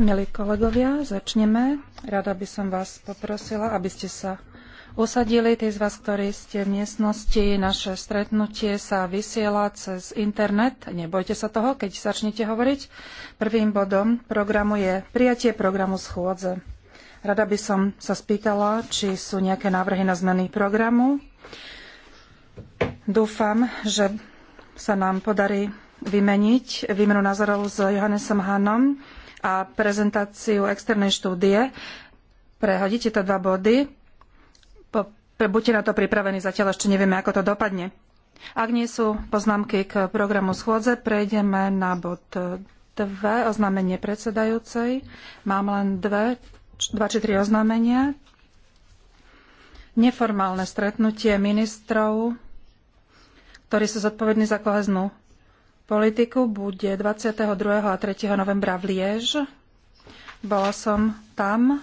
Milí kolegovia, začneme. Rada by som vás poprosila, aby ste sa usadili. Tí z vás, ktorí ste v miestnosti, naše stretnutie sa vysiela cez internet. Nebojte sa toho, keď začnete hovoriť. Prvým bodom programu je prijatie programu schôdze. Rada by som sa spýtala, či sú nejaké návrhy na zmeny programu. Dúfam, že sa nám podarí vymeniť výmenu názorov s Johannesom Hanom a prezentáciu externej štúdie. Prehodíte tieto dva body. Po, pre, buďte na to pripravení, zatiaľ ešte nevieme, ako to dopadne. Ak nie sú poznámky k programu schôdze, prejdeme na bod 2, oznámenie predsedajúcej. Mám len dve, dva či tri oznámenia. Neformálne stretnutie ministrov, ktorí sú zodpovední za koheznú politiku bude 22. a 3. novembra v Liež. Bola som tam,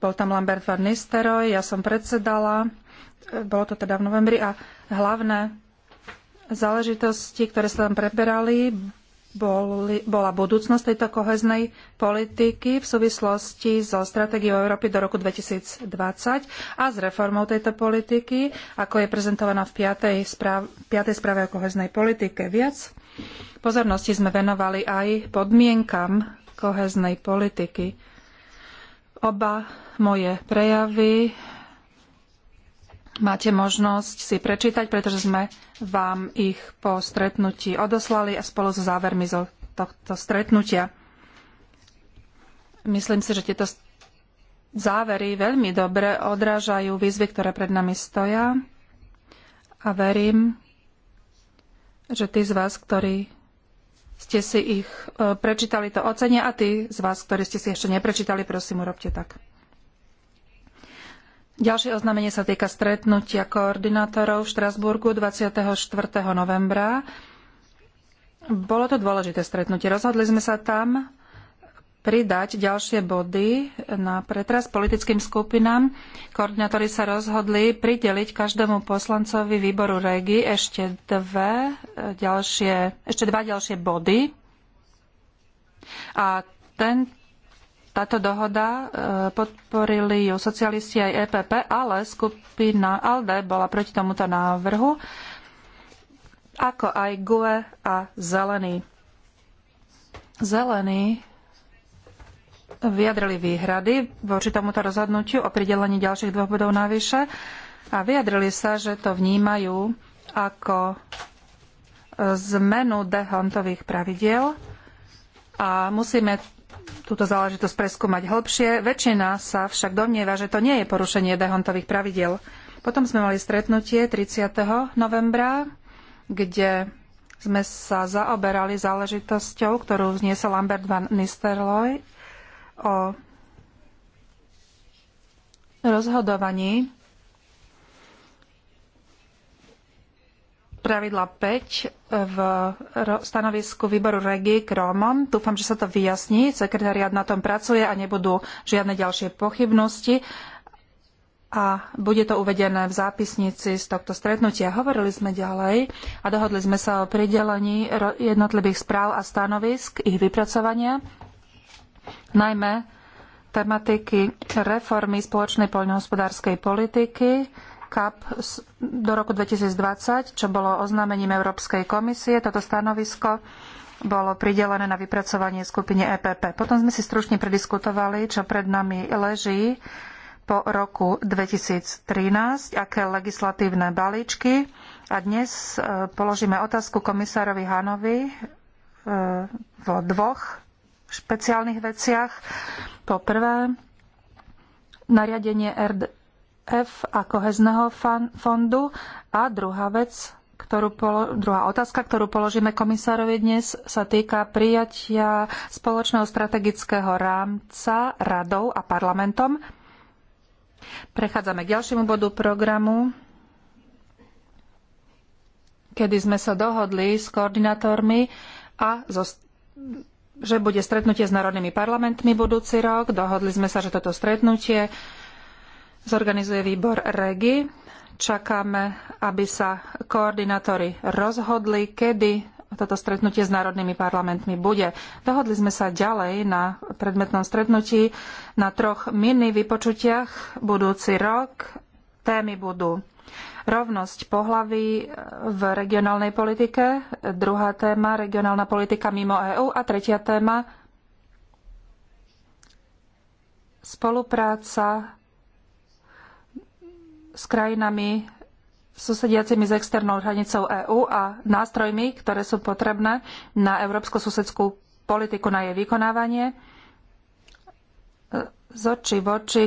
bol tam Lambert van Nisteroj, ja som predsedala, bolo to teda v novembri a hlavné záležitosti, ktoré sa tam preberali, boli, bola budúcnosť tejto koheznej politiky v súvislosti so stratégiou Európy do roku 2020 a s reformou tejto politiky, ako je prezentovaná v 5. správe, správe o koheznej politike. Viac pozornosti sme venovali aj podmienkam koheznej politiky. Oba moje prejavy máte možnosť si prečítať, pretože sme vám ich po stretnutí odoslali a spolu so závermi zo tohto stretnutia. Myslím si, že tieto závery veľmi dobre odrážajú výzvy, ktoré pred nami stoja a verím, že tí z vás, ktorí ste si ich e, prečítali, to ocenia a tí z vás, ktorí ste si ešte neprečítali, prosím, urobte tak. Ďalšie oznámenie sa týka stretnutia koordinátorov v Štrasburgu 24. novembra. Bolo to dôležité stretnutie. Rozhodli sme sa tam, pridať ďalšie body na pretras politickým skupinám. Koordinátori sa rozhodli prideliť každému poslancovi výboru REGI ešte, dve e, ďalšie, ešte dva ďalšie body. A ten, táto dohoda e, podporili ju socialisti aj EPP, ale skupina ALDE bola proti tomuto návrhu, ako aj GUE a Zelený. Zelení vyjadrili výhrady voči tomuto rozhodnutiu o pridelení ďalších dvoch bodov navyše a vyjadrili sa, že to vnímajú ako zmenu dehontových pravidiel a musíme túto záležitosť preskúmať hlbšie. Väčšina sa však domnieva, že to nie je porušenie dehontových pravidiel. Potom sme mali stretnutie 30. novembra, kde sme sa zaoberali záležitosťou, ktorú vzniesol Lambert van Nistelrooy o rozhodovaní pravidla 5 v stanovisku výboru REGI k Rómom. Dúfam, že sa to vyjasní. Sekretariat na tom pracuje a nebudú žiadne ďalšie pochybnosti. A bude to uvedené v zápisnici z tohto stretnutia. Hovorili sme ďalej a dohodli sme sa o pridelení jednotlivých správ a stanovisk, ich vypracovania najmä tematiky reformy spoločnej poľnohospodárskej politiky CAP do roku 2020, čo bolo oznámením Európskej komisie. Toto stanovisko bolo pridelené na vypracovanie skupine EPP. Potom sme si stručne prediskutovali, čo pred nami leží po roku 2013, aké legislatívne balíčky. A dnes e, položíme otázku komisárovi Hanovi e, v dvoch špeciálnych veciach. Po prvé, nariadenie RDF a kohezného fondu. A druhá vec, ktorú polo, druhá otázka, ktorú položíme komisárovi dnes, sa týka prijatia spoločného strategického rámca radou a parlamentom. Prechádzame k ďalšiemu bodu programu kedy sme sa dohodli s koordinátormi a so že bude stretnutie s národnými parlamentmi budúci rok. Dohodli sme sa, že toto stretnutie zorganizuje výbor REGI. Čakáme, aby sa koordinátori rozhodli, kedy toto stretnutie s národnými parlamentmi bude. Dohodli sme sa ďalej na predmetnom stretnutí na troch mini vypočutiach budúci rok. Témy budú Rovnosť pohlaví e, v regionálnej politike, druhá téma regionálna politika mimo EÚ a tretia téma spolupráca s krajinami susediacimi s externou hranicou EÚ a nástrojmi, ktoré sú potrebné na európsko susedskú politiku na jej vykonávanie e, z očí v oči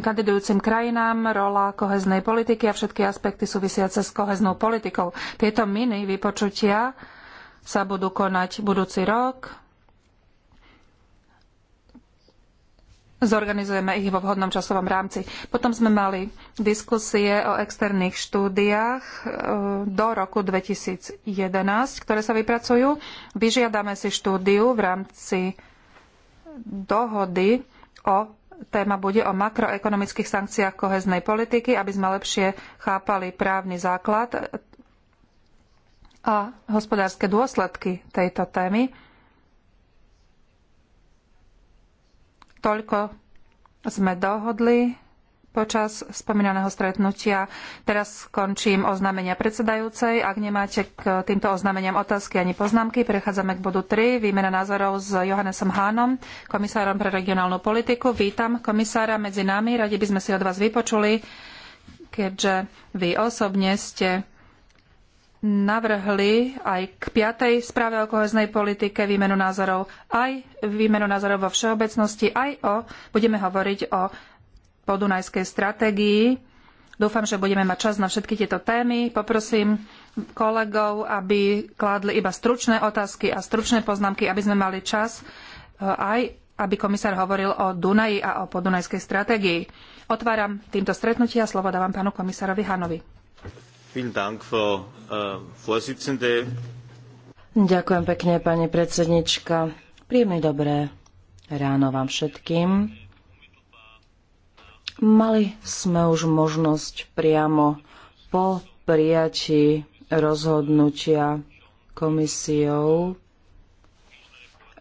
kandidujúcim krajinám, rola koheznej politiky a všetky aspekty súvisiace s koheznou politikou. Tieto mini vypočutia sa budú konať budúci rok. Zorganizujeme ich vo vhodnom časovom rámci. Potom sme mali diskusie o externých štúdiách e, do roku 2011, ktoré sa vypracujú. Vyžiadame si štúdiu v rámci dohody o téma bude o makroekonomických sankciách koheznej politiky, aby sme lepšie chápali právny základ a hospodárske dôsledky tejto témy. Toľko sme dohodli počas spomínaného stretnutia. Teraz skončím oznámenia predsedajúcej. Ak nemáte k týmto oznámeniam otázky ani poznámky, prechádzame k bodu 3. Výmena názorov s Johannesom Hánom, komisárom pre regionálnu politiku. Vítam komisára medzi nami. Radi by sme si od vás vypočuli, keďže vy osobne ste navrhli aj k piatej správe o koheznej politike výmenu názorov, aj výmenu názorov vo všeobecnosti, aj o, budeme hovoriť o podunajskej stratégii. Dúfam, že budeme mať čas na všetky tieto témy. Poprosím kolegov, aby kládli iba stručné otázky a stručné poznámky, aby sme mali čas e, aj aby komisár hovoril o Dunaji a o podunajskej stratégii. Otváram týmto stretnutie a slovo dávam pánu komisárovi Hanovi. Äh, Ďakujem pekne, pani predsednička. Príjemne dobré ráno vám všetkým. Mali sme už možnosť priamo po prijatí rozhodnutia komisiou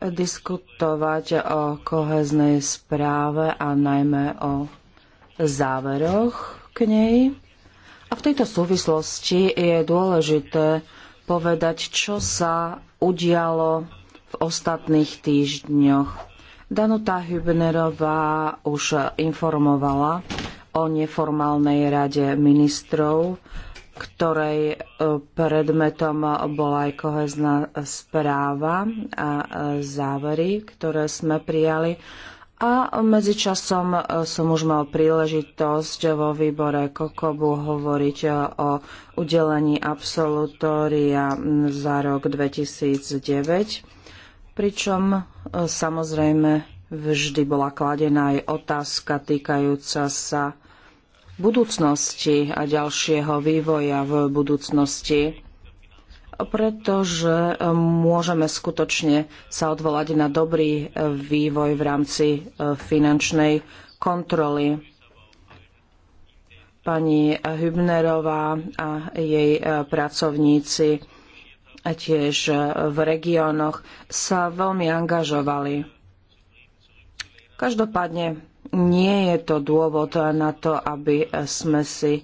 diskutovať o koheznej správe a najmä o záveroch k nej. A v tejto súvislosti je dôležité povedať, čo sa udialo v ostatných týždňoch Danuta Hübnerová už informovala o neformálnej rade ministrov, ktorej e, predmetom bola aj kohezná správa a e, závery, ktoré sme prijali. A medzičasom e, som už mal príležitosť vo výbore Kokobu hovoriť o udelení absolutória za rok 2009 pričom e, samozrejme vždy bola kladená aj otázka týkajúca sa budúcnosti a ďalšieho vývoja v budúcnosti pretože e, môžeme skutočne sa odvolať na dobrý e, vývoj v rámci finančnej kontroly. Pani Hübnerová a jej pracovníci a tiež e, v regiónoch sa veľmi angažovali. Každopádne nie je to dôvod na to, aby sme si e,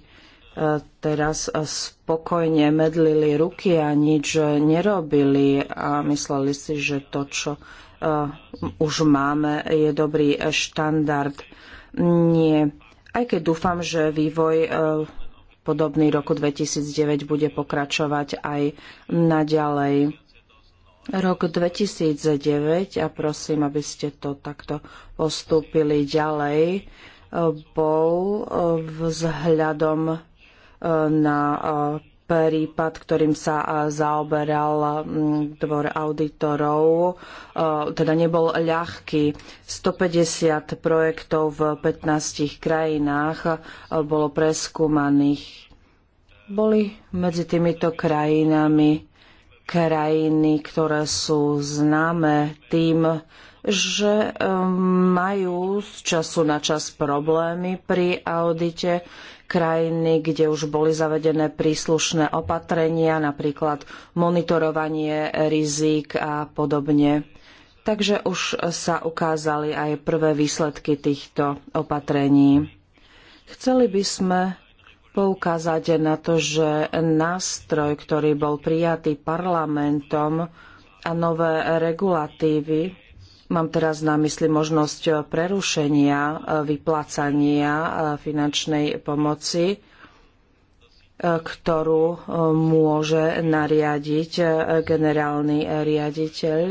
teraz spokojne medlili ruky a nič nerobili a mysleli si, že to, čo e, už máme, je dobrý štandard. Nie. Aj keď dúfam, že vývoj podobný roku 2009 bude pokračovať aj naďalej. Rok 2009, a prosím, aby ste to takto postúpili ďalej, bol e, vzhľadom e, na e, prípad, ktorým sa eh, zaoberal mm, dvor auditorov, eh, teda nebol ľahký. 150 projektov v 15 krajinách eh, bolo preskúmaných. Boli medzi týmito krajinami krajiny, ktoré sú známe tým, že majú z času na čas problémy pri audite, krajiny, kde už boli zavedené príslušné opatrenia, napríklad monitorovanie rizík a podobne. Takže už sa ukázali aj prvé výsledky týchto opatrení. Chceli by sme poukázať na to, že nástroj, ktorý bol prijatý parlamentom a nové regulatívy, Mám teraz na mysli možnosť prerušenia e, vyplácania e, finančnej pomoci, e, ktorú môže nariadiť generálny riaditeľ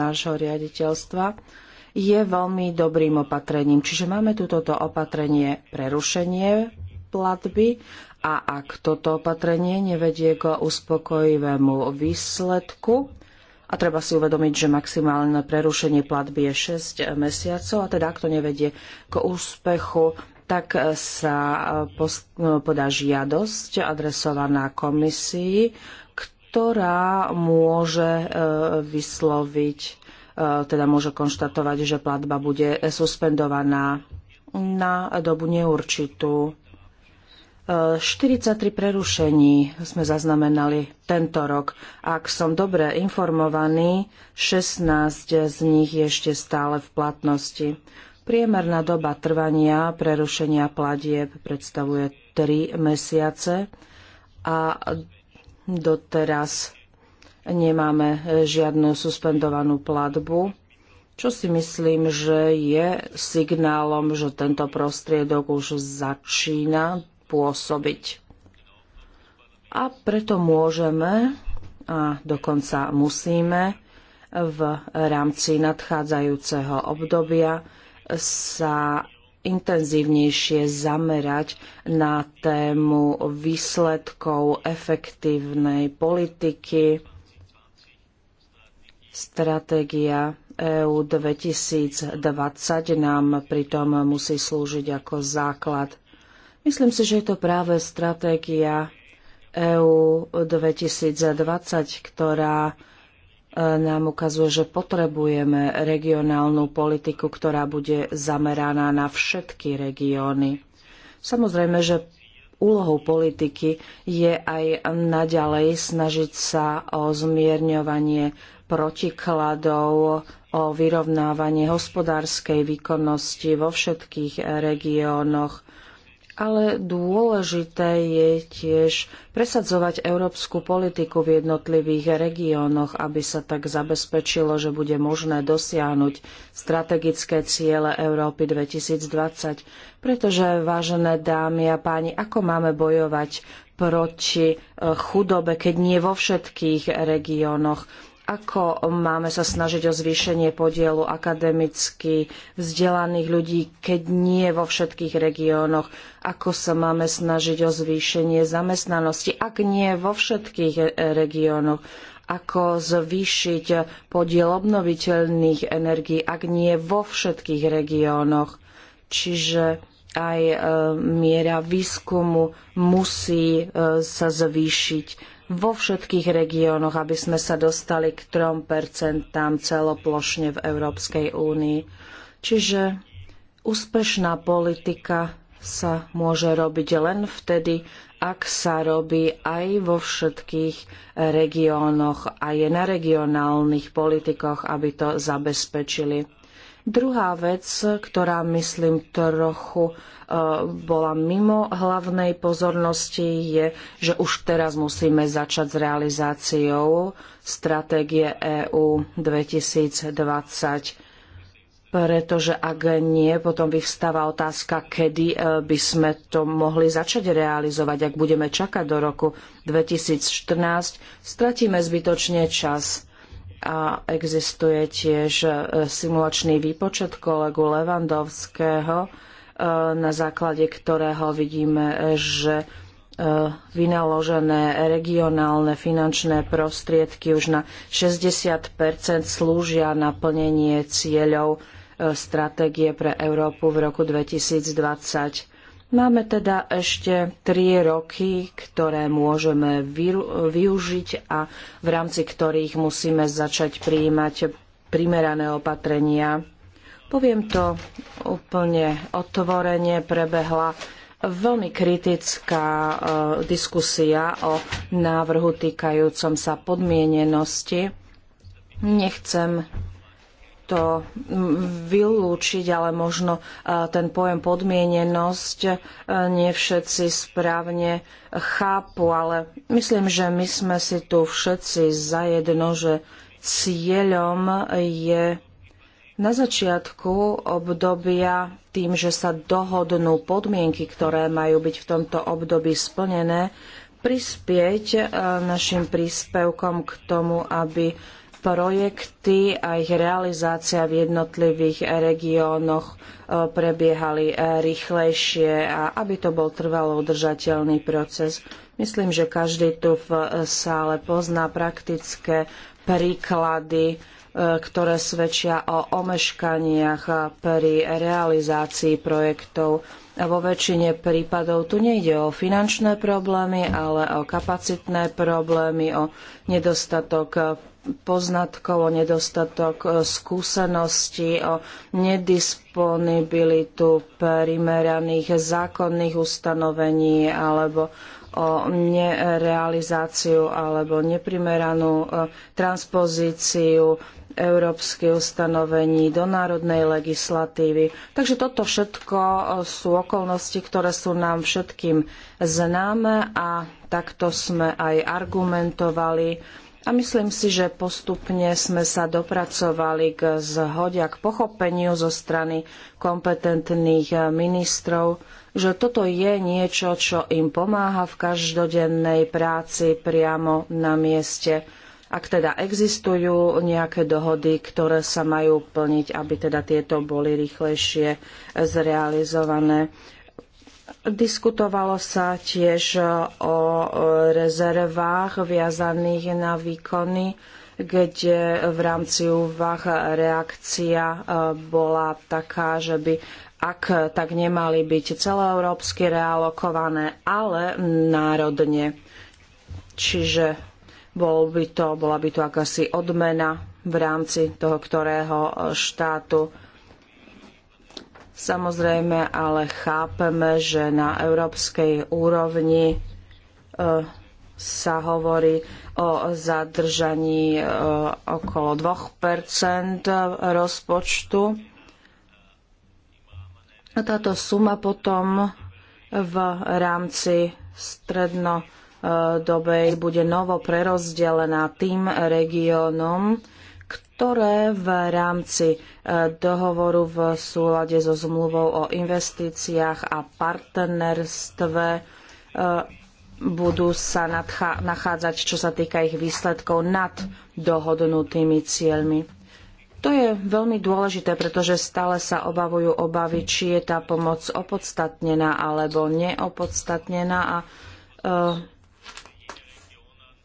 nášho riaditeľstva, je veľmi dobrým opatrením. Čiže máme tu toto opatrenie prerušenie platby a ak toto opatrenie nevedie k uspokojivému výsledku, a treba si uvedomiť, že maximálne prerušenie platby je 6 mesiacov a teda ak to nevedie k úspechu, tak sa eh, eh, podá žiadosť adresovaná komisii, ktorá môže eh, vysloviť, teda môže konštatovať, že platba bude suspendovaná na dobu neurčitú. 43 prerušení sme zaznamenali tento rok. Ak som dobre informovaný, 16 z nich je ešte stále v platnosti. Priemerná doba trvania prerušenia platieb predstavuje 3 mesiace a doteraz nemáme žiadnu suspendovanú platbu čo si myslím, že je signálom, že tento prostriedok už začína pôsobiť. A preto môžeme a dokonca musíme v rámci nadchádzajúceho obdobia sa intenzívnejšie zamerať na tému výsledkov efektívnej politiky, stratégia EU 2020 nám pritom musí slúžiť ako základ Myslím si, že je to práve stratégia EU 2020, ktorá e, nám ukazuje, že potrebujeme regionálnu politiku, ktorá bude zameraná na všetky regióny. Samozrejme, že úlohou politiky je aj naďalej snažiť sa o zmierňovanie protikladov, o vyrovnávanie hospodárskej výkonnosti vo všetkých regiónoch ale dôležité je tiež presadzovať európsku politiku v jednotlivých regiónoch, aby sa tak zabezpečilo, že bude možné dosiahnuť strategické ciele Európy 2020. Pretože, vážené dámy a páni, ako máme bojovať proti eh, chudobe, keď nie vo všetkých regiónoch? Ako máme sa snažiť o zvýšenie podielu akademicky vzdelaných ľudí, keď nie vo všetkých regiónoch? Ako sa máme snažiť o zvýšenie zamestnanosti, ak nie vo všetkých e, regiónoch? Ako zvýšiť podiel obnoviteľných energií, ak nie vo všetkých regiónoch? Čiže aj e, miera výskumu musí e, sa zvýšiť vo všetkých regiónoch, aby sme sa dostali k 3% celoplošne v Európskej únii. Čiže úspešná politika sa môže robiť len vtedy, ak sa robí aj vo všetkých regiónoch a je na regionálnych politikoch, aby to zabezpečili. Druhá vec, ktorá myslím trochu e, bola mimo hlavnej pozornosti, je, že už teraz musíme začať s realizáciou stratégie EÚ 2020 pretože ak nie, potom vyvstáva otázka, kedy e, by sme to mohli začať realizovať. Ak budeme čakať do roku 2014, stratíme zbytočne čas a existuje tiež e, simulačný výpočet kolegu Levandovského, e, na základe ktorého vidíme, že e, vynaložené regionálne finančné prostriedky už na 60 slúžia na plnenie cieľov stratégie pre Európu v roku 2020 Máme teda ešte tri roky, ktoré môžeme využiť a v rámci ktorých musíme začať prijímať primerané opatrenia. Poviem to úplne otvorene, prebehla veľmi kritická e, diskusia o návrhu týkajúcom sa podmienenosti. Nechcem to mm, vylúčiť, ale možno e, ten pojem podmienenosť e, nie všetci správne chápu, ale myslím, že my sme si tu všetci zajedno, že cieľom je na začiatku obdobia tým, že sa dohodnú podmienky, ktoré majú byť v tomto období splnené, prispieť e, našim príspevkom k tomu, aby projekty a ich realizácia v jednotlivých regiónoch e, prebiehali e, rýchlejšie a aby to bol trvalo udržateľný proces. Myslím, že každý tu v e, sále pozná praktické príklady, ktoré svedčia o omeškaniach pri realizácii projektov. Vo väčšine prípadov tu nejde o finančné problémy, ale o kapacitné problémy, o nedostatok poznatkov, o nedostatok e, skúseností, o nedisponibilitu primeraných zákonných ustanovení alebo o nerealizáciu alebo neprimeranú e, transpozíciu európskych ustanovení do národnej legislatívy. Takže toto všetko e, sú okolnosti, ktoré sú nám všetkým známe a takto sme aj argumentovali a myslím si, že postupne sme sa dopracovali k zhode a k pochopeniu zo strany kompetentných ministrov, že toto je niečo, čo im pomáha v každodennej práci priamo na mieste. Ak teda existujú nejaké dohody, ktoré sa majú plniť, aby teda tieto boli rýchlejšie zrealizované. Diskutovalo sa tiež o rezervách viazaných na výkony, kde v rámci úvah reakcia bola taká, že by ak tak nemali byť celoeurópsky realokované, ale národne. Čiže bol by to, bola by to akási odmena v rámci toho, ktorého štátu Samozrejme, ale chápeme, že na európskej úrovni e, sa hovorí o zadržaní e, okolo 2 rozpočtu. A táto suma potom v rámci strednodobej bude novo prerozdelená tým regiónom, ktoré v rámci e, dohovoru v súlade so zmluvou o investíciách a partnerstve e, budú sa nachádzať, čo sa týka ich výsledkov, nad dohodnutými cieľmi. To je veľmi dôležité, pretože stále sa obavujú obavy, či je tá pomoc opodstatnená alebo neopodstatnená a e,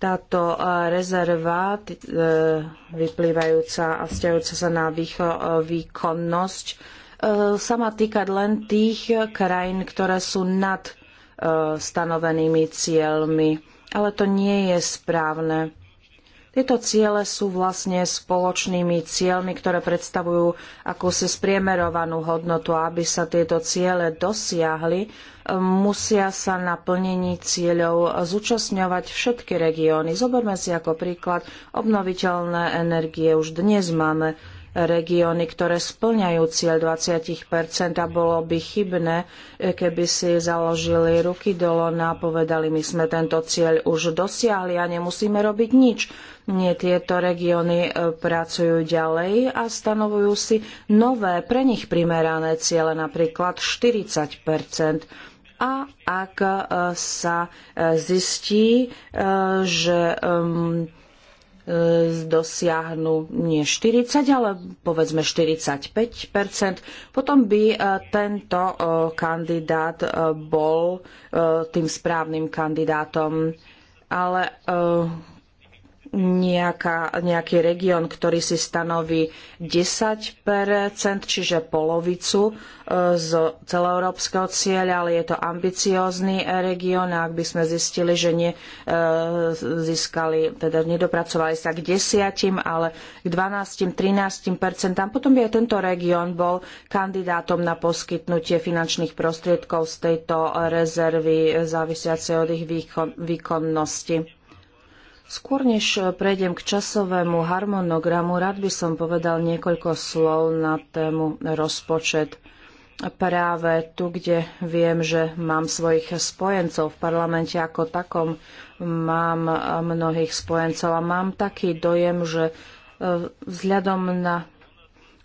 táto e, rezerva e, vyplývajúca a vzťahujúca sa na výkonnosť e, sa má týkať len tých krajín, ktoré sú nad stanovenými cieľmi. Ale to nie je správne. Tieto ciele sú vlastne spoločnými cieľmi, ktoré predstavujú akúsi spriemerovanú hodnotu. Aby sa tieto ciele dosiahli, e, musia sa na plnení cieľov zúčastňovať všetky regióny. Zoberme si ako príklad obnoviteľné energie. Už dnes máme regióny, ktoré splňajú cieľ 20 a bolo by chybné, e, keby si založili ruky dolo a povedali, my sme tento cieľ už dosiahli a nemusíme robiť nič. Nie, tieto regióny e, pracujú ďalej a stanovujú si nové, pre nich primerané ciele, napríklad 40 a ak e, sa zistí, že dosiahnu nie 40, ale povedzme 45 potom by e, tento e, kandidát e, bol tým správnym kandidátom. Ale nejaká, nejaký región, ktorý si stanoví 10 čiže polovicu e, z celoeurópskeho cieľa, ale je to ambiciózny región a ak by sme zistili, že ne, e, získali, teda nedopracovali sa k 10, ale k 12, 13 percentám, potom by aj tento región bol kandidátom na poskytnutie finančných prostriedkov z tejto rezervy e, závisiacej od ich výkon, výkonnosti. Skôr než prejdem k časovému harmonogramu, rád by som povedal niekoľko slov na tému rozpočet. Práve tu, kde viem, že mám svojich spojencov v parlamente ako takom, mám mnohých spojencov a mám taký dojem, že e, vzhľadom na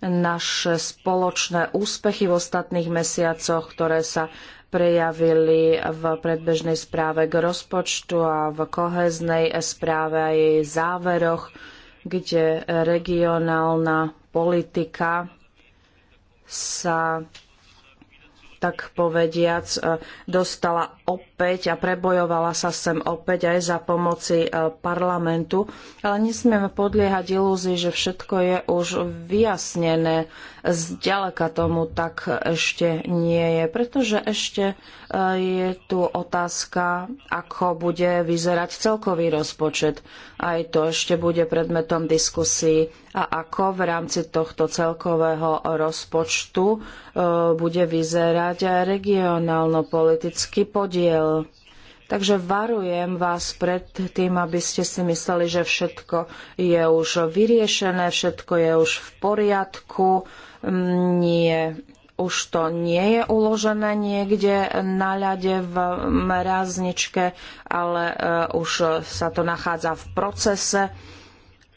naše spoločné úspechy v ostatných mesiacoch, ktoré sa prejavili v predbežnej správe k rozpočtu a v koheznej správe a jej záveroch, kde regionálna politika sa tak povediac, e, dostala opäť a prebojovala sa sem opäť aj za pomoci e, parlamentu. Ale nesmieme podliehať ilúzii, že všetko je už vyjasnené. Zďaleka tomu tak ešte nie je, pretože ešte e, je tu otázka, ako bude vyzerať celkový rozpočet. Aj to ešte bude predmetom diskusí a ako v rámci tohto celkového rozpočtu e, bude vyzerať regionálno-politický podiel. Takže varujem vás pred tým, aby ste si mysleli, že všetko je už vyriešené, všetko je už v poriadku. Mm, nie, už to nie je uložené niekde na ľade v mrazničke, ale e, už sa to nachádza v procese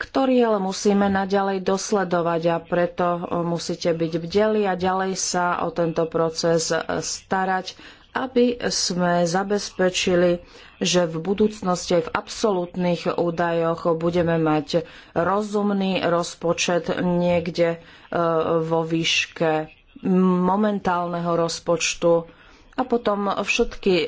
ktorý ale musíme naďalej dosledovať a preto e, musíte byť bdeli a ďalej sa o tento proces e, starať, aby sme zabezpečili, že v budúcnosti aj v absolútnych údajoch budeme mať rozumný rozpočet niekde e, vo výške momentálneho rozpočtu a potom všetky e,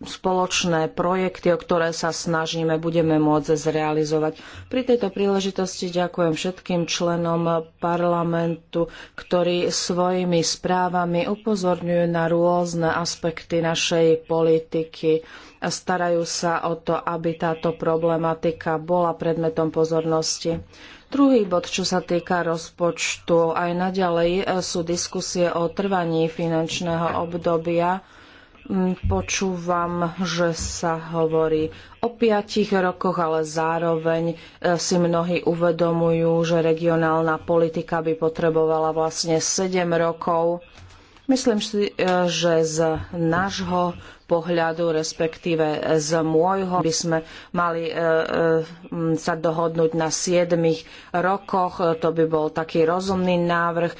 spoločné projekty, o ktoré sa snažíme, budeme môcť zrealizovať. Pri tejto príležitosti ďakujem všetkým členom parlamentu, ktorí svojimi správami upozorňujú na rôzne aspekty našej politiky a starajú sa o to, aby táto problematika bola predmetom pozornosti. Druhý bod, čo sa týka rozpočtu, aj naďalej e, sú diskusie o trvaní finančného obdobia mm, počúvam, že sa hovorí o piatich rokoch, ale zároveň e, si mnohí uvedomujú, že regionálna politika by potrebovala vlastne 7 rokov. Myslím si, e, že z nášho pohľadu, respektíve z môjho, by sme mali e, e, sa dohodnúť na 7 rokoch. To by bol taký rozumný návrh. E,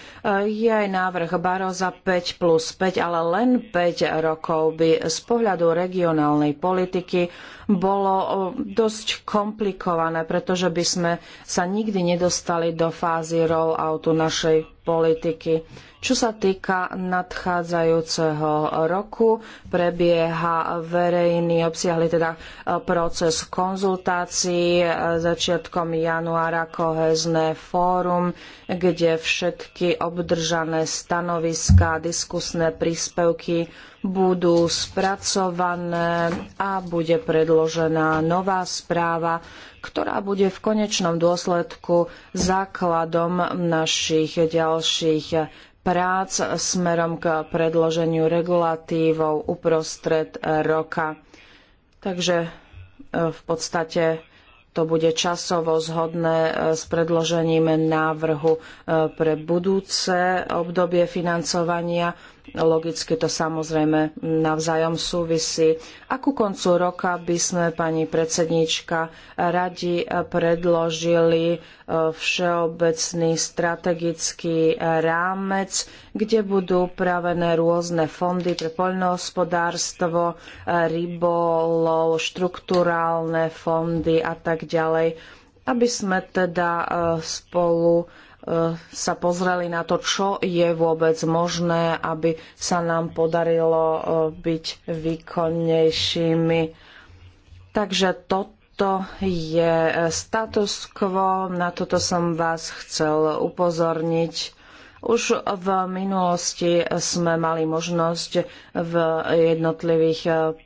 je aj návrh Baroza 5 plus 5, ale len 5 rokov by z pohľadu regionálnej politiky bolo dosť komplikované, pretože by sme sa nikdy nedostali do fázy roll-outu našej politiky. Čo sa týka nadchádzajúceho roku, prebieha prebieha verejný, obsiahli teda e, proces konzultácií e, začiatkom januára kohezné fórum, kde všetky obdržané stanoviská, diskusné príspevky budú spracované a bude predložená nová správa, ktorá bude v konečnom dôsledku základom našich ďalších prác smerom k predloženiu regulatívov uprostred roka. Takže e, v podstate to bude časovo zhodné e, s predložením návrhu e, pre budúce obdobie financovania Logicky to samozrejme navzájom súvisí. A ku koncu roka by sme, pani predsedníčka, radi predložili e, všeobecný strategický rámec, kde budú upravené rôzne fondy pre poľnohospodárstvo, rybolov, štrukturálne fondy a tak ďalej, aby sme teda e, spolu E, sa pozreli na to, čo je vôbec možné, aby sa nám podarilo e, byť výkonnejšími. Takže toto je e, status quo, na toto som vás chcel upozorniť. Už v minulosti sme mali možnosť v jednotlivých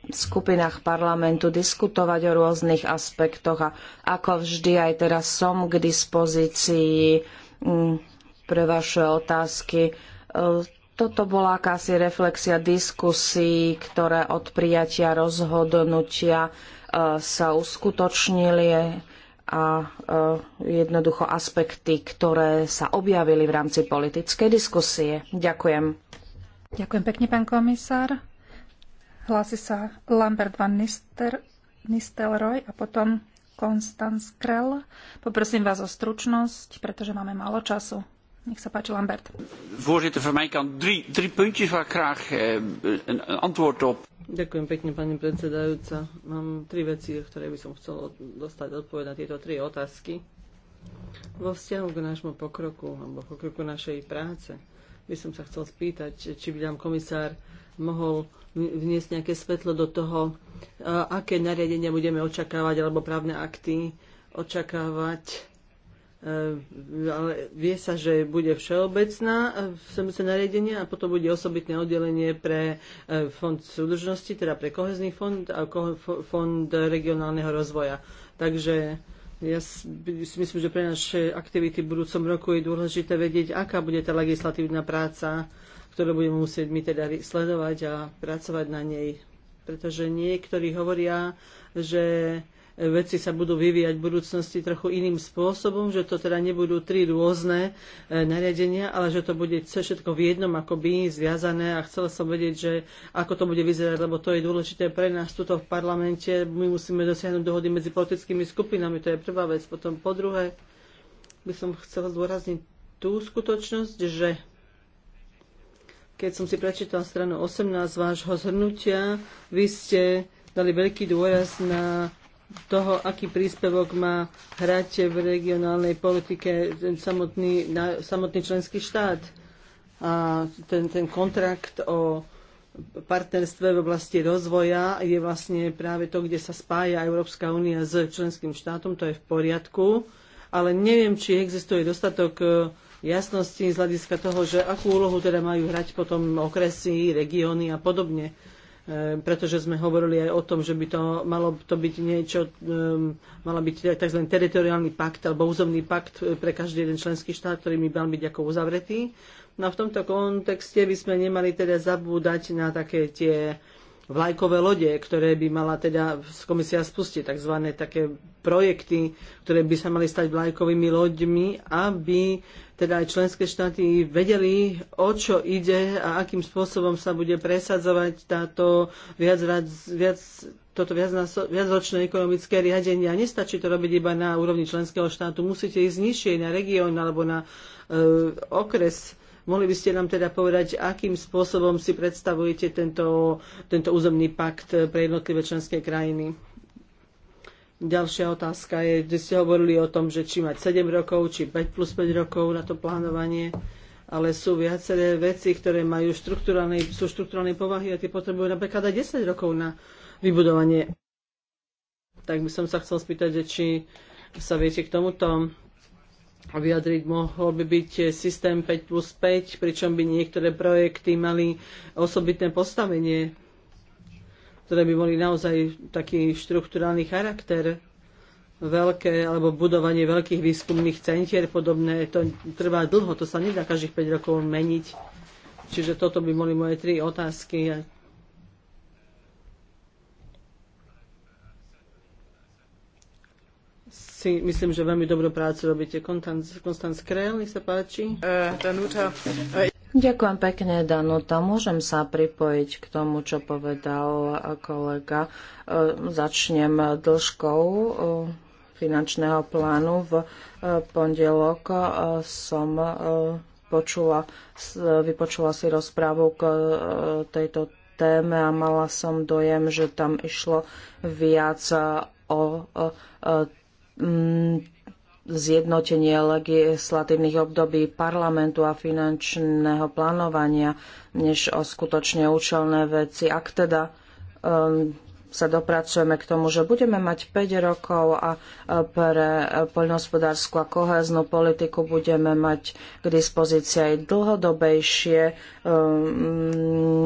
skupinách parlamentu diskutovať o rôznych aspektoch a ako vždy aj teraz som k dispozícii Mm, pre vaše otázky. E, toto bola akási reflexia diskusí, ktoré od prijatia rozhodnutia e, sa uskutočnili a e, jednoducho aspekty, ktoré sa objavili v rámci politickej diskusie. Ďakujem. Ďakujem pekne, pán komisár. Hlási sa Lambert van Nistelrooy a potom Konstanz Krell. Poprosím vás o stručnosť, pretože máme málo času. Nech sa páči, Lambert. Voorzitter, van mijn kant drie, drie puntjes waar ik graag eh, een, een antwoord op. Ďakujem pekne, pani predsedajúca. Mám tri veci, ktoré by som chcel dostať odpoveď na tieto tri otázky. Vo vzťahu k nášmu pokroku, alebo pokroku našej práce, by som sa chcel spýtať, či by nám komisár mohol vniesť nejaké svetlo do toho, aké nariadenia budeme očakávať alebo právne akty očakávať. E, ale vie sa, že bude všeobecná sa e, nariadenia a potom bude osobitné oddelenie pre e, fond súdržnosti, teda pre kohezný fond a fond regionálneho rozvoja. Takže ja si myslím, že pre naše aktivity v budúcom roku je dôležité vedieť, aká bude tá legislatívna práca ktorú budeme musieť my teda sledovať a pracovať na nej. Pretože niektorí hovoria, že veci sa budú vyvíjať v budúcnosti trochu iným spôsobom, že to teda nebudú tri rôzne e, nariadenia, ale že to bude všetko v jednom akoby zviazané a chcela som vedieť, že ako to bude vyzerať, lebo to je dôležité pre nás tuto v parlamente. My musíme dosiahnuť dohody medzi politickými skupinami, to je prvá vec. Potom po druhé by som chcela zdôrazniť tú skutočnosť, že keď som si prečítal stranu 18 vášho zhrnutia, vy ste dali veľký dôraz na toho, aký príspevok má hrať v regionálnej politike samotný, na, samotný členský štát. A ten, ten kontrakt o partnerstve v oblasti rozvoja je vlastne práve to, kde sa spája Európska únia s členským štátom, to je v poriadku, ale neviem, či existuje dostatok jasnosti z hľadiska toho, že akú úlohu teda majú hrať potom okresy, regióny a podobne. E, pretože sme hovorili aj o tom, že by to malo to byť niečo, e, mala byť tzv. teritoriálny pakt alebo územný pakt e, pre každý jeden členský štát, ktorý by mal byť ako uzavretý. No a v tomto kontexte by sme nemali teda zabúdať na také tie vlajkové lode, ktoré by mala teda komisia spustiť, tzv. také projekty, ktoré by sa mali stať vlajkovými loďmi, aby teda aj členské štáty vedeli, o čo ide a akým spôsobom sa bude presadzovať táto viac, viac toto viacročné ekonomické riadenie. A nestačí to robiť iba na úrovni členského štátu. Musíte ísť nižšie na región alebo na e, okres Mohli by ste nám teda povedať, akým spôsobom si predstavujete tento, tento územný pakt pre jednotlivé členské krajiny? Ďalšia otázka je, kde ste hovorili o tom, že či mať 7 rokov, či 5 plus 5 rokov na to plánovanie, ale sú viaceré veci, ktoré majú štruktúralnej, sú štruktúralnej povahy a tie potrebujú napríklad aj 10 rokov na vybudovanie. Tak by som sa chcel spýtať, že či sa viete k tomuto a vyjadriť mohol by byť systém 5 plus 5, pričom by niektoré projekty mali osobitné postavenie, ktoré by boli naozaj taký štruktúrálny charakter veľké, alebo budovanie veľkých výskumných centier podobné, to trvá dlho, to sa nedá každých 5 rokov meniť. Čiže toto by boli moje tri otázky. si myslím, že veľmi dobrú prácu robíte. Konstant Skrel, nech sa páči. Eh, Ďakujem pekne, Danuta. Môžem sa pripojiť k tomu, čo povedal kolega. Eh, začnem dlžkou eh, finančného plánu. V pondelok som počula, vypočula si rozprávu k tejto téme a mala som dojem, že tam išlo viac o, o Mm, zjednotenie legislatívnych období parlamentu a finančného plánovania, než o skutočne účelné veci. Ak teda um, sa dopracujeme k tomu, že budeme mať 5 rokov a e, pre e, poľnohospodárskú a koheznú politiku budeme mať k dispozícii aj dlhodobejšie e,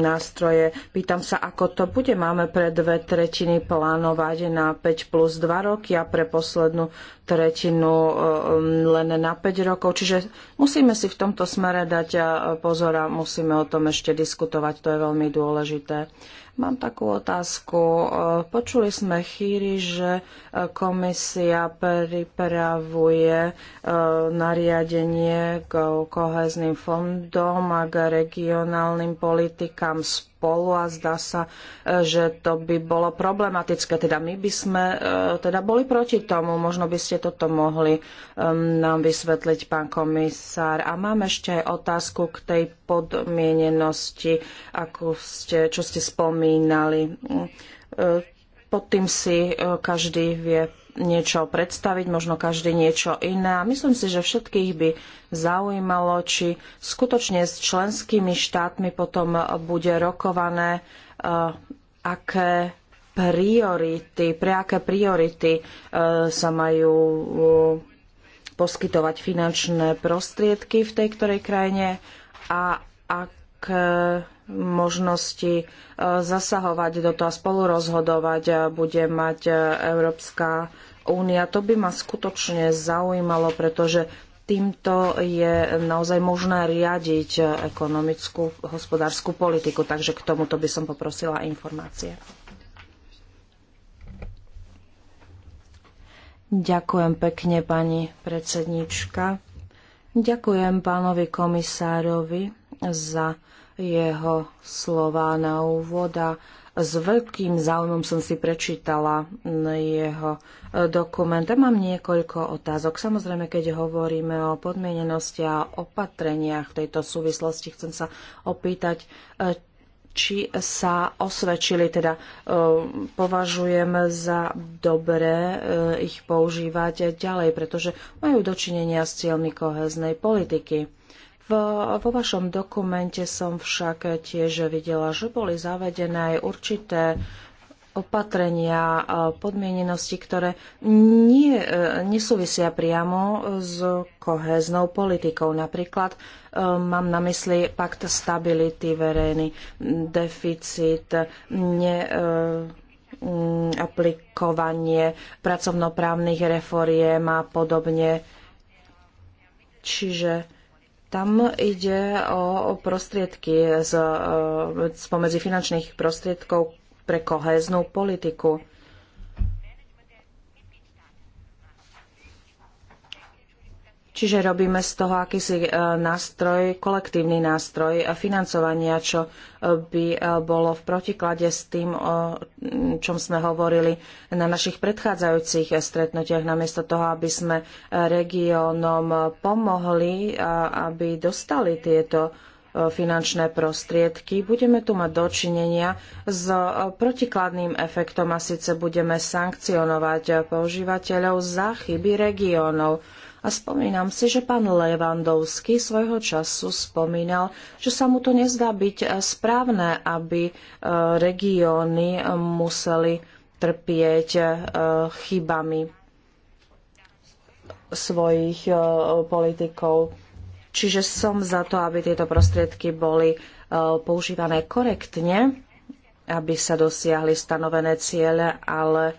nástroje. Pýtam sa, ako to bude. Máme pre dve tretiny plánovať na 5 plus 2 roky a pre poslednú tretinu len na 5 rokov. Čiže musíme si v tomto smere dať pozor a musíme o tom ešte diskutovať. To je veľmi dôležité. Mám takú otázku. E, počuli sme chýry, že e, komisia pripravuje e, nariadenie k koheznym fondom a k regionálnym politikám spolu spolu a zdá sa, e, že to by bolo problematické. Teda my by sme e, teda boli proti tomu. Možno by ste toto mohli e, nám vysvetliť, pán komisár. A mám ešte aj otázku k tej podmienenosti, ako ste, čo ste spomínali pod tým si každý vie niečo predstaviť, možno každý niečo iné. A myslím si, že všetkých by zaujímalo, či skutočne s členskými štátmi potom bude rokované, e, aké priority, pre aké priority e, sa majú e, poskytovať finančné prostriedky v tej ktorej krajine a ak možnosti e, zasahovať do toho a spolurozhodovať bude mať e, Európska únia. To by ma skutočne zaujímalo, pretože týmto je naozaj možné riadiť e, ekonomickú, hospodárskú politiku. Takže k tomuto by som poprosila informácie. Ďakujem pekne, pani predsednička. Ďakujem pánovi komisárovi za jeho slova na úvod a s veľkým záujmom som si prečítala jeho e, dokument. A mám niekoľko otázok. Samozrejme, keď hovoríme o podmienenosti a opatreniach v tejto súvislosti, chcem sa opýtať, e, či sa osvedčili, teda e, považujem za dobré ich používať ďalej, pretože majú dočinenia s cieľmi koheznej politiky vo vašom dokumente som však tiež videla, že boli zavedené aj určité opatrenia e, podmienenosti, ktoré nie, e, nesúvisia priamo s koheznou politikou. Napríklad e, mám na mysli pakt stability verejný, deficit, ne, aplikovanie pracovnoprávnych reforiem a podobne. Čiže tam ide o, prostriedky z, spomedzi e, finančných prostriedkov pre kohéznú politiku. Čiže robíme z toho akýsi e, nástroj, kolektívny nástroj financovania, čo e, by e, bolo v protiklade s tým, o čom sme hovorili na našich predchádzajúcich stretnutiach, namiesto toho, aby sme regiónom pomohli, aby dostali tieto finančné prostriedky. Budeme tu mať dočinenia s protikladným efektom a síce budeme sankcionovať používateľov za chyby regiónov. A spomínam si, že pán Levandovský svojho času spomínal, že sa mu to nezdá byť eh, správne, aby eh, regióny eh, museli trpieť chybami svojich politikov. Čiže som za to, aby tieto prostriedky boli používané korektne, aby sa dosiahli stanovené ciele, ale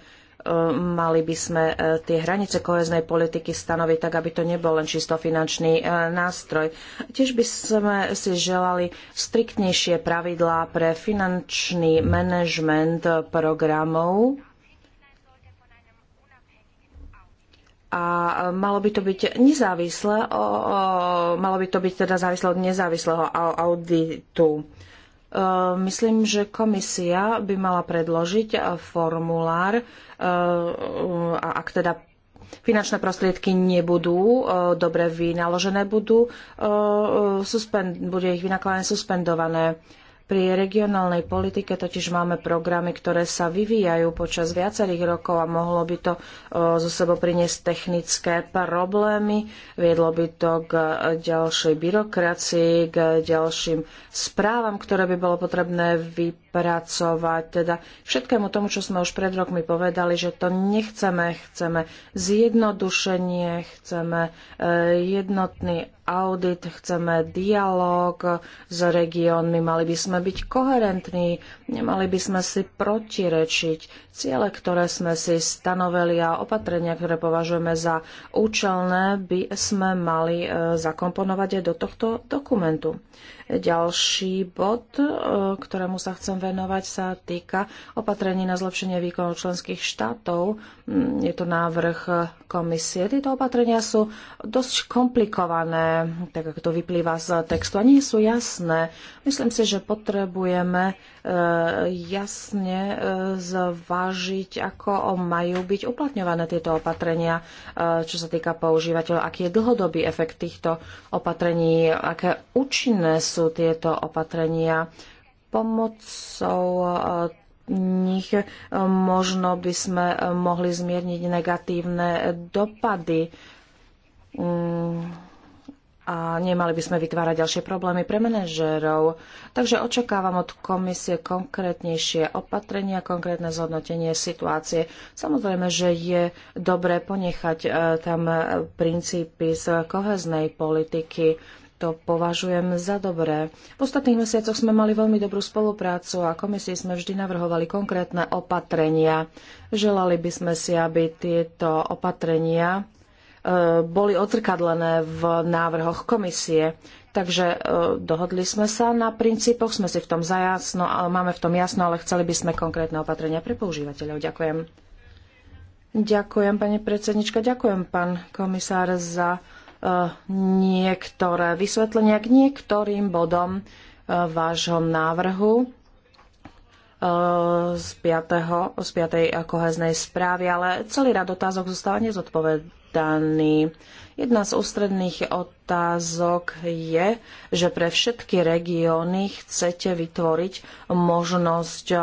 mali by sme e, tie hranice koheznej politiky stanoviť tak, aby to nebol len čisto finančný e, nástroj. Tiež by sme si želali striktnejšie pravidlá pre finančný manažment programov a malo by to byť nezávislé, o, o, malo by to byť teda závislé od nezávislého auditu. E, myslím, že komisia by mala predložiť e, formulár e, a ak teda finančné prostriedky nebudú dobre vynaložené, budú, suspend, bude ich vynakladanie suspendované. Pri regionálnej politike totiž máme programy, ktoré sa vyvíjajú počas viacerých rokov a mohlo by to eh, zo sebou priniesť technické problémy, viedlo by to k eh, ďalšej byrokracii, k ďalším správam, ktoré by bolo potrebné vypracovať. Teda všetkému tomu, čo sme už pred rokmi povedali, že to nechceme, chceme zjednodušenie, chceme eh, jednotný audit, chceme dialog s regiónmi, mali by sme byť koherentní, nemali by sme si protirečiť. Ciele, ktoré sme si stanovili a opatrenia, ktoré považujeme za účelné, by sme mali e, zakomponovať aj do tohto dokumentu. Ďalší bod, e, ktorému sa chcem venovať, sa týka opatrení na zlepšenie výkonu členských štátov. Mm, je to návrh komisie. Tieto opatrenia sú dosť komplikované, tak ako to vyplýva z textu, a nie sú jasné. Myslím si, že potrebujeme e, jasne e, zvážiť, ako majú byť uplatňované tieto opatrenia, čo sa týka používateľov, aký je dlhodobý efekt týchto opatrení, aké účinné sú sú tieto opatrenia. Pomocou eh, nich eh, možno by sme eh, mohli zmierniť negatívne dopady mm, a nemali by sme vytvárať ďalšie problémy pre manažérov. Takže očakávam od komisie konkrétnejšie opatrenia, konkrétne zhodnotenie situácie. Samozrejme, že je dobré ponechať tam princípy z koheznej politiky to považujem za dobré. V ostatných mesiacoch sme mali veľmi dobrú spoluprácu a komisii sme vždy navrhovali konkrétne opatrenia. Želali by sme si, aby tieto opatrenia e, boli odzrkadlené v návrhoch komisie. Takže e, dohodli sme sa na princípoch, sme si v tom zajasno, máme v tom jasno, ale chceli by sme konkrétne opatrenia pre používateľov. Ďakujem. Ďakujem, pani predsednička, ďakujem, pán komisár, za niektoré vysvetlenia k niektorým bodom e, vášho návrhu e, z, 5. z 5. koheznej správy, ale celý rad otázok zostáva nezodpovedaný. Jedna z ústredných otázok je, že pre všetky regióny chcete vytvoriť možnosť e,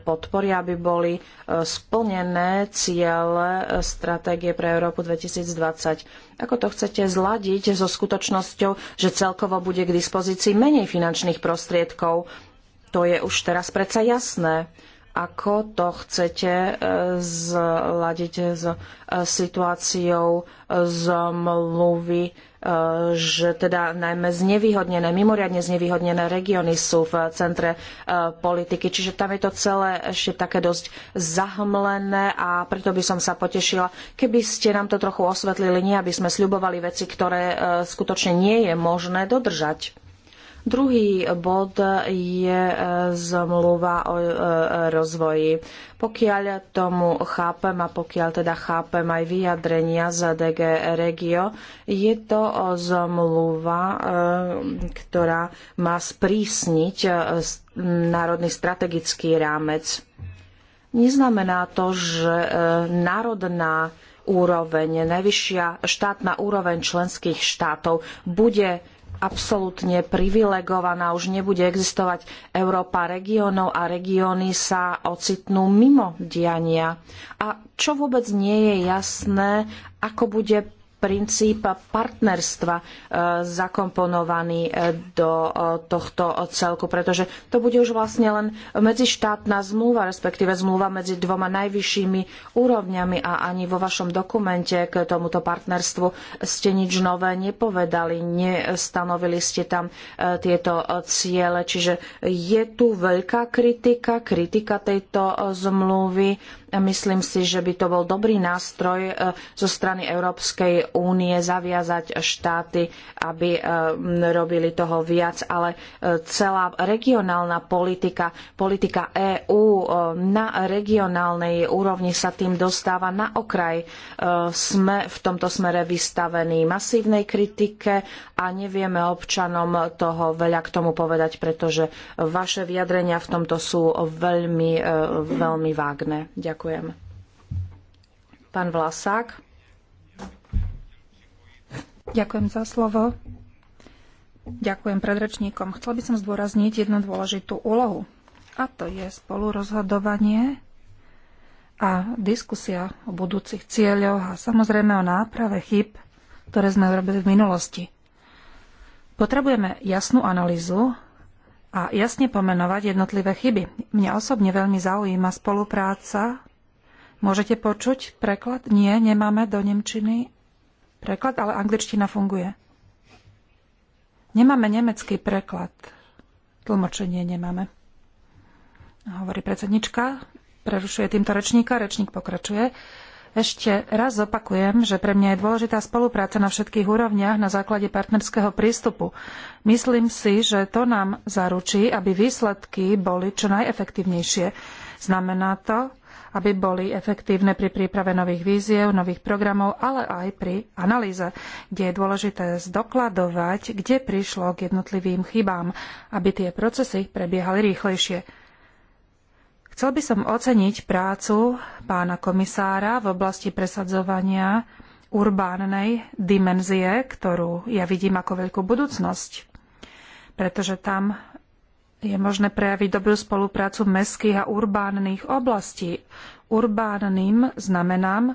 podpory, aby boli e, splnené ciele e, stratégie pre Európu 2020. Ako to chcete zladiť so skutočnosťou, že celkovo bude k dispozícii menej finančných prostriedkov? To je už teraz predsa jasné ako to chcete e, zladiť s e, situáciou mluvy, e, že teda najmä znevýhodnené, mimoriadne znevýhodnené regióny sú v centre politiky. Čiže tam je to celé ešte také dosť zahmlené a preto by som sa potešila, keby ste nám to trochu osvetlili, nie aby sme sľubovali veci, ktoré skutočne nie je možné dodržať. Druhý bod je e, zmluva o e, rozvoji. Pokiaľ tomu chápem a pokiaľ teda chápem aj vyjadrenia z DG Regio, je to zmluva, e, ktorá má sprísniť národný strategický rámec. Neznamená to, že národná úroveň, najvyššia štátna úroveň členských štátov bude absolútne privilegovaná, už nebude existovať Európa regiónov a regióny sa ocitnú mimo diania. A čo vôbec nie je jasné, ako bude princíp partnerstva e, zakomponovaný e, do e, tohto celku, pretože to bude už vlastne len medzištátna zmluva, respektíve zmluva medzi dvoma najvyššími úrovňami a ani vo vašom dokumente k tomuto partnerstvu ste nič nové nepovedali, nestanovili ste tam tieto ciele, čiže je tu veľká kritika, kritika tejto zmluvy. Myslím si, že by to bol dobrý nástroj zo strany Európskej únie zaviazať štáty, aby eh, robili toho viac, ale eh, celá regionálna politika, politika EÚ eh, na regionálnej úrovni sa tým dostáva na okraj. Sme v tomto smere vystavení masívnej kritike a nevieme občanom toho veľa k tomu povedať, pretože vaše vyjadrenia v tomto sú veľmi, veľmi vágne. Ďakujem. Pán Vlasák. Ďakujem za slovo. Ďakujem predrečníkom. Chcel by som zdôrazniť jednu dôležitú úlohu. A to je spolurozhodovanie a diskusia o budúcich cieľoch a samozrejme o náprave chyb, ktoré sme urobili v minulosti. Potrebujeme jasnú analýzu a jasne pomenovať jednotlivé chyby. Mňa osobne veľmi zaujíma spolupráca. Môžete počuť preklad? Nie, nemáme do Nemčiny preklad, ale angličtina funguje. Nemáme nemecký preklad. Tlmočenie nemáme. Hovorí predsednička, prerušuje týmto rečníka, rečník pokračuje. Ešte raz opakujem, že pre mňa je dôležitá spolupráca na všetkých úrovniach na základe partnerského prístupu. Myslím si, že to nám zaručí, aby výsledky boli čo najefektívnejšie. Znamená to, aby boli efektívne pri príprave nových víziev, nových programov, ale aj pri analýze, kde je dôležité zdokladovať, kde prišlo k jednotlivým chybám, aby tie procesy prebiehali rýchlejšie. Chcel by som oceniť prácu pána komisára v oblasti presadzovania urbánnej dimenzie, ktorú ja vidím ako veľkú budúcnosť, pretože tam je možné prejaviť dobrú spoluprácu mestských a urbánnych oblastí. Urbánnym znamenám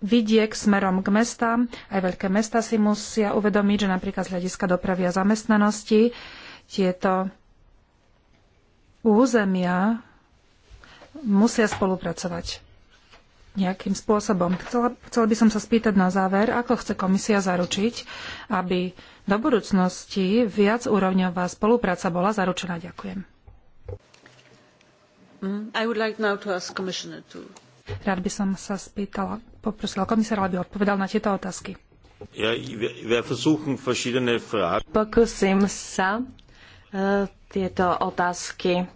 vidiek smerom k mestám. Aj veľké mesta si musia uvedomiť, že napríklad z hľadiska dopravy a zamestnanosti tieto územia musia spolupracovať nejakým spôsobom. Chcela, chcela by som sa spýtať na záver, ako chce komisia zaručiť, aby do budúcnosti viac úrovňová spolupráca bola zaručená. Ďakujem. Mm, like to... Rád by som sa spýtala, poprosila komisára, aby odpovedal na tieto otázky. Ja, ja Pokúsim sa uh, tieto otázky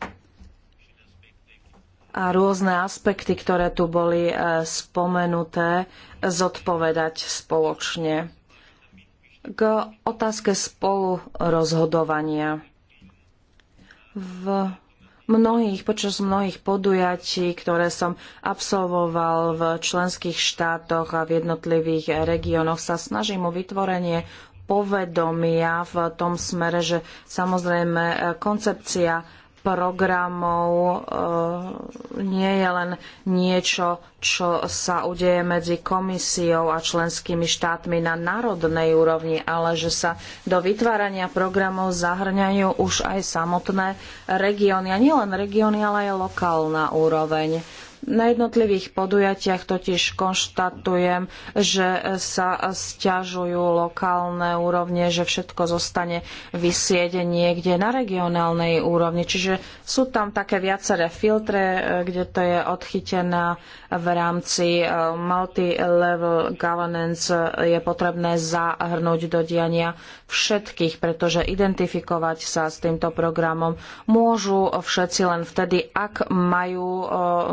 a rôzne aspekty, ktoré tu boli e, spomenuté, zodpovedať spoločne k otázke spolurozhodovania. V mnohých, počas mnohých podujatí, ktoré som absolvoval v členských štátoch a v jednotlivých regiónoch, sa snažím o vytvorenie povedomia v tom smere, že samozrejme koncepcia programov eh, nie je len niečo, čo sa udeje medzi komisiou a členskými štátmi na národnej úrovni, ale že sa do vytvárania programov zahrňajú už aj samotné regióny. A nielen regióny, ale aj lokálna úroveň. Na jednotlivých podujatiach totiž konštatujem, že sa sťažujú lokálne úrovne, že všetko zostane vysieť niekde na regionálnej úrovni. Čiže sú tam také viaceré filtre, e, kde to je odchytené v rámci e, multi-level governance e, je potrebné zahrnúť do diania všetkých, pretože identifikovať sa s týmto programom môžu všetci len vtedy, ak majú e,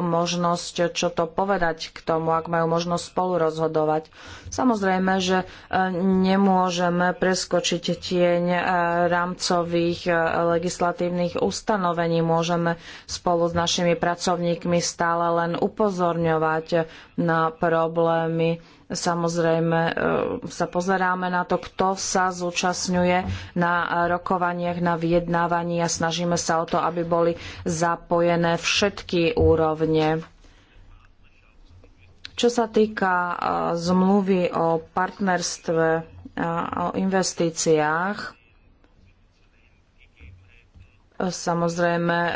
možnosť čo to povedať k tomu, ak majú možnosť spolu rozhodovať. Samozrejme, že e, nemôžeme preskočiť tieň e, rámcových legislatívnych ustanovení. Môžeme spolu s našimi pracovníkmi stále len upozorňovať na problémy Samozrejme e, sa pozeráme na to, kto sa zúčastňuje na rokovaniach, na vyjednávaní a snažíme sa o to, aby boli zapojené všetky úrovne. Čo sa týka e, zmluvy o partnerstve a e, o investíciách, Samozrejme, e,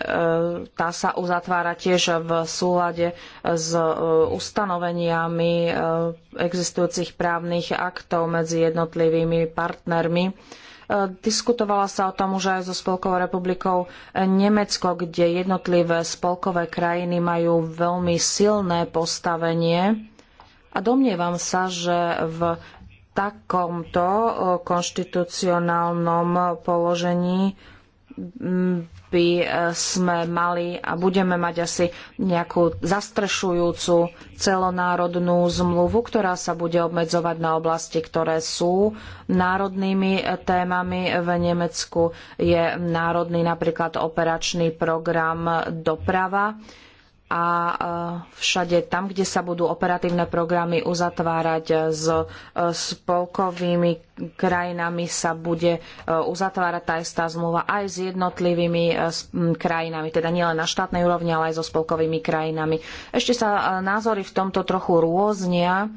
tá sa uzatvára tiež v súlade s e, ustanoveniami e, existujúcich právnych aktov medzi jednotlivými partnermi. Diskutovala sa o tom už aj so Spolkovou republikou Nemecko, kde jednotlivé spolkové krajiny majú veľmi silné postavenie. A domnievam sa, že v takomto konštitucionálnom položení by e, sme mali a budeme mať asi nejakú zastrešujúcu celonárodnú zmluvu, ktorá sa bude obmedzovať na oblasti, ktoré sú národnými e, témami. V Nemecku je národný napríklad operačný program doprava a e, všade tam, kde sa budú operatívne programy uzatvárať e, s e, spolkovými krajinami, sa bude uzatvárať tá istá zmluva aj s jednotlivými krajinami, teda nielen na štátnej úrovni, ale aj so spolkovými krajinami. Ešte sa názory v tomto trochu rôznia,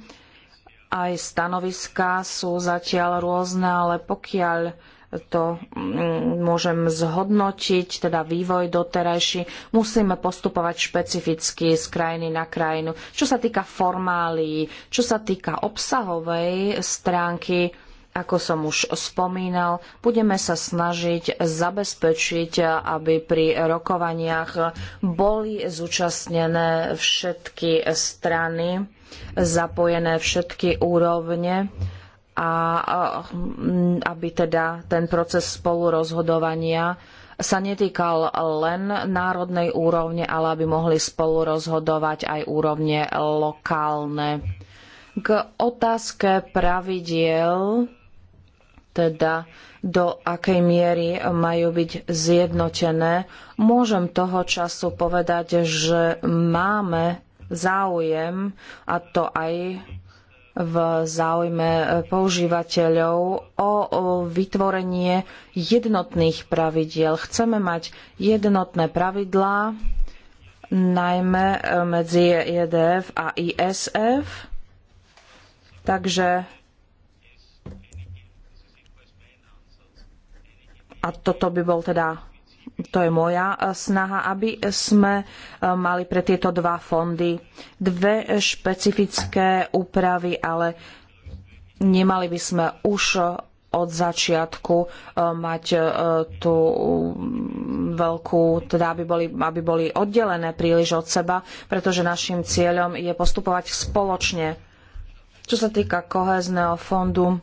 aj stanoviská sú zatiaľ rôzne, ale pokiaľ to mm, môžem zhodnotiť, teda vývoj doterajší. Musíme postupovať špecificky z krajiny na krajinu. Čo sa týka formálií, čo sa týka obsahovej stránky, ako som už spomínal, budeme sa snažiť zabezpečiť, aby pri rokovaniach boli zúčastnené všetky strany, zapojené všetky úrovne a mm, aby teda ten proces spolurozhodovania sa netýkal len národnej úrovne, ale aby mohli spolurozhodovať aj úrovne lokálne. K otázke pravidiel, teda do akej miery majú byť zjednotené, môžem toho času povedať, že máme záujem, a to aj v záujme e, používateľov o vytvorenie jednotných pravidiel. Chceme mať jednotné pravidlá, najmä e, medzi EDF a ISF. Takže a toto by bol teda to je moja e, snaha, aby sme e, mali pre tieto dva fondy dve špecifické úpravy, ale nemali by sme už e, od začiatku mať tú veľkú, teda aby boli, aby boli oddelené príliš od seba, pretože našim cieľom je postupovať spoločne. Čo sa týka kohézneho fondu,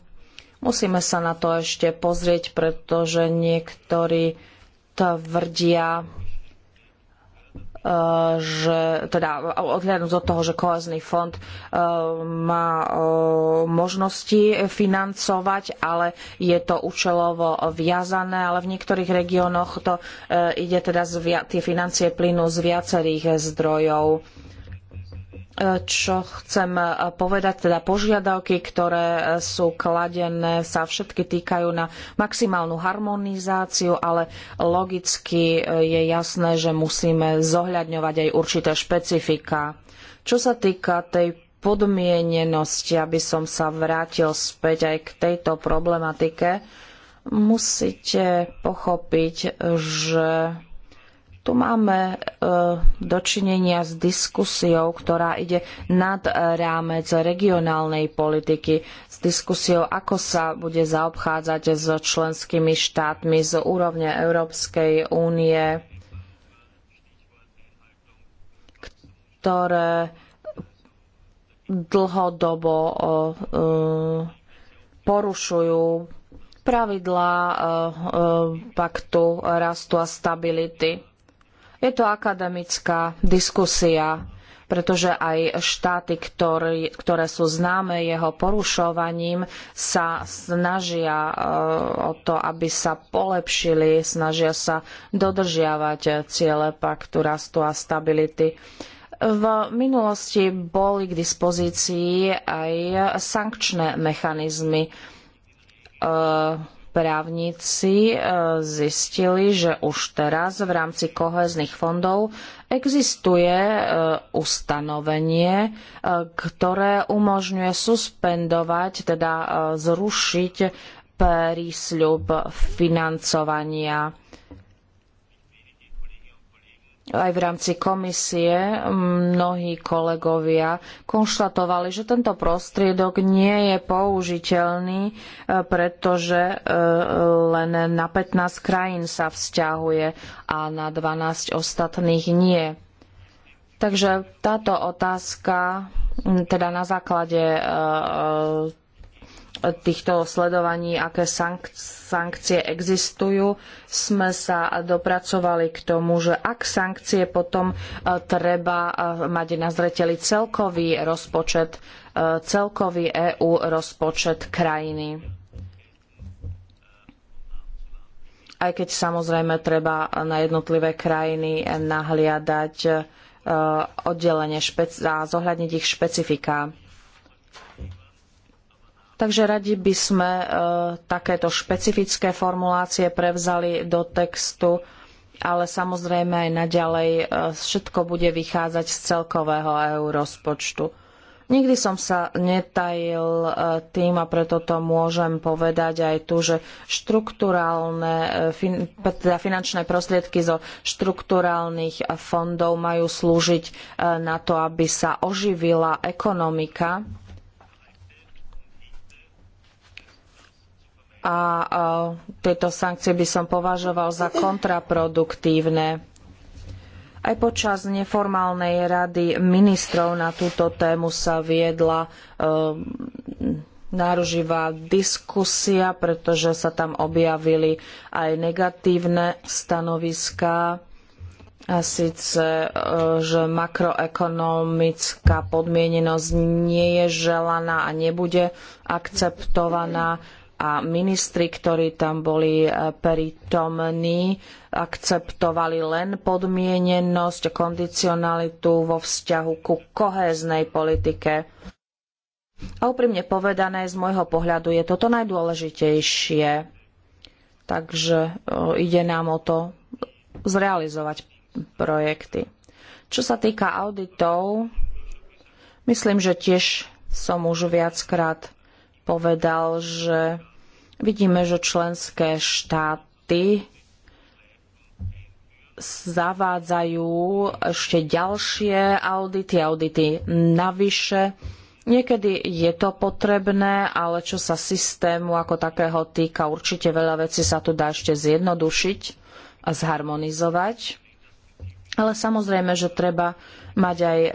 musíme sa na to ešte pozrieť, pretože niektorí tvrdia, e, že teda odhľadnúť od toho, že kohezný fond e, má e, možnosti financovať, ale je to účelovo viazané, ale v niektorých regiónoch to ide teda, tie financie plynú z viacerých zdrojov čo chcem e, povedať, teda požiadavky, ktoré e, sú kladené, sa všetky týkajú na maximálnu harmonizáciu, ale logicky e, je jasné, že musíme zohľadňovať aj určité špecifika. Čo sa týka tej podmienenosti, aby som sa vrátil späť aj k tejto problematike, musíte pochopiť, že tu máme e, dočinenia s diskusiou, ktorá ide nad e, rámec regionálnej politiky, s diskusiou, ako sa bude zaobchádzať s členskými štátmi z úrovne Európskej únie, ktoré dlhodobo e, e porušujú pravidlá e, e, paktu rastu a stability je to akademická diskusia, pretože aj štáty, ktorý, ktoré sú známe jeho porušovaním, sa snažia e, o to, aby sa polepšili, snažia sa dodržiavať ciele paktu rastu a stability. V minulosti boli k dispozícii aj sankčné mechanizmy. E právnici e, zistili, že už teraz v rámci kohéznych fondov existuje e, ustanovenie, e, ktoré umožňuje suspendovať, teda zrušiť prísľub financovania aj v rámci komisie mnohí kolegovia konštatovali, že tento prostriedok nie je použiteľný, e, pretože e, len na 15 krajín sa vzťahuje a na 12 ostatných nie. Takže táto otázka, teda na základe e, týchto sledovaní, aké sankcie existujú, sme sa dopracovali k tomu, že ak sankcie potom e, treba e, mať na zreteli celkový rozpočet, e, celkový EÚ rozpočet krajiny. Aj keď samozrejme treba na jednotlivé krajiny nahliadať oddelenie a zohľadniť ich špecifiká. Takže radi by sme e, takéto špecifické formulácie prevzali do textu, ale samozrejme aj naďalej e, všetko bude vychádzať z celkového EU rozpočtu. Nikdy som sa netajil e, tým a preto to môžem povedať aj tu, že štrukturálne, teda finančné prostriedky zo štrukturálnych fondov majú slúžiť na to, aby sa oživila ekonomika a tieto sankcie by som považoval za kontraproduktívne. Aj počas neformálnej rady ministrov na túto tému sa viedla ehm, náruživá diskusia, pretože sa tam objavili aj negatívne stanoviská. A síce, ehm, že makroekonomická podmienenosť nie je želaná a nebude akceptovaná a ministri, ktorí tam boli e, prítomní, akceptovali len podmienenosť, a kondicionalitu vo vzťahu ku kohéznej politike. A úprimne povedané, z môjho pohľadu je toto najdôležitejšie. Takže e, ide nám o to zrealizovať projekty. Čo sa týka auditov, myslím, že tiež som už viackrát povedal, že Vidíme, že členské štáty zavádzajú ešte ďalšie audity, audity navyše. Niekedy je to potrebné, ale čo sa systému ako takého týka, určite veľa vecí sa tu dá ešte zjednodušiť a zharmonizovať. Ale samozrejme, že treba mať aj e,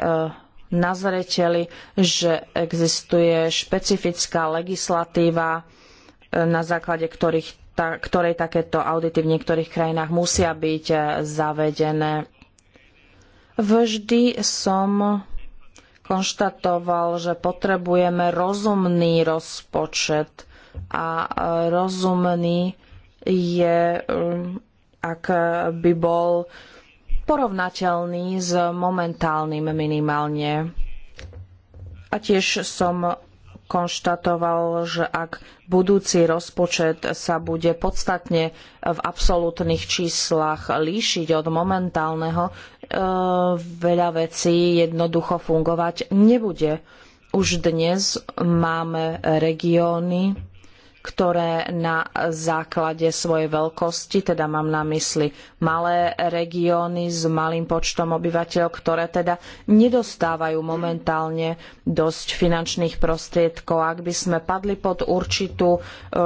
na zreteli, že existuje špecifická legislatíva, na základe ktorých, ta, ktorej takéto audity v niektorých krajinách musia byť eh, zavedené. Vždy som konštatoval, že potrebujeme rozumný rozpočet a eh, rozumný je, mm, ak by bol porovnateľný s momentálnym minimálne. A tiež som konštatoval, že ak budúci rozpočet sa bude podstatne v absolútnych číslach líšiť od momentálneho, e, veľa vecí jednoducho fungovať nebude. Už dnes máme regióny, ktoré na základe svojej veľkosti, teda mám na mysli malé regióny s malým počtom obyvateľov, ktoré teda nedostávajú momentálne dosť finančných prostriedkov. Ak by sme padli pod určitú e, e,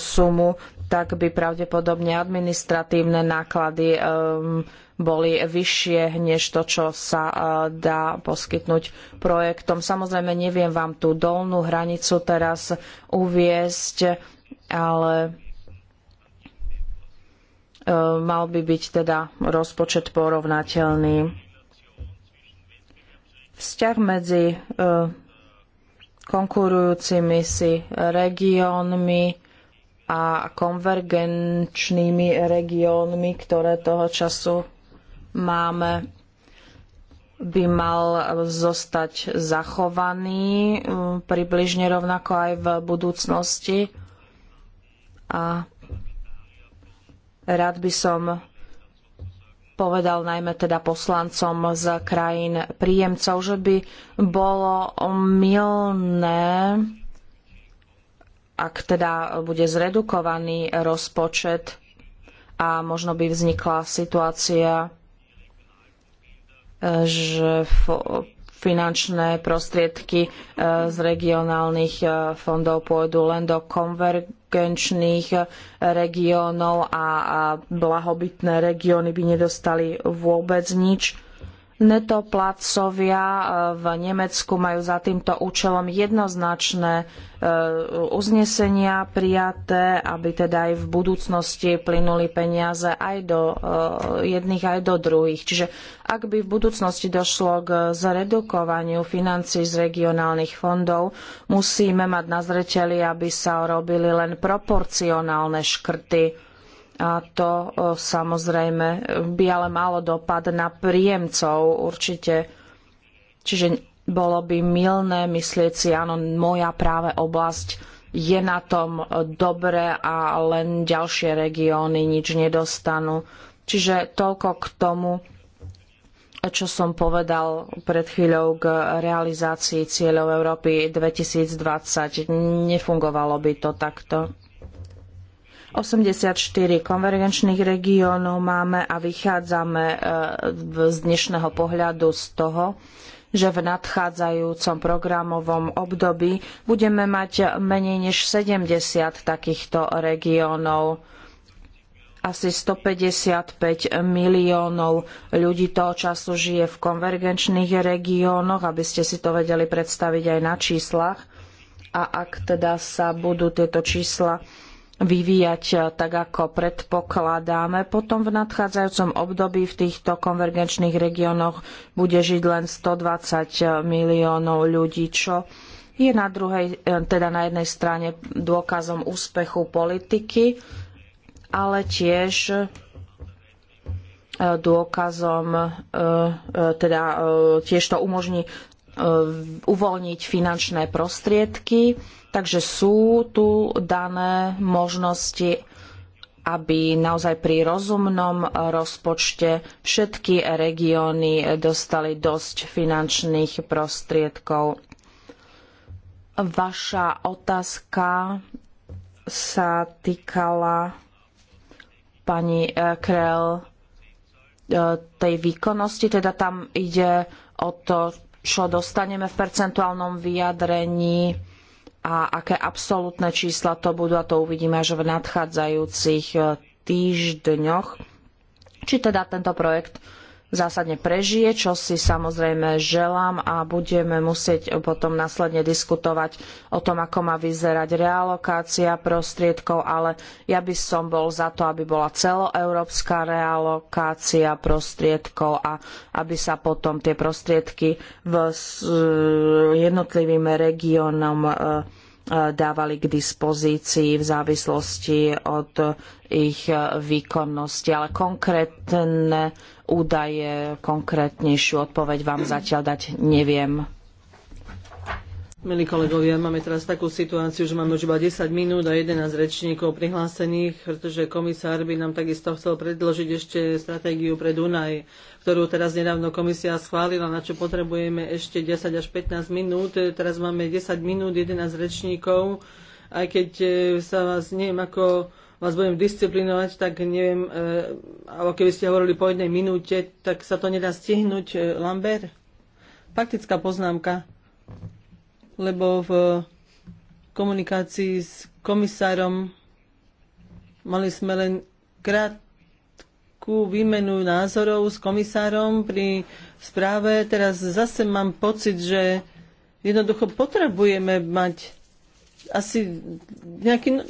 sumu, tak by pravdepodobne administratívne náklady um, boli vyššie než to, čo sa e, dá poskytnúť projektom. Samozrejme, neviem vám tú dolnú hranicu teraz uviesť, ale e, mal by byť teda rozpočet porovnateľný. Vzťah medzi e, konkurujúcimi si regiónmi a konvergenčnými regiónmi, ktoré toho času máme, by mal zostať zachovaný mm, približne rovnako aj v budúcnosti. A rád by som povedal najmä teda poslancom z krajín príjemcov, že by bolo milné, ak teda bude zredukovaný rozpočet a možno by vznikla situácia, že finančné prostriedky e, z regionálnych e, fondov pôjdu len do konvergenčných e, regiónov a blahobytné regióny by nedostali vôbec nič Netoplatcovia e, v Nemecku majú za týmto účelom jednoznačné e, uznesenia prijaté, aby teda aj v budúcnosti plynuli peniaze aj do e, jedných, aj do druhých. Čiže ak by v budúcnosti došlo k zredukovaniu financií z regionálnych fondov, musíme mať na zreteli, aby sa robili len proporcionálne škrty a to e, samozrejme by ale malo dopad na príjemcov určite. Čiže bolo by milné myslieť si, áno, moja práve oblasť je na tom e, dobre a len ďalšie regióny nič nedostanú. Čiže toľko k tomu, čo som povedal pred chvíľou k realizácii cieľov Európy 2020. Nefungovalo by to takto. 84 konvergenčných regiónov máme a vychádzame e, z dnešného pohľadu z toho, že v nadchádzajúcom programovom období budeme mať menej než 70 takýchto regiónov asi 155 miliónov ľudí toho času žije v konvergenčných regiónoch, aby ste si to vedeli predstaviť aj na číslach. A ak teda sa budú tieto čísla vyvíjať e, tak, ako predpokladáme. Potom v nadchádzajúcom období v týchto konvergenčných regiónoch bude žiť len 120 e, miliónov ľudí, čo je na, druhej, e, teda na jednej strane dôkazom úspechu politiky, ale tiež dôkazom, teda tiež to umožní uvoľniť finančné prostriedky Takže sú tu dané možnosti aby naozaj pri rozumnom rozpočte všetky regióny dostali dosť finančných prostriedkov. Vaša otázka sa týkala pani eh, Krell eh, tej výkonnosti, teda tam ide o to, čo dostaneme v percentuálnom vyjadrení a aké absolútne čísla to budú a to uvidíme až v nadchádzajúcich eh, týždňoch, či teda tento projekt zásadne prežije, čo si samozrejme želám a budeme musieť potom následne diskutovať o tom, ako má vyzerať realokácia prostriedkov, ale ja by som bol za to, aby bola celoeurópska realokácia prostriedkov a aby sa potom tie prostriedky v eh, jednotlivým regiónom eh, eh, dávali k dispozícii v závislosti od ich výkonnosti. Ale konkrétne údaje, konkrétnejšiu odpoveď vám zatiaľ dať neviem. Milí kolegovia, máme teraz takú situáciu, že máme už iba 10 minút a 11 rečníkov prihlásených, pretože komisár by nám takisto chcel predložiť ešte stratégiu pre Dunaj, ktorú teraz nedávno komisia schválila, na čo potrebujeme ešte 10 až 15 minút. Teraz máme 10 minút, 11 rečníkov, aj keď e, sa vás neviem ako vás budem disciplinovať, tak neviem, e, alebo keby ste hovorili po jednej minúte, tak sa to nedá stihnúť, e, Lambert? Faktická poznámka, lebo v komunikácii s komisárom mali sme len krátku výmenu názorov s komisárom pri správe. Teraz zase mám pocit, že jednoducho potrebujeme mať asi nejaký no-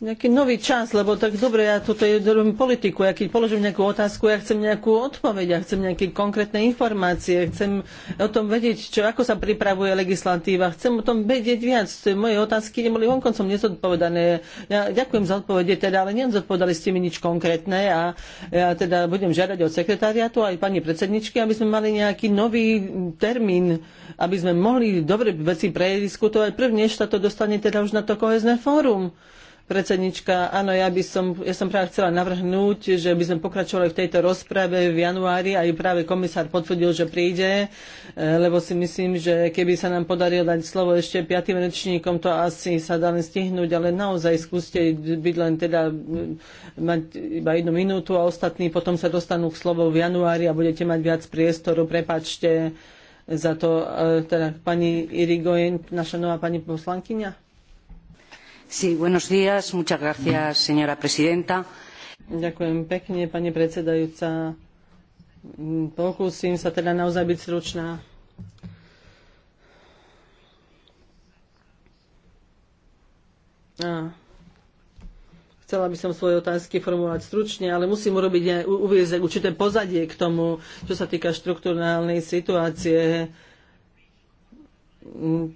nejaký nový čas, lebo tak dobre, ja toto robím politiku, ja keď položím nejakú otázku, ja chcem nejakú odpoveď, ja chcem nejaké konkrétne informácie, chcem o tom vedieť, čo, ako sa pripravuje legislatíva, chcem o tom vedieť viac. Moje otázky neboli vonkoncom nezodpovedané. Ja ďakujem za odpovede, teda, ale nezodpovedali ste mi nič konkrétne a ja teda budem žiadať od sekretariatu aj pani predsedničky, aby sme mali nejaký nový termín, aby sme mohli dobre veci prediskutovať, prvne, sa to dostane teda už na to kohezné fórum predsednička, áno, ja by som, ja som práve chcela navrhnúť, že by sme pokračovali v tejto rozprave v januári, aj práve komisár potvrdil, že príde, eh, lebo si myslím, že keby sa nám podarilo dať slovo ešte piatým rečníkom, to asi sa dá len stihnúť, ale naozaj skúste byť len teda mm, mať iba jednu minútu a ostatní potom sa dostanú k slovo v januári a budete mať viac priestoru, prepačte za to, eh, teda pani Irigoyen, naša nová pani poslankyňa señora presidenta. Ďakujem pekne, pani predsedajúca. Pokúsim sa teda naozaj byť stručná. Chcela by som svoje otázky formulovať stručne, ale musím urobiť aj, uviezť určité pozadie k tomu, čo sa týka štrukturálnej situácie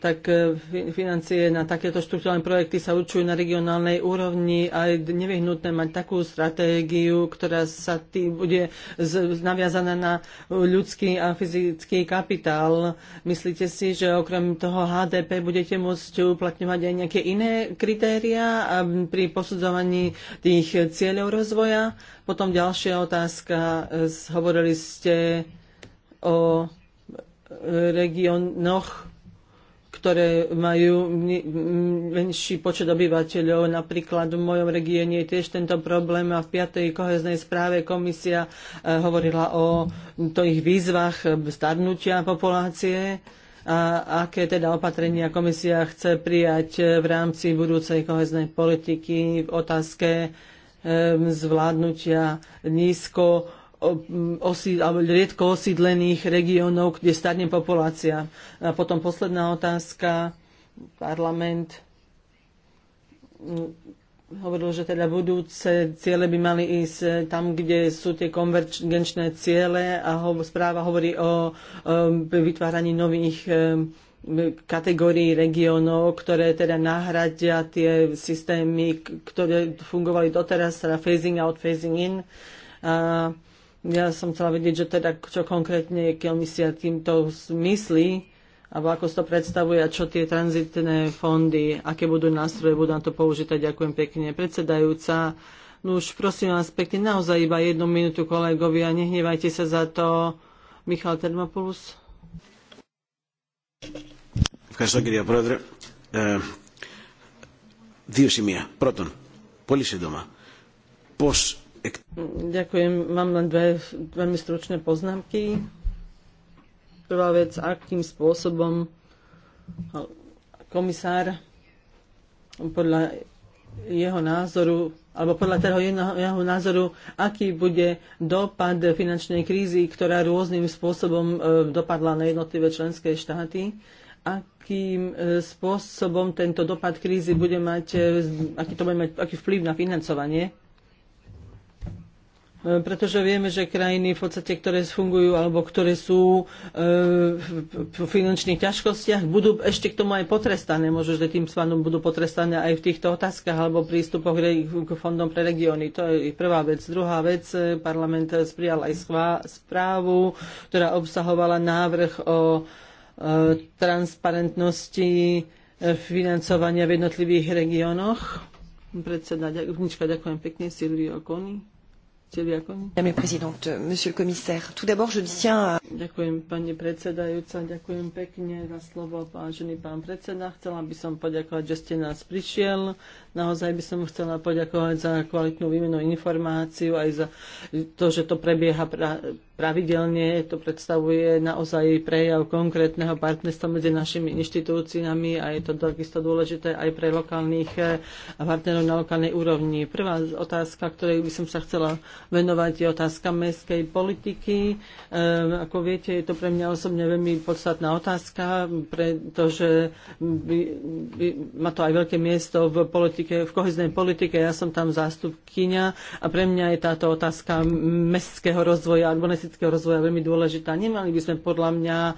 tak e, financie na takéto štruktúrne projekty sa určujú na regionálnej úrovni a je nevyhnutné mať takú stratégiu, ktorá sa tý, bude z, naviazaná na ľudský a fyzický kapitál. Myslíte si, že okrem toho HDP budete môcť uplatňovať aj nejaké iné kritéria um, pri posudzovaní tých cieľov rozvoja? Potom ďalšia otázka. E, hovorili ste o e, regiónoch ktoré majú menší počet obyvateľov. Napríklad v mojom regióne je tiež tento problém a v 5. koheznej správe komisia eh, hovorila o tých výzvach starnutia populácie a aké teda opatrenia komisia chce prijať eh, v rámci budúcej koheznej politiky v otázke eh, zvládnutia nízko alebo riedko osídlených regiónov, kde starne populácia. A potom posledná otázka. Parlament hovoril, že teda budúce ciele by mali ísť e, tam, kde sú tie konvergenčné ciele a ho, správa hovorí o o e, vytváraní nových e, kategórií regiónov, ktoré teda nahradia tie systémy, ktoré fungovali doteraz, teda phasing out, phasing in. A, ja som chcela vedieť, že teda čo konkrétne je Kielmisia týmto myslí, alebo ako si to predstavuje a čo tie tranzitné fondy, aké budú nástroje, budú na to použité. Ďakujem pekne. Predsedajúca, no už prosím vás pekne, naozaj iba jednu minútu kolegovi a nehnevajte sa za to. Michal Termopoulos. Ευχαριστώ κύριε Πρόεδρε. Ε, δύο σημεία. Πρώτον, πολύ σύντομα, πώς Ďakujem. Mám len dve veľmi stručné poznámky. Prvá vec, akým spôsobom komisár podľa jeho názoru, alebo podľa toho teda jeho, jeho názoru, aký bude dopad finančnej krízy, ktorá rôznym spôsobom e, dopadla na jednotlivé členské štáty akým e, spôsobom tento dopad krízy bude mať, e, aký, to bude mať, aký vplyv na financovanie E, pretože vieme, že krajiny v podstate, ktoré fungujú alebo ktoré sú e, v finančných ťažkostiach, budú ešte k tomu aj potrestané. Možno, že tým svanom budú potrestané aj v týchto otázkach alebo prístupoch k fondom pre regióny. To je prvá vec. Druhá vec, e, parlament sprijal aj správu, ktorá obsahovala návrh o transparentnosti financovania v jednotlivých regiónoch. Predseda, ďakujem pekne, Silvio Kony. Madame Présidente, Monsieur le Commissaire, tout d'abord je tiens à... Ďakujem pani predsedajúca, ďakujem pekne za slovo, vážený pán predseda. Chcela by som poďakovať, že ste nás prišiel. Naozaj by som chcela poďakovať za kvalitnú výmenu informáciu aj za to, že to prebieha pravidelne. To predstavuje naozaj prejav konkrétneho partnerstva medzi našimi inštitúciami a je to takisto dôležité aj pre lokálnych eh, partnerov na lokálnej úrovni. Prvá otázka, ktorej by som sa chcela venovať, je otázka mestskej politiky. Eh, ako viete, je to pre mňa osobne veľmi podstatná otázka, pretože by, by, má to aj veľké miesto v politike, v koheznej politike. Ja som tam zástupkyňa a pre mňa je táto otázka mestského rozvoja, urbanistického rozvoja veľmi dôležitá. Nemali by sme podľa mňa e,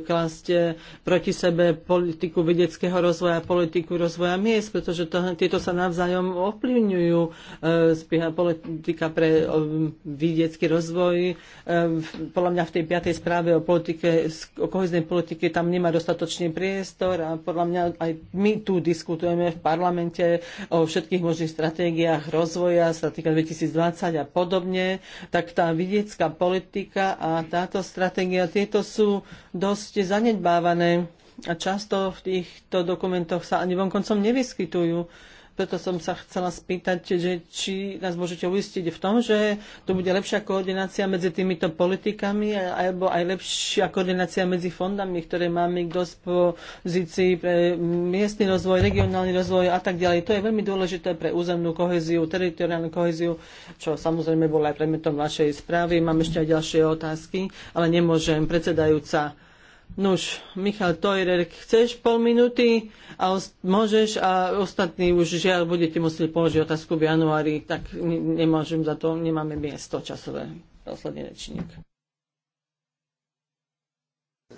klásť e, proti sebe politiku vedeckého rozvoja, politiku rozvoja miest, pretože to, tieto sa navzájom ovplyvňujú. E, politika pre e, vidiecký rozvoj. E, podľa mňa v tej piatej správe o, politike, o koheznej politike tam nemá dostatočný priestor a podľa mňa aj my tu diskutujeme v parlamente o všetkých možných stratégiách rozvoja, stratégia 2020 a podobne, tak tá vidiecká politika a táto stratégia, tieto sú dosť zanedbávané a často v týchto dokumentoch sa ani vonkoncom nevyskytujú preto som sa chcela spýtať, že či nás môžete uistiť v tom, že to bude lepšia koordinácia medzi týmito politikami alebo aj lepšia koordinácia medzi fondami, ktoré máme k dispozícii pre miestny rozvoj, regionálny rozvoj a tak ďalej. To je veľmi dôležité pre územnú koheziu, teritoriálnu koheziu, čo samozrejme bolo aj predmetom vašej správy. Mám ešte aj ďalšie otázky, ale nemôžem predsedajúca Nuž, Michal Tojrer, chceš pol minúty a môžeš a ostatní už žiaľ budete musieť položiť otázku v januári, tak nemôžem za to, nemáme miesto časové. Posledný rečník.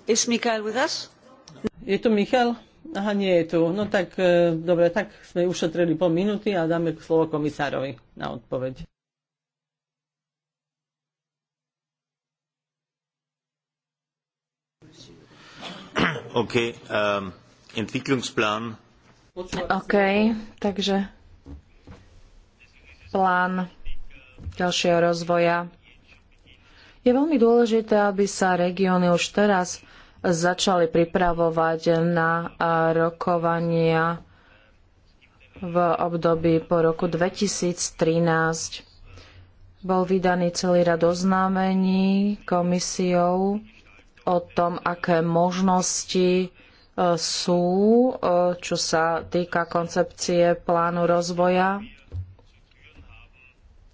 Is Michal with us? Je tu Michal? Aha, nie je tu. No tak, e, dobre, tak sme ušetrili pol minúty a dáme slovo komisárovi na odpoveď. Um, entwicklungsplan. OK, takže plán ďalšieho rozvoja. Je veľmi dôležité, aby sa regióny už teraz začali pripravovať na rokovania v období po roku 2013. Bol vydaný celý rad oznámení komisiou o tom, aké možnosti e, sú, e, čo sa týka koncepcie plánu rozvoja.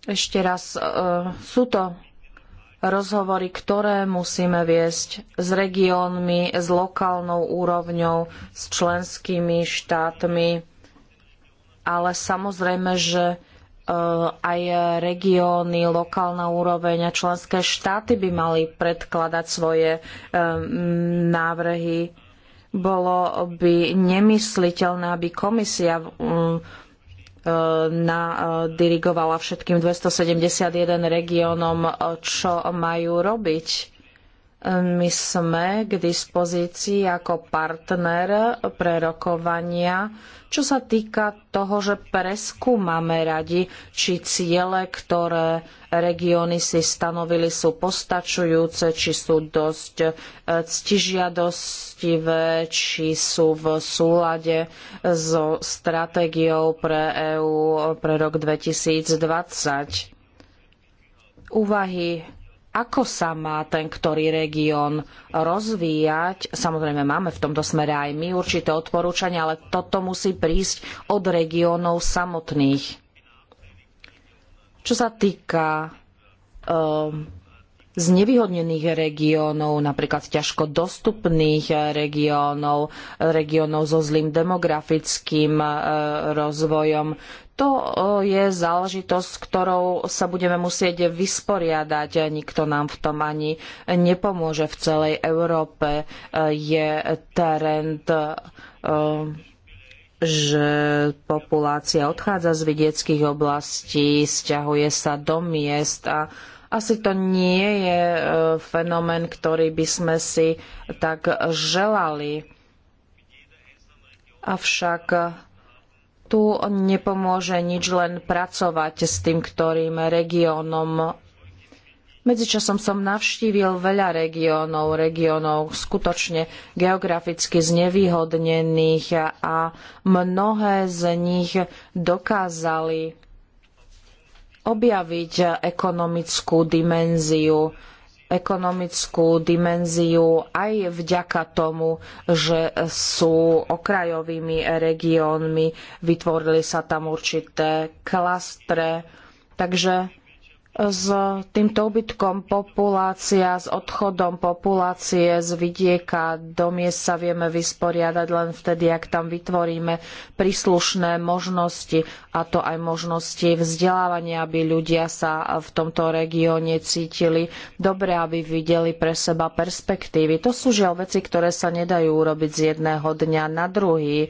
Ešte raz, e, sú to rozhovory, ktoré musíme viesť s regiónmi, s lokálnou úrovňou, s členskými štátmi, ale samozrejme, že Eh, aj regióny, lokálna úroveň a členské štáty by mali predkladať svoje eh, návrhy. Bolo by nemysliteľné, aby komisia mm, eh, na, dirigovala všetkým 271 regiónom, čo majú robiť my sme k dispozícii ako partner pre rokovania, čo sa týka toho, že preskúmame radi, či ciele, ktoré regióny si stanovili, sú postačujúce, či sú dosť e, ctižiadostivé, či sú v súlade so stratégiou pre EÚ e, pre rok 2020. Úvahy ako sa má ten ktorý región rozvíjať. Samozrejme, máme v tomto smere aj my určité odporúčania, ale toto musí prísť od regiónov samotných. Čo sa týka um, znevýhodnených regiónov, napríklad ťažko dostupných regiónov, regiónov so zlým demografickým e, rozvojom to eh, je záležitosť, s ktorou sa budeme musieť vysporiadať. Nikto nám v tom ani nepomôže. V celej Európe eh, je trend eh, že populácia odchádza z vidieckých oblastí, sťahuje sa do miest a asi to nie je fenomén, ktorý by sme si tak želali. Avšak tu nepomôže nič len pracovať s tým, ktorým regiónom Medzičasom som navštívil veľa regiónov, regiónov skutočne geograficky znevýhodnených a mnohé z nich dokázali objaviť ekonomickú dimenziu ekonomickú dimenziu aj vďaka tomu, že sú okrajovými regiónmi, vytvorili sa tam určité klastre. Takže s týmto úbytkom populácia, s odchodom populácie z vidieka do miest sa vieme vysporiadať len vtedy, ak tam vytvoríme príslušné možnosti a to aj možnosti vzdelávania, aby ľudia sa v tomto regióne cítili dobre, aby videli pre seba perspektívy. To sú žiaľ veci, ktoré sa nedajú urobiť z jedného dňa na druhý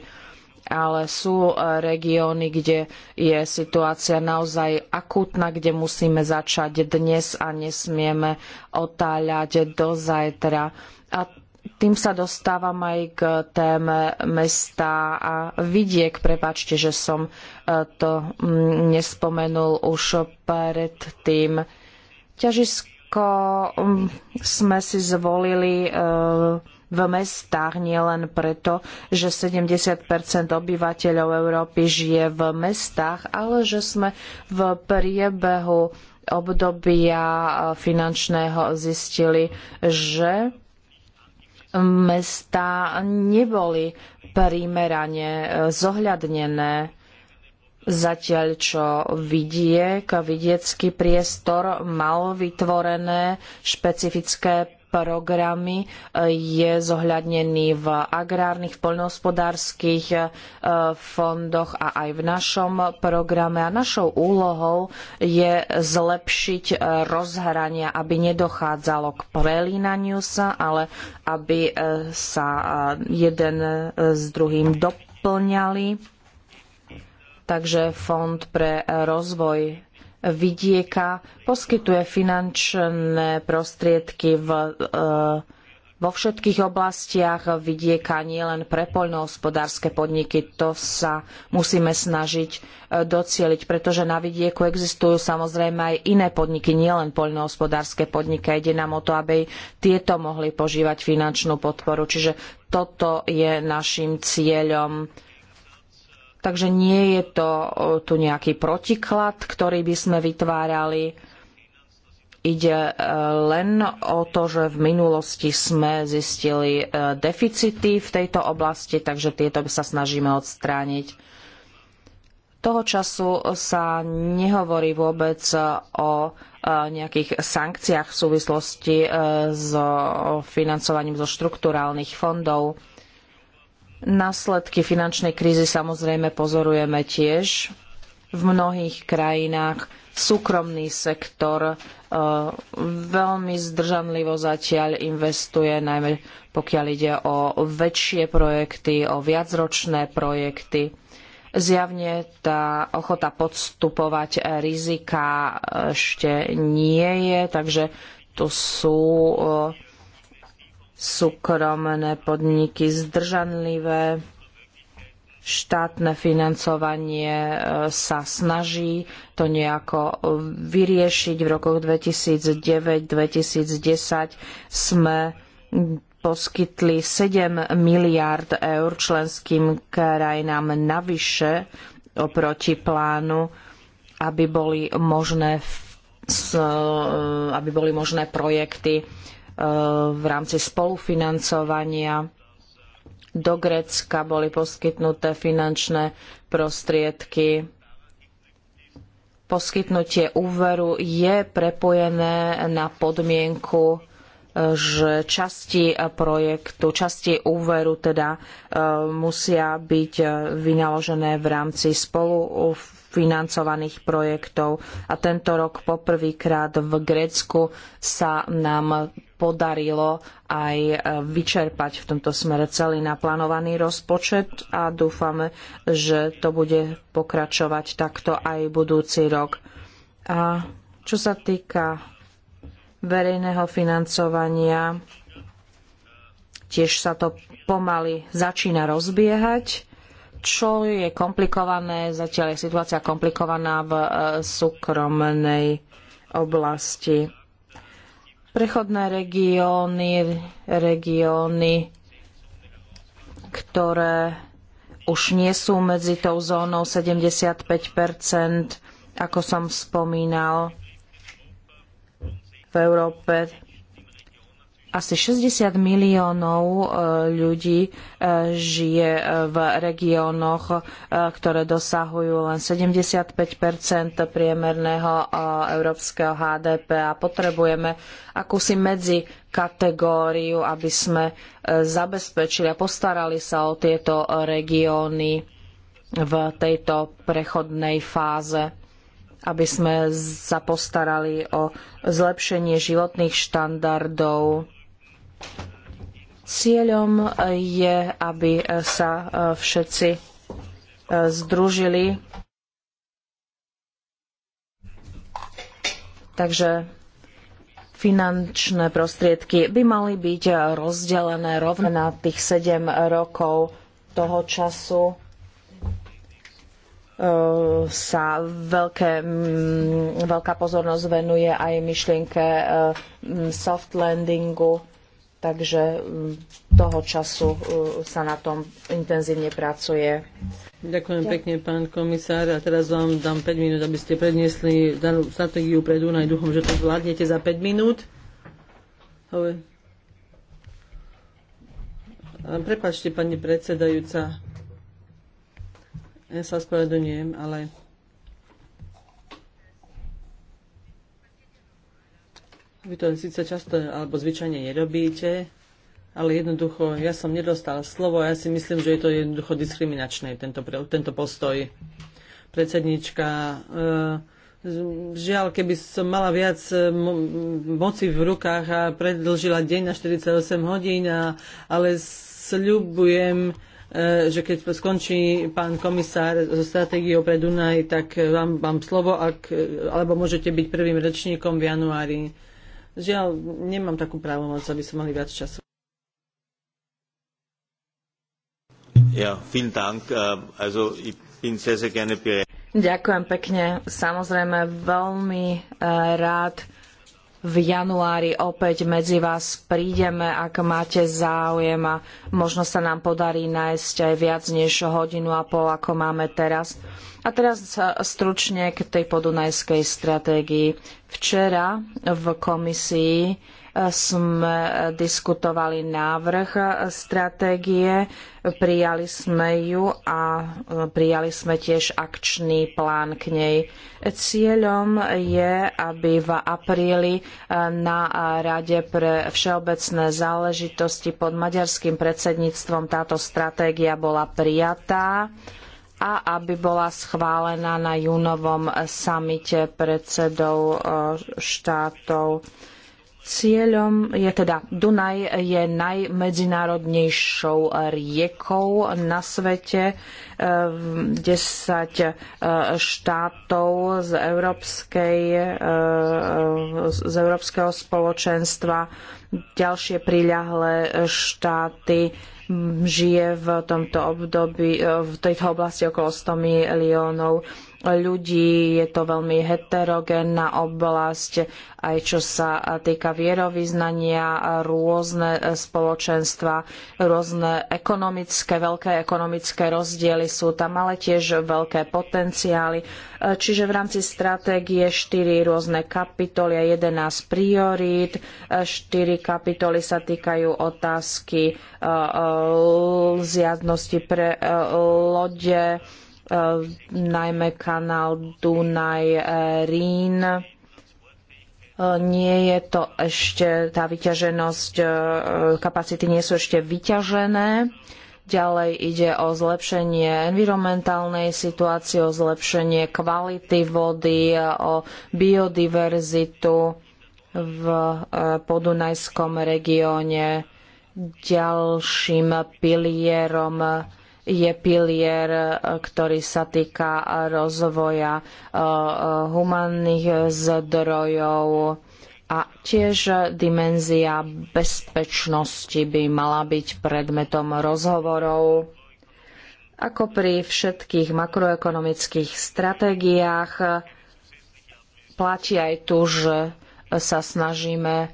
ale sú e, regióny, kde je situácia naozaj akútna, kde musíme začať dnes a nesmieme otáľať do zajtra. A tým sa dostávam aj k téme mesta a vidiek. Prepačte, že som e, to nespomenul už predtým. Ťažisko sme si zvolili e, v mestách, nielen preto, že 70 obyvateľov Európy žije v mestách, ale že sme v priebehu obdobia e, finančného zistili, že mesta neboli primerane e, zohľadnené. Zatiaľ, čo vidiek, vidiecký priestor mal vytvorené špecifické programy e, je zohľadnený v agrárnych, poľnohospodárskych e, fondoch a aj v našom programe. A našou úlohou je zlepšiť rozhrania, aby nedochádzalo k prelínaniu sa, ale aby e, sa jeden s druhým doplňali. Takže Fond pre rozvoj vidieka poskytuje finančné prostriedky v, eh, vo všetkých oblastiach vidieka, nielen pre poľnohospodárske podniky. To sa musíme snažiť eh, docieliť, pretože na vidieku existujú samozrejme aj iné podniky, nielen poľnohospodárske podniky. Ide nám o to, aby tieto mohli požívať finančnú podporu. Čiže toto je našim cieľom Takže nie je to tu nejaký protiklad, ktorý by sme vytvárali. Ide e, len o to, že v minulosti sme zistili e, deficity v tejto oblasti, takže tieto sa snažíme odstrániť. Toho času sa nehovorí vôbec o e, nejakých sankciách v súvislosti s financovaním zo štrukturálnych fondov. Následky finančnej krízy samozrejme pozorujeme tiež. V mnohých krajinách súkromný sektor e, veľmi zdržanlivo zatiaľ investuje, najmä pokiaľ ide o väčšie projekty, o viacročné projekty. Zjavne tá ochota podstupovať rizika ešte nie je, takže tu sú e, súkromné podniky zdržanlivé, štátne financovanie e, sa snaží to nejako e, vyriešiť. V rokoch 2009-2010 sme poskytli 7 miliard eur členským krajinám navyše oproti plánu, aby boli možné, e, aby boli možné projekty v rámci spolufinancovania. Do Grécka boli poskytnuté finančné prostriedky. Poskytnutie úveru je prepojené na podmienku, že časti projektu, časti úveru teda e, musia byť vynaložené v rámci spolufinancovaných projektov. A tento rok poprvýkrát v Grécku sa nám podarilo aj e, vyčerpať v tomto smere celý naplánovaný rozpočet a dúfame, že to bude pokračovať takto aj budúci rok. A čo sa týka verejného financovania, tiež sa to pomaly začína rozbiehať čo je komplikované, zatiaľ je situácia komplikovaná v e, súkromnej oblasti prechodné regióny, regióny, ktoré už nie sú medzi tou zónou 75 ako som spomínal. V Európe asi 60 miliónov e, ľudí e, žije e, v regiónoch, ktoré dosahujú len 75 priemerného európskeho HDP a potrebujeme akúsi medzi kategóriu, aby sme zabezpečili a postarali sa o tieto regióny v tejto prechodnej fáze aby sme sa postarali o zlepšenie životných štandardov Cieľom je, aby sa e, všetci e, združili. Takže finančné prostriedky by mali byť rozdelené rovno na tých 7 rokov toho času e, sa veľké, veľká pozornosť venuje aj myšlienke soft landingu Takže mm, toho času mm, sa na tom intenzívne pracuje. Ďakujem ja. pekne, pán komisár. A teraz vám dám 5 minút, aby ste predniesli danú stratégiu pre Dunaj. Dúfam, že to zvládnete za 5 minút. Prepačte, pani predsedajúca. Ja sa spravedlňujem, ale Vy to síce často alebo zvyčajne nerobíte, ale jednoducho ja som nedostal slovo a ja si myslím, že je to jednoducho diskriminačné, tento, tento postoj. Predsednička, e, žiaľ, keby som mala viac e, moci v rukách a predlžila deň na 48 hodín, a, ale sľubujem, e, že keď skončí pán komisár so stratégiou pre Dunaj, tak vám, vám slovo, ak, alebo môžete byť prvým rečníkom v januári. Žiaľ, nemám takú právomoc, aby som mali viac času. Ja, vielen Dank. Äh, also, ich bin sehr, sehr gerne bereit. Ďakujem pekne. Samozrejme, veľmi äh, rád v januári opäť medzi vás prídeme, ak máte záujem a možno sa nám podarí nájsť aj viac než hodinu a pol, ako máme teraz. A teraz stručne k tej podunajskej stratégii. Včera v komisii sme diskutovali návrh stratégie, prijali sme ju a prijali sme tiež akčný plán k nej. Cieľom je, aby v apríli na Rade pre všeobecné záležitosti pod maďarským predsedníctvom táto stratégia bola prijatá a aby bola schválená na júnovom samite predsedov eh, štátov Cieľom je teda Dunaj je najmedzinárodnejšou riekou na svete. 10 eh, eh, štátov z, Európskej, eh, z Európskeho spoločenstva, ďalšie príľahlé štáty žije v tomto období, v tejto oblasti okolo 100 miliónov ľudí, je to veľmi heterogénna oblasť, aj čo sa týka vierovýznania, rôzne spoločenstva, rôzne ekonomické, veľké ekonomické rozdiely sú tam, ale tiež veľké potenciály. Čiže v rámci stratégie štyri rôzne kapitoly a 11 priorít. štyri kapitoly sa týkajú otázky eh, eh, zjadnosti pre eh, lode, Eh, najmä kanál Dunaj-Rín. Eh, nie je to ešte, tá vyťaženosť, eh, kapacity nie sú ešte vyťažené. Ďalej ide o zlepšenie environmentálnej situácie, o zlepšenie kvality vody, o biodiverzitu v podunajskom regióne. Ďalším pilierom je pilier, e, ktorý sa týka rozvoja e, e, humanných zdrojov a tiež dimenzia bezpečnosti by mala byť predmetom rozhovorov. Ako pri všetkých makroekonomických stratégiách platí aj tu, že sa snažíme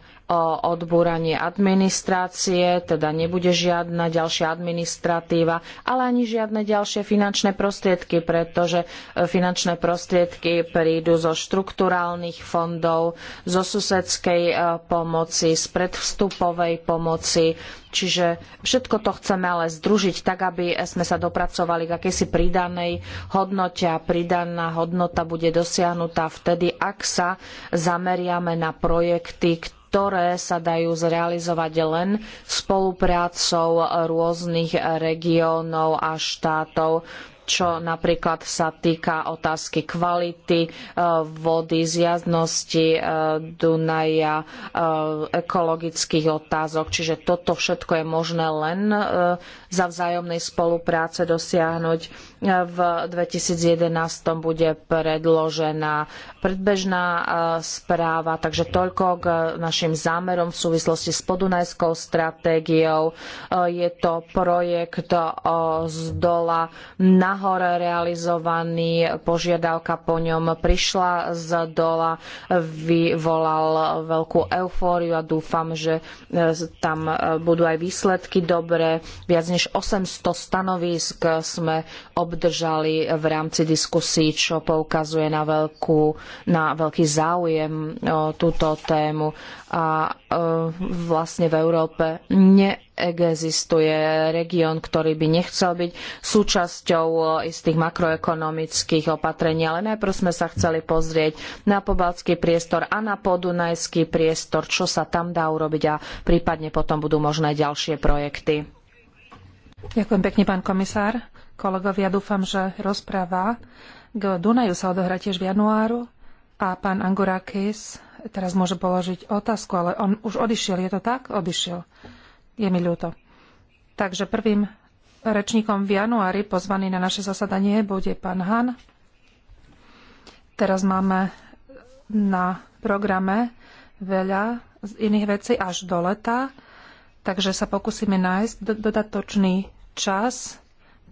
odbúranie administrácie, teda nebude žiadna ďalšia administratíva, ale ani žiadne ďalšie finančné prostriedky, pretože e, finančné prostriedky prídu zo štrukturálnych fondov, zo susedskej e, pomoci, z predvstupovej pomoci, Čiže všetko to chceme ale združiť tak, aby sme sa dopracovali k akejsi pridanej hodnote a pridaná hodnota bude dosiahnutá vtedy, ak sa zameriame na projekty, ktoré ktoré sa dajú zrealizovať len spoluprácou rôznych regiónov a štátov čo napríklad sa týka otázky kvality e, vody, zjaznosti e, Dunaja, e, ekologických otázok. Čiže toto všetko je možné len za vzájomnej spolupráce dosiahnuť. V 2011 bude predložená predbežná e, správa, takže toľko k našim zámerom v súvislosti s podunajskou stratégiou. E, je to projekt e, z dola nahor realizovaný, požiadavka po ňom prišla z dola, vyvolal veľkú eufóriu a dúfam, že tam budú aj výsledky dobré. Viac než než 800 stanovisk sme obdržali v rámci diskusí, čo poukazuje na, veľkú, na veľký záujem o túto tému. A e, vlastne v Európe neexistuje región, ktorý by nechcel byť súčasťou istých makroekonomických opatrení, ale najprv sme sa chceli pozrieť na pobaltský priestor a na podunajský priestor, čo sa tam dá urobiť a prípadne potom budú možné ďalšie projekty. Ďakujem pekne, pán komisár. Kolegovia, dúfam, že rozpráva k Dunaju sa odohrá tiež v januáru a pán Angurakis teraz môže položiť otázku, ale on už odišiel, je to tak? Odišiel. Je mi ľúto. Takže prvým rečníkom v januári pozvaný na naše zasadanie bude pán Han. Teraz máme na programe veľa iných vecí až do leta. Takže sa pokúsime nájsť dodatočný čas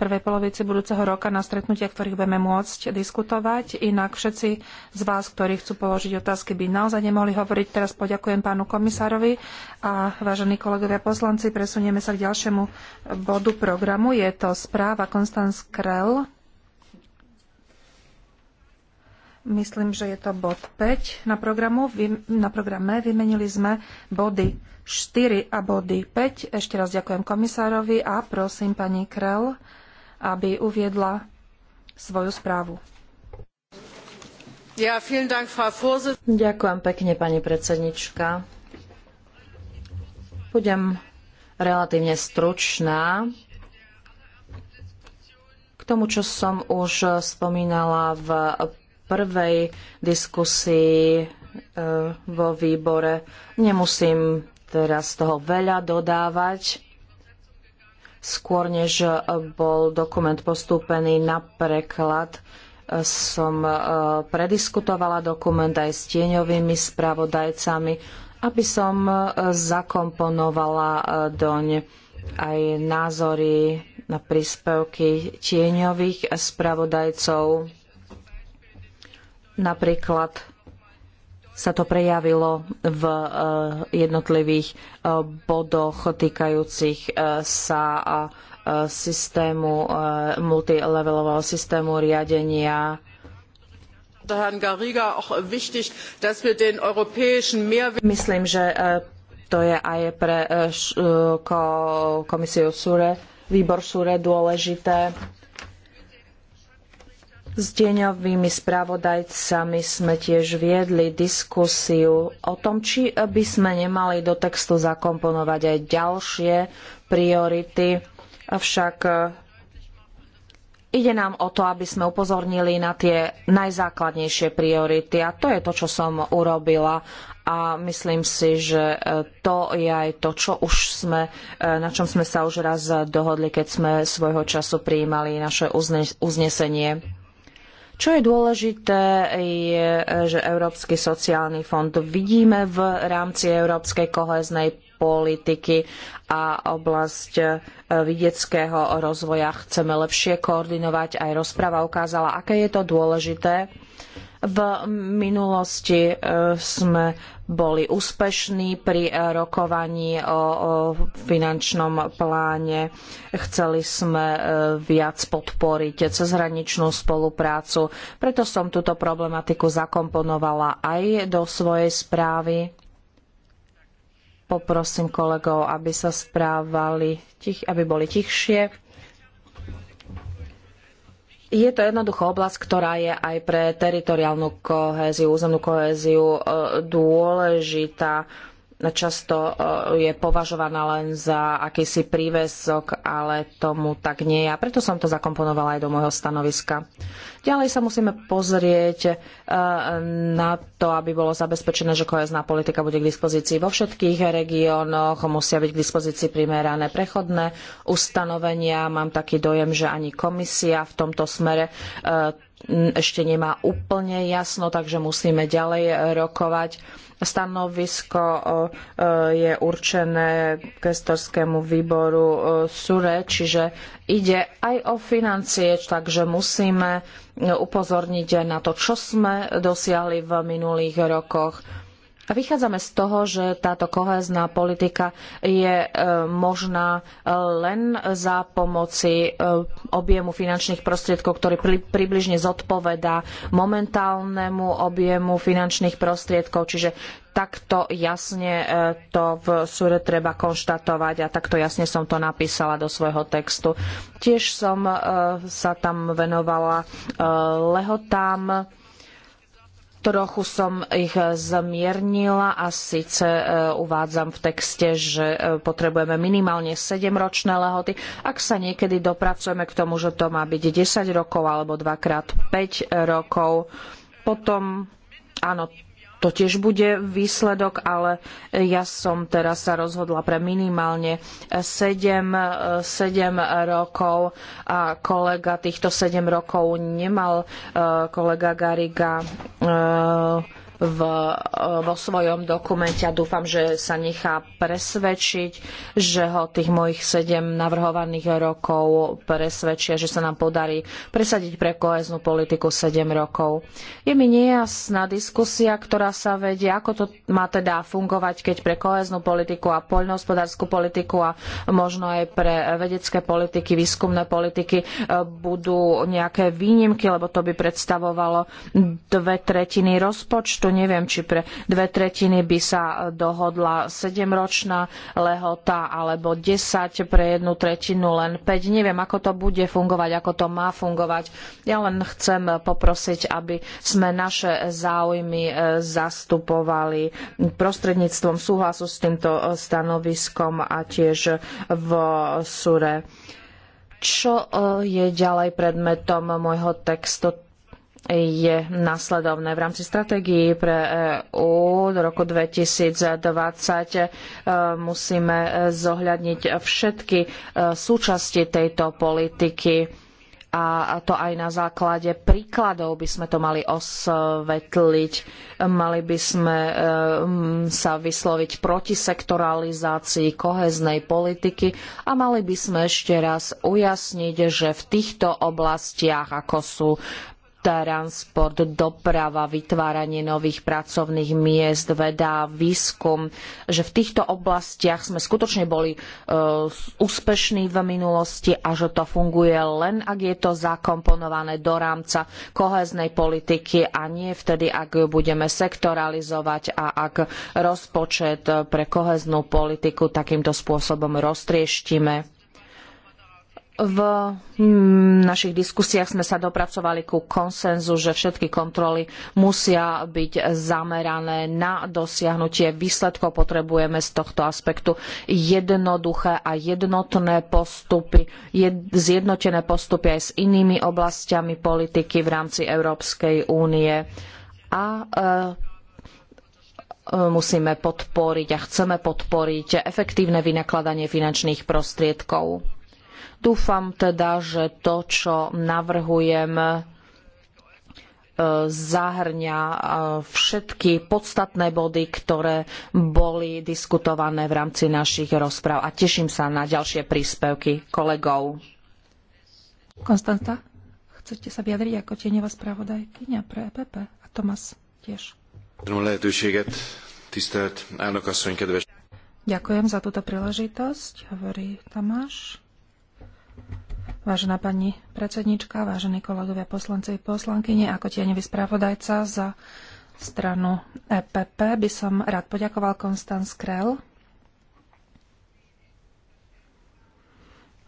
prvej polovici budúceho roka na stretnutia, ktorých budeme môcť diskutovať. Inak všetci z vás, ktorí chcú položiť otázky, by naozaj nemohli hovoriť. Teraz poďakujem pánu komisárovi a vážení kolegovia poslanci, presunieme sa k ďalšiemu bodu programu. Je to správa Konstanz Krell. Myslím, že je to bod 5 na, programu. na programe. Vymenili sme body 4 a body 5. Ešte raz ďakujem komisárovi a prosím pani Krell, aby uviedla svoju správu. Ja, Dank, ďakujem pekne, pani predsednička. Budem relatívne stručná k tomu, čo som už spomínala v prvej diskusii eh, vo výbore. Nemusím teraz toho veľa dodávať skôr než e, bol dokument postúpený na preklad, e, som e, prediskutovala dokument aj s tieňovými spravodajcami, aby som zakomponovala doň aj názory na príspevky tieňových spravodajcov. Napríklad sa to prejavilo v e, jednotlivých e, bodoch týkajúcich e, sa systému, multilevelového systému riadenia Myslím, že to je aj pre komisiu SURE, výbor SURE dôležité s deňovými spravodajcami sme tiež viedli diskusiu o tom, či by sme nemali do textu zakomponovať aj ďalšie priority. Avšak e, ide nám o to, aby sme upozornili na tie najzákladnejšie priority a to je to, čo som urobila a myslím si, že e, to je aj to, čo už sme, e, na čom sme sa už raz dohodli, keď sme svojho času prijímali naše uznesenie čo je dôležité, je, že Európsky sociálny fond vidíme v rámci Európskej koheznej politiky a oblasť e, vidieckého rozvoja chceme lepšie koordinovať. Aj rozprava ukázala, aké je to dôležité v minulosti e, sme boli úspešní pri e, rokovaní o finančnom pláne. Chceli sme e, viac podporiť cezhraničnú spoluprácu, preto som túto problematiku zakomponovala aj do svojej správy. Poprosím kolegov, aby sa správali, aby boli tichšie. Je to jednoducho oblasť, ktorá je aj pre teritoriálnu kohéziu, územnú kohéziu e, dôležitá často eh, je považovaná len za akýsi prívesok, ale tomu tak nie je. A preto som to zakomponovala aj do môjho stanoviska. Ďalej sa musíme pozrieť eh, na to, aby bolo zabezpečené, že kohezná politika bude k dispozícii vo všetkých regiónoch, musia byť k dispozícii primerané prechodné ustanovenia. Mám taký dojem, že ani komisia v tomto smere eh, ešte nemá úplne jasno, takže musíme ďalej e, rokovať. Stanovisko e, je určené gestorskému výboru e, SURE, čiže ide aj o financie, takže musíme upozorniť aj na to, čo sme dosiahli v minulých rokoch a vychádzame z toho, že táto kohézna politika je e, možná e, len za pomoci e, objemu finančných prostriedkov, ktorý približne zodpovedá momentálnemu objemu finančných prostriedkov, čiže takto jasne to v súre treba konštatovať a takto jasne som to napísala do svojho textu. Tiež som sa tam venovala lehotám Trochu som ich zmiernila a síce e, uvádzam v texte, že e, potrebujeme minimálne 7-ročné lehoty. Ak sa niekedy dopracujeme k tomu, že to má byť 10 rokov alebo 2 dvakrát 5 rokov, potom áno, to tiež bude výsledok, ale ja som teraz sa rozhodla pre minimálne 7, 7 rokov a kolega týchto 7 rokov nemal eh, kolega Gariga eh, v, vo svojom dokumente a dúfam, že sa nechá presvedčiť, že ho tých mojich sedem navrhovaných rokov presvedčia, že sa nám podarí presadiť pre koheznú politiku sedem rokov. Je mi nejasná diskusia, ktorá sa vedie, ako to má teda fungovať, keď pre koheznú politiku a poľnohospodárskú politiku a možno aj pre vedecké politiky, výskumné politiky e, budú nejaké výnimky, lebo to by predstavovalo dve tretiny rozpočtu Neviem, či pre dve tretiny by sa dohodla 7-ročná lehota alebo 10 pre jednu tretinu len 5. Neviem, ako to bude fungovať, ako to má fungovať. Ja len chcem poprosiť, aby sme naše záujmy e, zastupovali prostredníctvom súhlasu s týmto e, stanoviskom a tiež v SURE. Čo e, je ďalej predmetom môjho textu? je nasledovné. V rámci stratégií pre EÚ do roku 2020 e, musíme zohľadniť všetky e, súčasti tejto politiky a to aj na základe príkladov by sme to mali osvetliť. Mali by sme e, sa vysloviť proti sektoralizácii kohéznej politiky a mali by sme ešte raz ujasniť, že v týchto oblastiach, ako sú transport, doprava, vytváranie nových pracovných miest, veda, výskum, že v týchto oblastiach sme skutočne boli e, úspešní v minulosti a že to funguje len, ak je to zakomponované do rámca kohéznej politiky a nie vtedy, ak ju budeme sektoralizovať a ak rozpočet e, pre kohéznu politiku takýmto spôsobom roztrieštime v našich diskusiách sme sa dopracovali ku konsenzu, že všetky kontroly musia byť zamerané na dosiahnutie výsledkov. Potrebujeme z tohto aspektu jednoduché a jednotné postupy, zjednotené postupy aj s inými oblastiami politiky v rámci Európskej únie. A e, e, musíme podporiť a chceme podporiť efektívne vynakladanie finančných prostriedkov Dúfam teda, že to, čo navrhujem, e, zahrňa e, všetky podstatné body, ktoré boli diskutované v rámci našich rozpráv. A teším sa na ďalšie príspevky kolegov. Konstanta, chcete sa vyjadriť ako tieňová spravodajkynia pre EPP? A Tomas tiež. Ďakujem za túto príležitosť, hovorí Tomáš. Vážená pani predsednička, vážení kolegovia poslanci a poslankyne, ako tieňový spravodajca za stranu EPP by som rád poďakoval Konstanz Krell,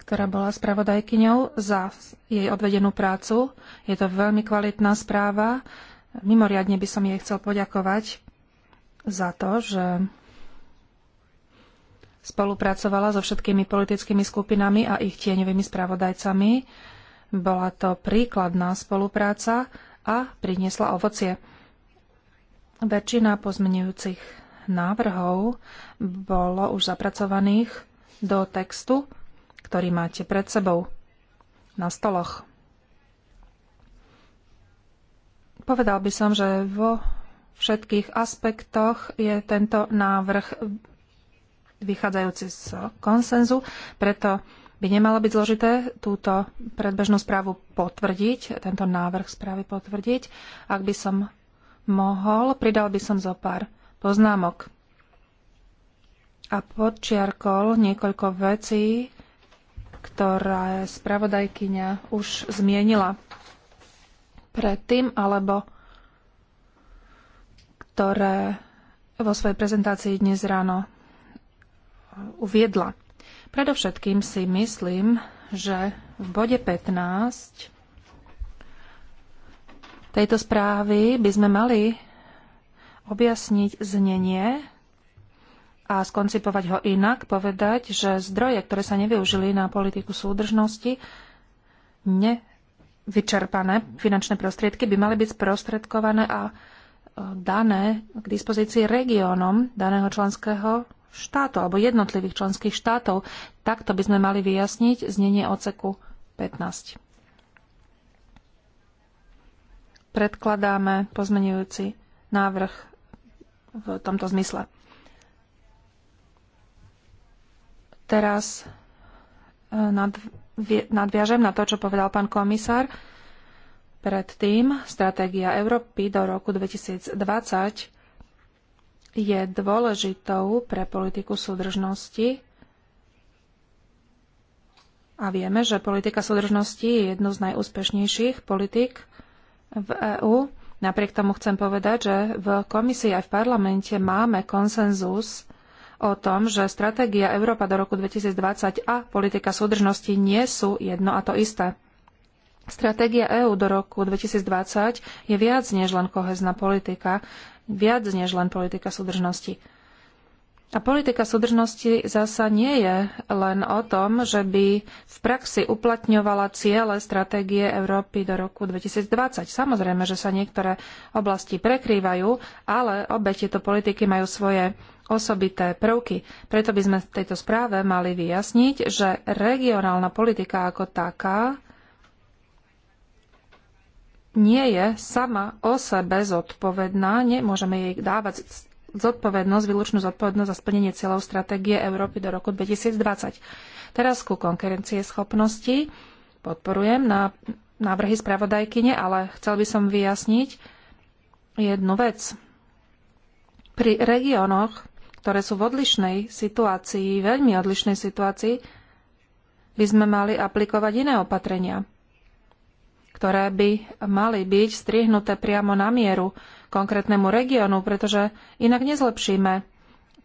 ktorá bola spravodajkyňou za jej odvedenú prácu. Je to veľmi kvalitná správa. Mimoriadne by som jej chcel poďakovať za to, že spolupracovala so všetkými politickými skupinami a ich tieňovými spravodajcami. Bola to príkladná spolupráca a priniesla ovocie. Väčšina pozmenujúcich návrhov bolo už zapracovaných do textu, ktorý máte pred sebou na stoloch. Povedal by som, že vo všetkých aspektoch je tento návrh vychádzajúci z konsenzu, preto by nemalo byť zložité túto predbežnú správu potvrdiť, tento návrh správy potvrdiť. Ak by som mohol, pridal by som zo pár poznámok a podčiarkol niekoľko vecí, ktoré spravodajkyňa už zmienila predtým, alebo ktoré vo svojej prezentácii dnes ráno uviedla. Predovšetkým si myslím, že v bode 15 tejto správy by sme mali objasniť znenie a skoncipovať ho inak, povedať, že zdroje, ktoré sa nevyužili na politiku súdržnosti, nevyčerpané finančné prostriedky by mali byť sprostredkované a e, dané k dispozícii regiónom daného členského štátov alebo jednotlivých členských štátov. Takto by sme mali vyjasniť znenie oceku 15. Predkladáme pozmenujúci návrh v tomto zmysle. Teraz e, nadviažem na to, čo povedal pán komisár. Predtým stratégia Európy do roku 2020 je dôležitou pre politiku súdržnosti a vieme, že politika súdržnosti je jedno z najúspešnejších politik v EÚ. Napriek tomu chcem povedať, že v komisii aj v parlamente máme konsenzus o tom, že stratégia Európa do roku 2020 a politika súdržnosti nie sú jedno a to isté. Stratégia EÚ do roku 2020 je viac než len kohezná politika viac než len politika súdržnosti. A politika súdržnosti zasa nie je len o tom, že by v praxi uplatňovala ciele stratégie Európy do roku 2020. Samozrejme, že sa niektoré oblasti prekrývajú, ale obe tieto politiky majú svoje osobité prvky. Preto by sme v tejto správe mali vyjasniť, že regionálna politika ako taká nie je sama o sebe zodpovedná, nemôžeme jej dávať zodpovednosť, výlučnú zodpovednosť za splnenie cieľov stratégie Európy do roku 2020. Teraz ku konkurencie schopnosti. Podporujem na návrhy spravodajkyne, ale chcel by som vyjasniť jednu vec. Pri regiónoch, ktoré sú v odlišnej situácii, veľmi odlišnej situácii, by sme mali aplikovať iné opatrenia ktoré by mali byť strihnuté priamo na mieru konkrétnemu regiónu, pretože inak nezlepšíme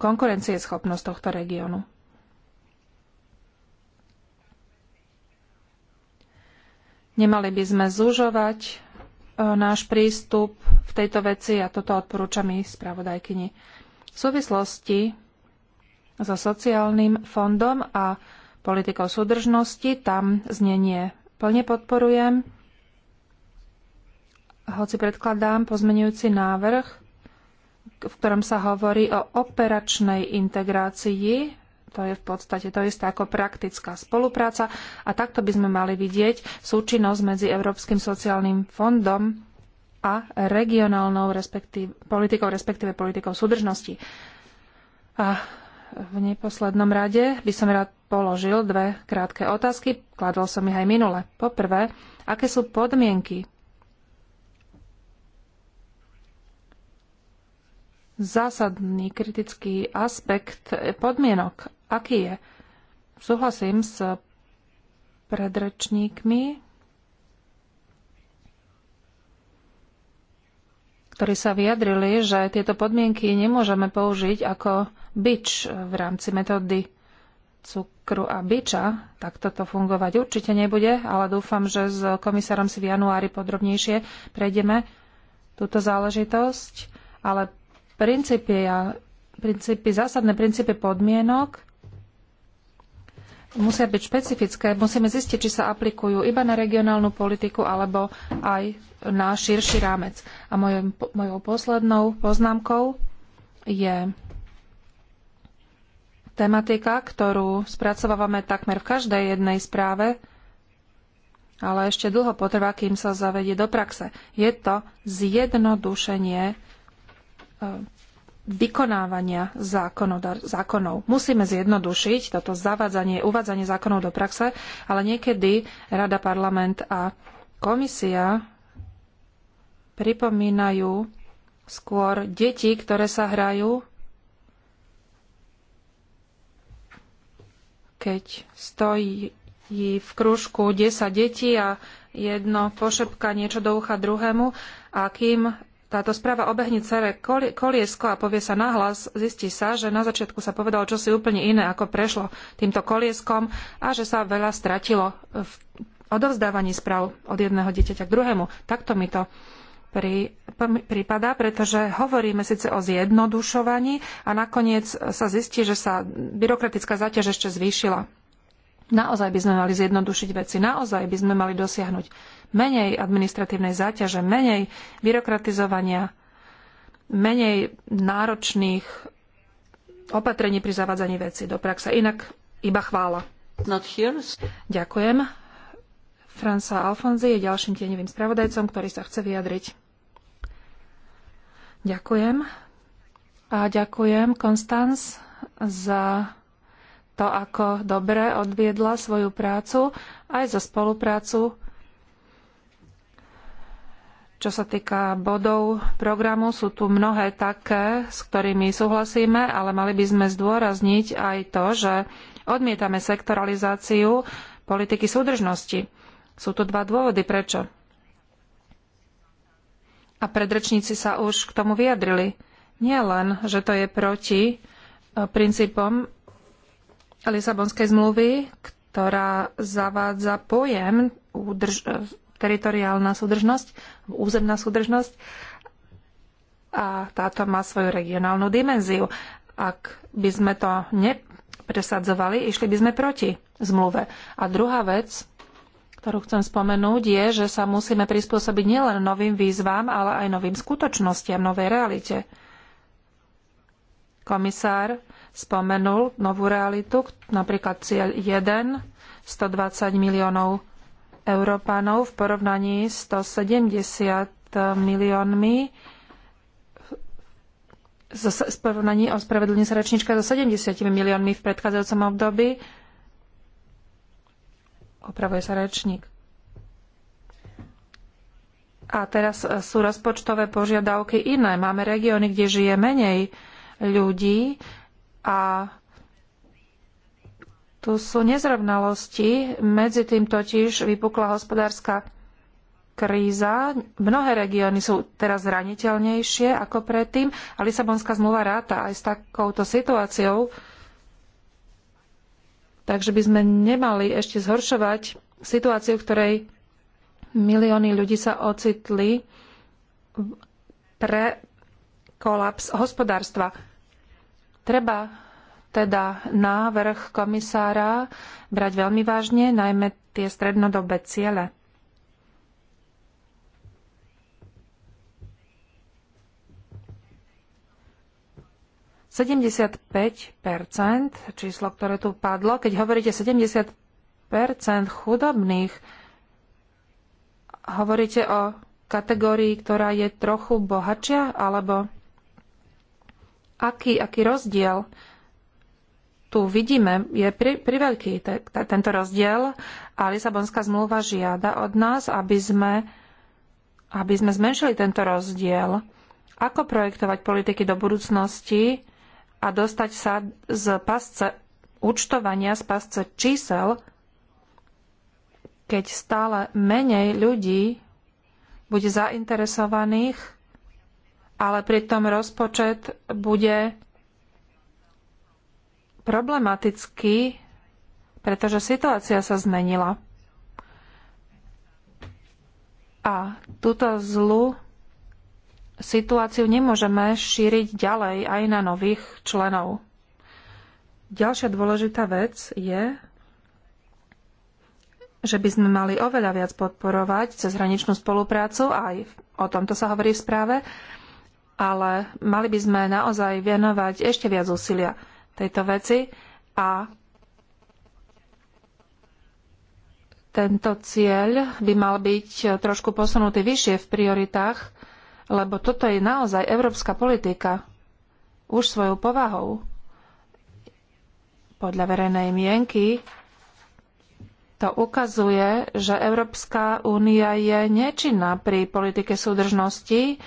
konkurencieschopnosť tohto regiónu. Nemali by sme zužovať e, náš prístup v tejto veci a toto odporúčam i spravodajkyni. V súvislosti so sociálnym fondom a politikou súdržnosti, tam znenie plne podporujem hoci predkladám pozmenujúci návrh, v ktorom sa hovorí o operačnej integrácii, to je v podstate to isté ako praktická spolupráca a takto by sme mali vidieť súčinnosť medzi Európskym sociálnym fondom a regionálnou respektíve, politikou, respektíve politikou súdržnosti. A v neposlednom rade by som rád položil dve krátke otázky, kladol som ich aj minule. Poprvé, aké sú podmienky zásadný kritický aspekt podmienok. Aký je? Súhlasím s predrečníkmi, ktorí sa vyjadrili, že tieto podmienky nemôžeme použiť ako bič v rámci metódy cukru a biča, tak toto fungovať určite nebude, ale dúfam, že s komisárom si v januári podrobnejšie prejdeme túto záležitosť, ale princípy, princípy, zásadné princípy podmienok musia byť špecifické. Musíme zistiť, či sa aplikujú iba na regionálnu politiku alebo aj na širší rámec. A mojou, mojou poslednou poznámkou je tematika, ktorú spracovávame takmer v každej jednej správe, ale ešte dlho potrvá, kým sa zavedie do praxe. Je to zjednodušenie vykonávania zákonov. Musíme zjednodušiť toto zavádzanie, uvádzanie zákonov do praxe, ale niekedy Rada, Parlament a Komisia pripomínajú skôr deti, ktoré sa hrajú, keď stojí v kružku 10 detí a jedno pošepka niečo do ucha druhému a kým táto správa obehne celé koliesko a povie sa nahlas, zistí sa, že na začiatku sa povedalo čosi úplne iné, ako prešlo týmto kolieskom a že sa veľa stratilo v odovzdávaní správ od jedného dieťaťa k druhému. Takto mi to pri, prípada, pretože hovoríme síce o zjednodušovaní a nakoniec sa zistí, že sa byrokratická záťaž ešte zvýšila. Naozaj by sme mali zjednodušiť veci, naozaj by sme mali dosiahnuť menej administratívnej záťaže, menej byrokratizovania, menej náročných opatrení pri zavádzaní veci do praxe. Inak iba chvála. Ďakujem. Franca Alfonzi je ďalším tieňovým spravodajcom, ktorý sa chce vyjadriť. Ďakujem. A ďakujem, Konstanz, za to, ako dobre odviedla svoju prácu, aj za spoluprácu, čo sa týka bodov programu. Sú tu mnohé také, s ktorými súhlasíme, ale mali by sme zdôrazniť aj to, že odmietame sektoralizáciu politiky súdržnosti. Sú tu dva dôvody, prečo. A predrečníci sa už k tomu vyjadrili. Nie len, že to je proti eh, princípom Lisabonskej zmluvy, ktorá zavádza pojem udrž- teritoriálna súdržnosť, územná súdržnosť a táto má svoju regionálnu dimenziu. Ak by sme to nepresadzovali, išli by sme proti zmluve. A druhá vec, ktorú chcem spomenúť, je, že sa musíme prispôsobiť nielen novým výzvam, ale aj novým skutočnostiam, novej realite. Komisár spomenul novú realitu, napríklad cieľ 1, 120 miliónov Európanov v porovnaní 170 miliónmi z porovnaní o spravedlní sa rečnička so 70 miliónmi v predchádzajúcom období. Opravuje sa rečník. A teraz e, sú rozpočtové požiadavky iné. Máme regióny, kde žije menej ľudí, a tu sú nezrovnalosti. Medzi tým totiž vypukla hospodárska kríza. Mnohé regióny sú teraz zraniteľnejšie ako predtým a Lisabonská zmluva ráta aj s takouto situáciou. Takže by sme nemali ešte zhoršovať situáciu, v ktorej milióny ľudí sa ocitli pre kolaps hospodárstva. Treba teda návrh komisára brať veľmi vážne, najmä tie strednodobé ciele. percent, číslo, ktoré tu padlo, keď hovoríte 70 chudobných, hovoríte o kategórii, ktorá je trochu bohatšia, alebo aký, aký rozdiel tu vidíme, je pri, priveľký te, te, tento rozdiel a Lisabonská zmluva žiada od nás, aby sme, aby sme zmenšili tento rozdiel. Ako projektovať politiky do budúcnosti a dostať sa z pasce účtovania, z pasce čísel, keď stále menej ľudí bude zainteresovaných ale pritom rozpočet bude problematický, pretože situácia sa zmenila. A túto zlu situáciu nemôžeme šíriť ďalej aj na nových členov. Ďalšia dôležitá vec je, že by sme mali oveľa viac podporovať cezhraničnú spoluprácu, aj o tomto sa hovorí v správe, ale mali by sme naozaj venovať ešte viac úsilia tejto veci a tento cieľ by mal byť trošku posunutý vyššie v prioritách, lebo toto je naozaj európska politika už svojou povahou. Podľa verejnej mienky to ukazuje, že Európska únia je nečinná pri politike súdržnosti,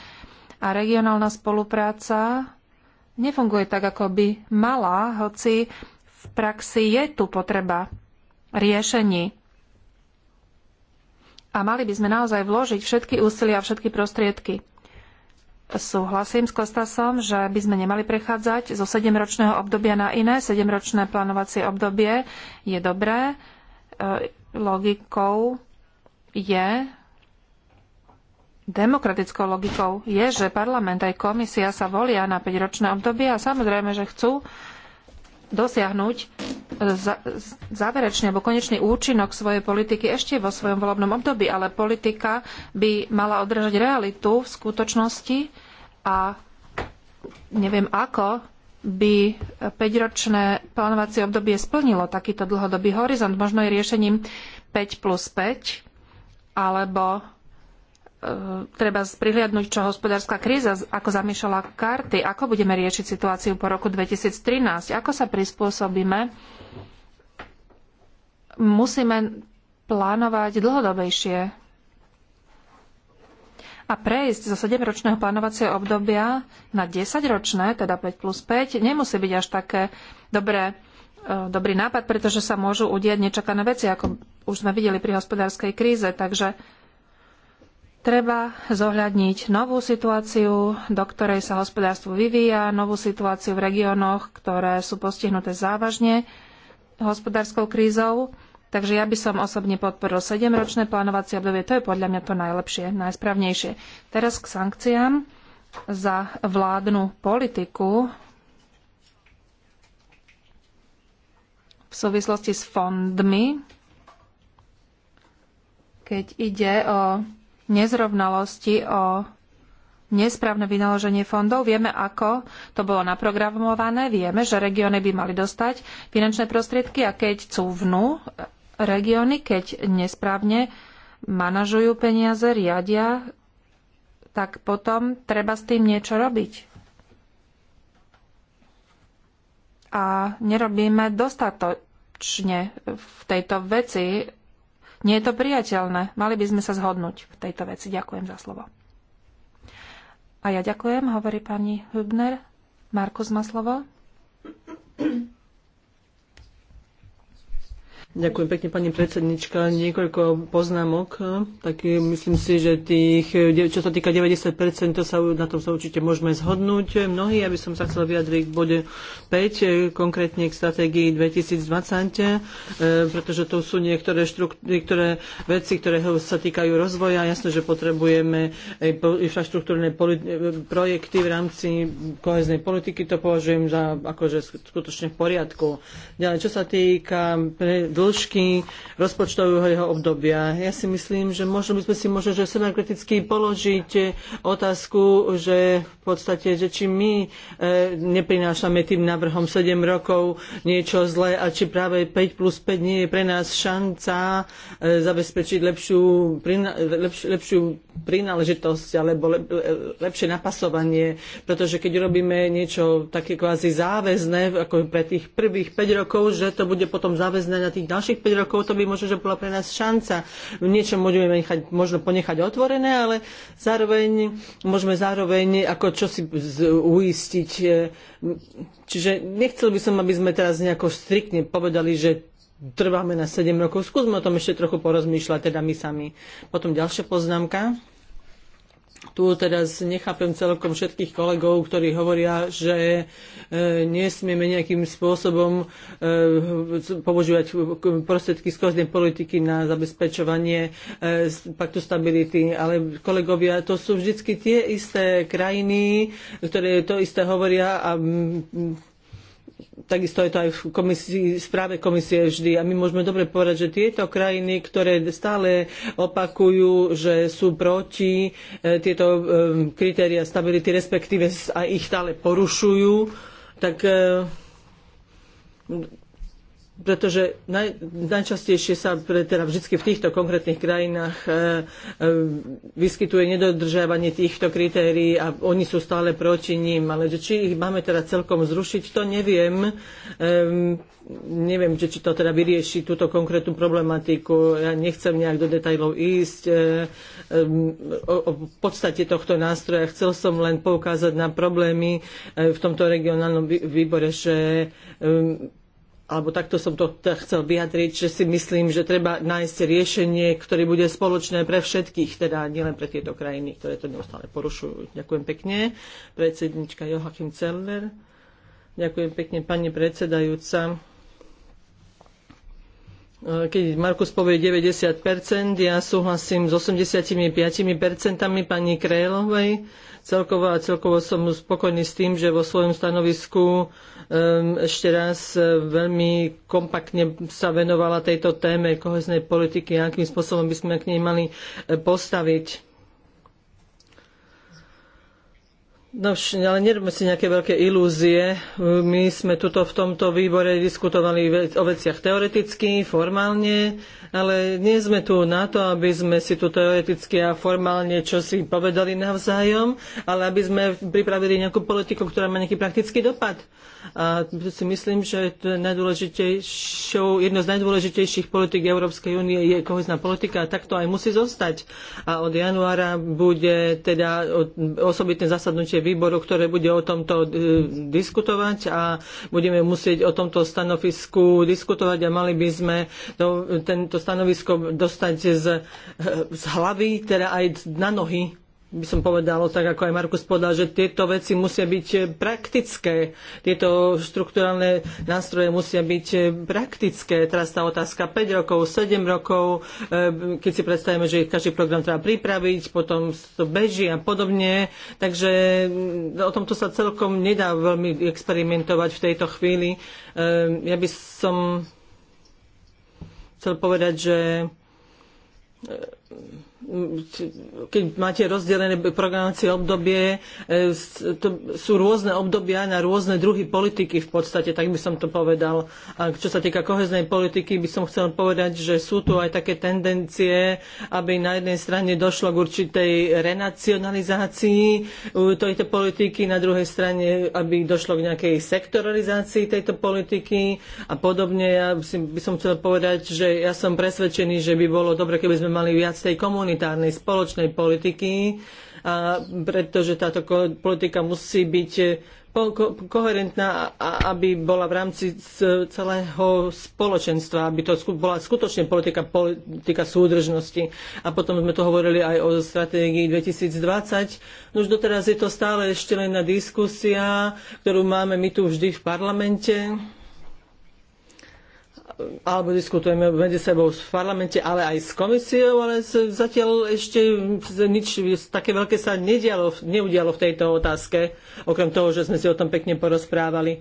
a regionálna spolupráca nefunguje tak, ako by mala, hoci v praxi je tu potreba riešení. A mali by sme naozaj vložiť všetky úsilia a všetky prostriedky. Súhlasím s Kostasom, že by sme nemali prechádzať zo 7-ročného obdobia na iné. 7-ročné plánovacie obdobie je dobré. E, logikou je demokratickou logikou je, že parlament aj komisia sa volia na 5-ročné obdobie a samozrejme, že chcú dosiahnuť záverečný alebo konečný účinok svojej politiky ešte vo svojom volebnom období, ale politika by mala odrážať realitu v skutočnosti a neviem ako by 5-ročné plánovacie obdobie splnilo takýto dlhodobý horizont. Možno je riešením 5 plus 5 alebo E, treba prihliadnúť, čo hospodárska kríza, ako zamýšľala karty, ako budeme riešiť situáciu po roku 2013, ako sa prispôsobíme. Musíme plánovať dlhodobejšie a prejsť zo 7-ročného plánovacieho obdobia na 10-ročné, teda 5 plus 5, nemusí byť až také dobré, e, dobrý nápad, pretože sa môžu udiať nečakané veci, ako už sme videli pri hospodárskej kríze. Takže Treba zohľadniť novú situáciu, do ktorej sa hospodárstvo vyvíja, novú situáciu v regiónoch, ktoré sú postihnuté závažne hospodárskou krízou. Takže ja by som osobne podporil 7-ročné plánovacie obdobie. To je podľa mňa to najlepšie, najsprávnejšie. Teraz k sankciám za vládnu politiku v súvislosti s fondmi, keď ide o nezrovnalosti o nesprávne vynaloženie fondov. Vieme, ako to bolo naprogramované. Vieme, že regióny by mali dostať finančné prostriedky a keď cúvnú regióny, keď nesprávne manažujú peniaze, riadia, tak potom treba s tým niečo robiť. A nerobíme dostatočne v tejto veci nie je to priateľné. Mali by sme sa zhodnúť v tejto veci. Ďakujem za slovo. A ja ďakujem, hovorí pani Hübner. Markus má slovo. Ďakujem pekne, pani predsednička. Niekoľko poznámok. Tak eh, myslím si, že tých, eh, čo sa týka 90%, to sa, na tom sa určite môžeme zhodnúť. Mnohí, aby som sa chcel vyjadriť k bode 5, eh, konkrétne k stratégii 2020, pretože to sú niektoré, štruktúry, niektoré veci, ktoré sa týkajú rozvoja. Jasne, že potrebujeme infraštruktúrne projekty v rámci koheznej politiky. To považujem za akože skutočne v poriadku. Ďalej, čo sa týka dĺžky rozpočtového obdobia. Ja si myslím, že možno by sme si možno, že kriticky položiť otázku, že v podstate, že či my e, neprinášame tým návrhom 7 rokov niečo zlé a či práve 5 plus 5 nie je pre nás šanca e, zabezpečiť lepšiu, prina, lepš, lepšiu prináležitosť alebo le, e, lepšie napasovanie, pretože keď robíme niečo také kvázi záväzné, ako pre tých prvých 5 rokov, že to bude potom záväzné na tých ďalších 5 rokov, to by možno, že bola pre nás šanca. Niečo môžeme nechať, možno ponechať otvorené, ale zároveň môžeme zároveň ako čo si uistiť. E, čiže nechcel by som, aby sme teraz nejako striktne povedali, že trváme na 7 rokov. Skúsme o tom ešte trochu porozmýšľať, teda my sami. Potom ďalšia poznámka tu teraz nechápem celkom všetkých kolegov, ktorí hovoria, že e, nesmieme nejakým spôsobom e, používať prostriedky z koznej politiky na zabezpečovanie e, paktu stability. Ale kolegovia, to sú vždy tie isté krajiny, ktoré to isté hovoria a takisto je to aj v komisii, správe komisie vždy. A my môžeme dobre povedať, že tieto krajiny, ktoré stále opakujú, že sú proti e, tieto e, kritéria stability, respektíve a ich stále porušujú, tak e, pretože naj, najčastejšie sa pre, teda vždy v týchto konkrétnych krajinách e, e, vyskytuje nedodržiavanie týchto kritérií a oni sú stále proti ním. Ale že či ich máme teda celkom zrušiť, to neviem. E, neviem, že, či to teda vyrieši túto konkrétnu problematiku. Ja nechcem nejak do detajlov ísť. e, ehm, o, o podstate tohto nástroja chcel som len poukázať na problémy e, v tomto regionálnom výbore, že ehm, alebo takto som to chcel vyjadriť, že si myslím, že treba nájsť riešenie, ktoré bude spoločné pre všetkých, teda nielen pre tieto krajiny, ktoré to neustále porušujú. Ďakujem pekne. Predsednička Joachim Celler. Ďakujem pekne, pani predsedajúca. E, keď Markus povie 90%, ja súhlasím s 85% pani Krejlovej celkovo a celkovo som spokojný s tým, že vo svojom stanovisku um, ešte raz e, veľmi kompaktne sa venovala tejto téme koheznej politiky a akým spôsobom by sme k nej mali e, postaviť. No, ale nerobme si nejaké veľké ilúzie. My sme tuto v tomto výbore diskutovali o veciach teoreticky, formálne ale nie sme tu na to, aby sme si tu teoreticky a formálne čo si povedali navzájom, ale aby sme pripravili nejakú politiku, ktorá má nejaký praktický dopad. A si myslím, že to je najdôležitejšou, jedno z najdôležitejších politik Európskej únie je kohezná politika a tak to aj musí zostať. A od januára bude teda osobitné zasadnutie výboru, ktoré bude o tomto e, diskutovať a budeme musieť o tomto stanovisku diskutovať a mali by sme tento stanovisko dostať z, z hlavy, teda aj na nohy by som povedala, tak ako aj Markus povedal, že tieto veci musia byť praktické. Tieto štruktúralne nástroje musia byť praktické. Teraz tá otázka 5 rokov, 7 rokov, e, keď si predstavíme, že každý program treba pripraviť, potom to beží a podobne. Takže mm, o tomto sa celkom nedá veľmi experimentovať v tejto chvíli. E, ja by som chcel povedať, že keď máte rozdelené programovacie obdobie, e, to sú rôzne obdobia na rôzne druhy politiky v podstate, tak by som to povedal. A čo sa týka koheznej politiky, by som chcel povedať, že sú tu aj také tendencie, aby na jednej strane došlo k určitej renacionalizácii tejto politiky, na druhej strane, aby došlo k nejakej sektoralizácii tejto politiky a podobne. Ja by som chcel povedať, že ja som presvedčený, že by bolo dobre, keby sme mali viac tej komunitárnej spoločnej politiky, a pretože táto politika musí byť eh, koherentná, aby bola v rámci celého spoločenstva, aby to bola skutočne politika, politika súdržnosti. A potom sme to hovorili aj o stratégii 2020. No Už doteraz je to stále ešte len na diskusia, ktorú máme my tu vždy v parlamente alebo diskutujeme medzi sebou v parlamente, ale aj s komisiou, ale zatiaľ ešte nič také veľké sa nedialo, neudialo v tejto otázke, okrem toho, že sme si o tom pekne porozprávali.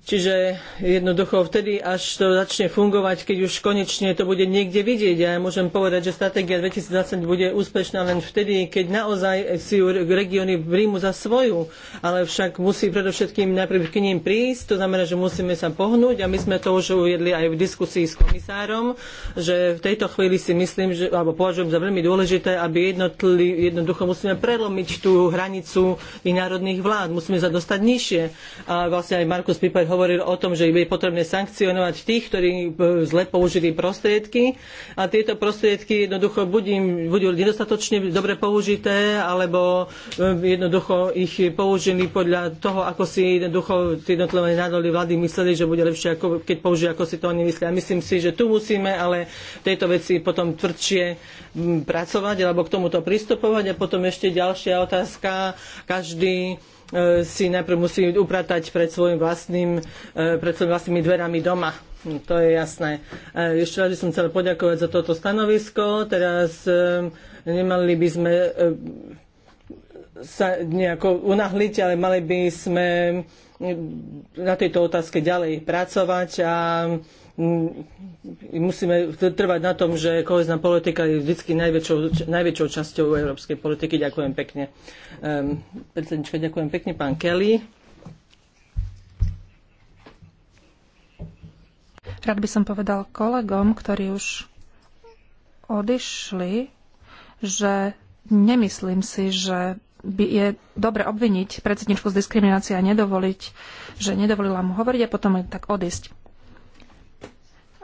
Čiže jednoducho vtedy, až to začne fungovať, keď už konečne to bude niekde vidieť. Ja môžem povedať, že stratégia 2020 bude úspešná len vtedy, keď naozaj si ju regióny príjmu za svoju. Ale však musí predovšetkým najprv k ním prísť, to znamená, že musíme sa pohnúť a my sme to už uviedli aj v diskusii s komisárom, že v tejto chvíli si myslím, že, alebo považujem za veľmi dôležité, aby jednotli, jednoducho musíme prelomiť tú hranicu i národných vlád. Musíme sa dostať nižšie. A vlastne aj Markus Piper hovoril o tom, že je potrebné sankcionovať tých, ktorí e, zle použili prostriedky a tieto prostriedky jednoducho budú nedostatočne dobre použité, alebo e, jednoducho ich použili podľa toho, ako si jednoducho tie jednotlivé nádoly vlády mysleli, že bude lepšie, ako, keď použijú, ako si to oni myslia. Myslím si, že tu musíme ale tejto veci potom tvrdšie pracovať alebo k tomuto pristupovať. A potom ešte ďalšia otázka. Každý E, si najprv musí upratať pred svojim vlastným, e, pred svojimi vlastnými dverami doma. Hm, to je jasné. E, ešte raz by som chcela poďakovať za toto stanovisko. Teraz nemali by sme sa nejako unahliť, ale mali by sme na tejto otázke ďalej pracovať a Mm, musíme trvať na tom, že kohezná politika je vždy najväčšou, najväčšou časťou európskej politiky. Ďakujem pekne. Um, predsednička, ďakujem pekne. Pán Kelly. Rád by som povedal kolegom, ktorí už odišli, že nemyslím si, že by je dobre obviniť predsedničku z diskriminácie a nedovoliť, že nedovolila mu hovoriť a potom tak odísť.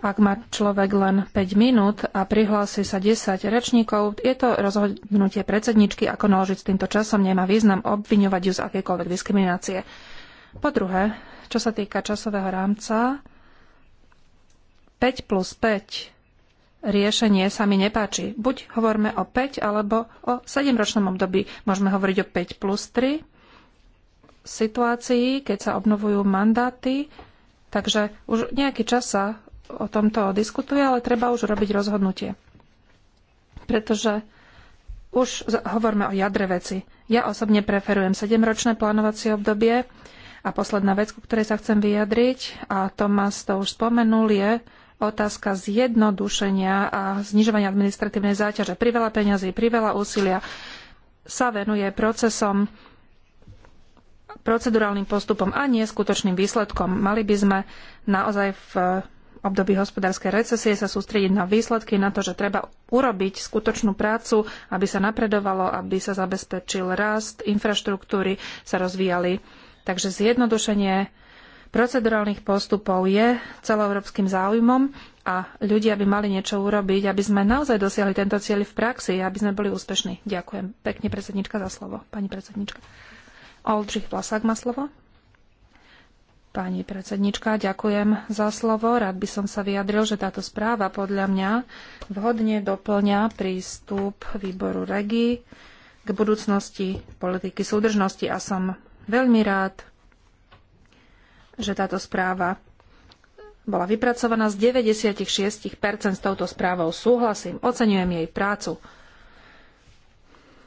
Ak má človek len 5 minút a prihlási sa 10 rečníkov, je to rozhodnutie predsedničky, ako naložiť s týmto časom, nemá význam obviňovať ju z akékoľvek diskriminácie. Po druhé, čo sa týka časového rámca, 5 plus 5 riešenie sa mi nepáči. Buď hovorme o 5 alebo o 7-ročnom období. Môžeme hovoriť o 5 plus 3 situácii, keď sa obnovujú mandáty, takže už nejaký čas sa o tomto diskutuje, ale treba už robiť rozhodnutie. Pretože už hovorme o jadre veci. Ja osobne preferujem 7-ročné plánovacie obdobie a posledná vec, ku ktorej sa chcem vyjadriť, a Tomás to už spomenul, je otázka zjednodušenia a znižovania administratívnej záťaže. Priveľa peňazí, priveľa úsilia sa venuje procesom procedurálnym postupom a nie skutočným výsledkom. Mali by sme naozaj v období hospodárskej recesie sa sústrediť na výsledky, na to, že treba urobiť skutočnú prácu, aby sa napredovalo, aby sa zabezpečil rast, infraštruktúry sa rozvíjali. Takže zjednodušenie procedurálnych postupov je celoeurópskym záujmom a ľudia by mali niečo urobiť, aby sme naozaj dosiahli tento cieľ v praxi, aby sme boli úspešní. Ďakujem. Pekne predsednička za slovo. Pani predsednička. Oldřich Vlasák má slovo. Pani predsednička, ďakujem za slovo. Rád by som sa vyjadril, že táto správa podľa mňa vhodne doplňa prístup výboru REGI k budúcnosti politiky súdržnosti a som veľmi rád, že táto správa bola vypracovaná z 96% s touto správou. Súhlasím, oceňujem jej prácu.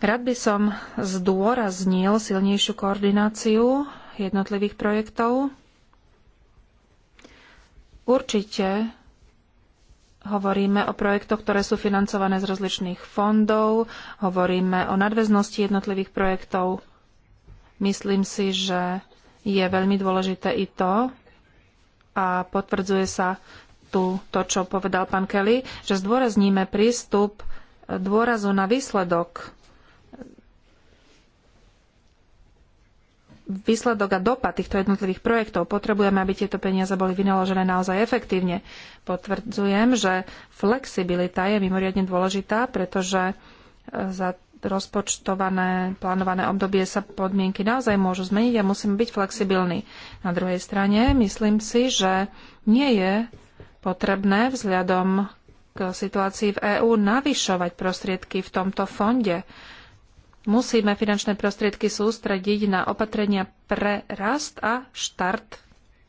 Rád by som zdôraznil silnejšiu koordináciu jednotlivých projektov Určite hovoríme o projektoch, ktoré sú financované z rozličných fondov, hovoríme o nadväznosti jednotlivých projektov. Myslím si, že je veľmi dôležité i to, a potvrdzuje sa tu to, čo povedal pán Kelly, že zdôrazníme prístup dôrazu na výsledok výsledok a dopad týchto jednotlivých projektov. Potrebujeme, aby tieto peniaze boli vynaložené naozaj efektívne. Potvrdzujem, že flexibilita je mimoriadne dôležitá, pretože e, za rozpočtované, plánované obdobie sa podmienky naozaj môžu zmeniť a musíme byť flexibilní. Na druhej strane, myslím si, že nie je potrebné vzhľadom k situácii v EÚ navyšovať prostriedky v tomto fonde. Musíme finančné prostriedky sústrediť na opatrenia pre rast a štart,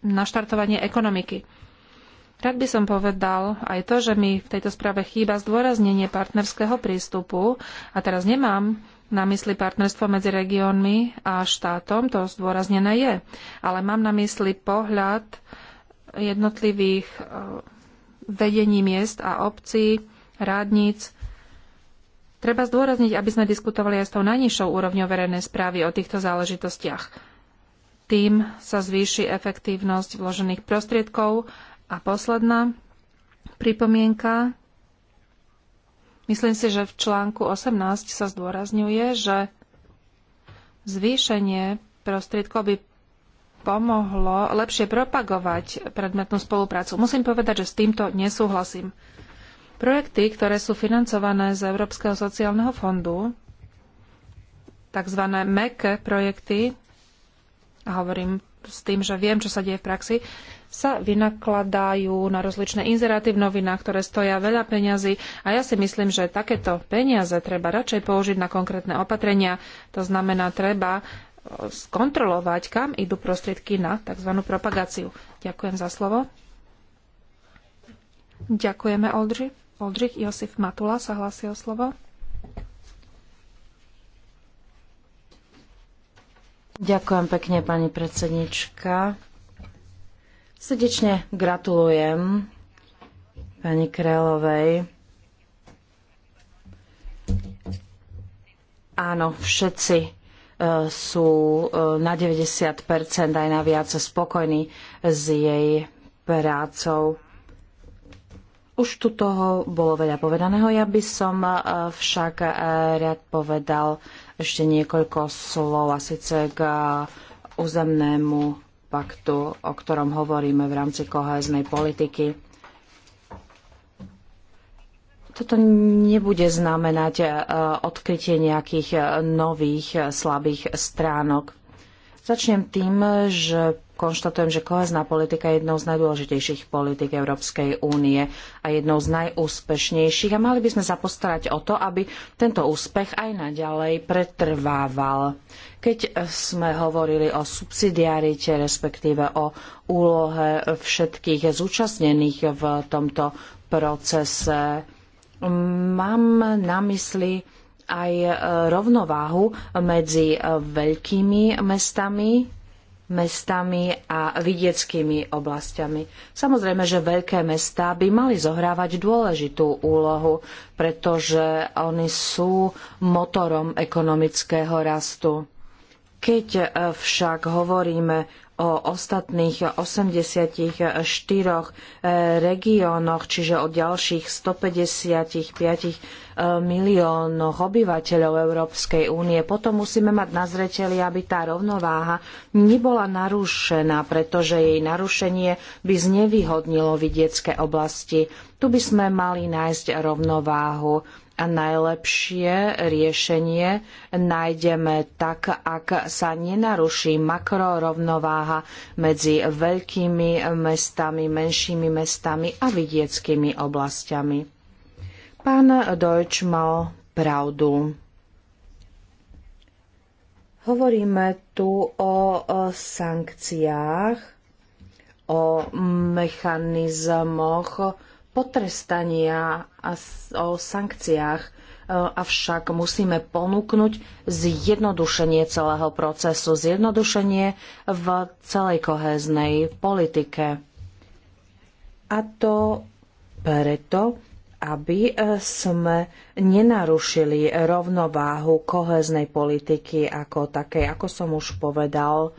na štartovanie ekonomiky. Rád by som povedal aj to, že mi v tejto správe chýba zdôraznenie partnerského prístupu a teraz nemám na mysli partnerstvo medzi regiónmi a štátom, to zdôraznené je, ale mám na mysli pohľad jednotlivých eh, vedení miest a obcí, rádnic Treba zdôrazniť, aby sme diskutovali aj s tou najnižšou úrovňou verejnej správy o týchto záležitostiach. Tým sa zvýši efektívnosť vložených prostriedkov. A posledná pripomienka. Myslím si, že v článku 18 sa zdôrazňuje, že zvýšenie prostriedkov by pomohlo lepšie propagovať predmetnú spoluprácu. Musím povedať, že s týmto nesúhlasím. Projekty, ktoré sú financované z Európskeho sociálneho fondu, tzv. MEC projekty, a hovorím s tým, že viem, čo sa deje v praxi, sa vynakladajú na rozličné inzeráty v novinách, ktoré stoja veľa peňazí a ja si myslím, že takéto peniaze treba radšej použiť na konkrétne opatrenia. To znamená, treba e, skontrolovať, kam idú prostriedky na tzv. propagáciu. Ďakujem za slovo. Ďakujeme, Oldži. Oldřich Josif Matula sa hlási o slovo. Ďakujem pekne, pani predsednička. Srdečne gratulujem pani Krélovej. Áno, všetci e, sú e, na 90% aj na viac spokojní s jej prácou. Už tu toho bolo veľa povedaného. Ja by som e, však e, rád povedal ešte niekoľko slov a síce k e, územnému paktu, o ktorom hovoríme v rámci koháznej politiky. Toto nebude znamenať odkrytie nejakých nových slabých stránok Začnem tým, že konštatujem, že kohezná politika je jednou z najdôležitejších politik Európskej únie a jednou z najúspešnejších a mali by sme sa postarať o to, aby tento úspech aj naďalej pretrvával. Keď sme hovorili o subsidiarite, respektíve o úlohe všetkých zúčastnených v tomto procese, mám na mysli aj e, rovnováhu medzi e, veľkými mestami, mestami a vidieckými oblastiami. Samozrejme, že veľké mestá by mali zohrávať dôležitú úlohu, pretože oni sú motorom ekonomického rastu. Keď e, však hovoríme o ostatných 84 eh, regiónoch, čiže o ďalších 155 eh, miliónoch obyvateľov Európskej únie. Potom musíme mať na zreteli, aby tá rovnováha nebola narušená, pretože jej narušenie by znevýhodnilo vidiecké oblasti. Tu by sme mali nájsť rovnováhu a najlepšie riešenie nájdeme tak, ak sa nenaruší makrorovnováha medzi veľkými mestami, menšími mestami a vidieckými oblastiami. Pán Deutsch mal pravdu. Hovoríme tu o, sankciách, o mechanizmoch, potrestania a o sankciách, e, avšak musíme ponúknuť zjednodušenie celého procesu, zjednodušenie v celej kohéznej politike. A to preto, aby e, sme nenarušili rovnováhu koheznej politiky ako takej, ako som už povedal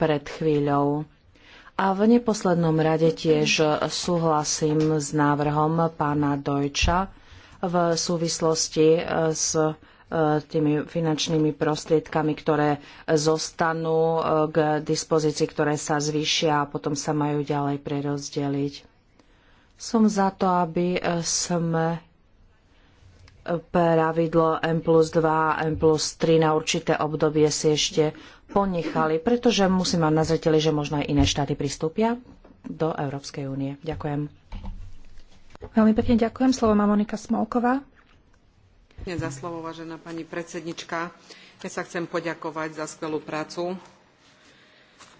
pred chvíľou. A v neposlednom rade tiež súhlasím s návrhom pána Dojča v súvislosti s e, tými finančnými prostriedkami, ktoré zostanú e, k dispozícii, ktoré sa zvýšia a potom sa majú ďalej prerozdeliť. Som za to, aby e, sme pravidlo M plus 2 a M plus 3 na určité obdobie si ešte ponechali, pretože musím mať na zreteli, že možno aj iné štáty pristúpia do Európskej únie. Ďakujem. Veľmi pekne ďakujem. Slovo má Monika Smolková. za slovo, vážená pani predsednička. Ja sa chcem poďakovať za skvelú prácu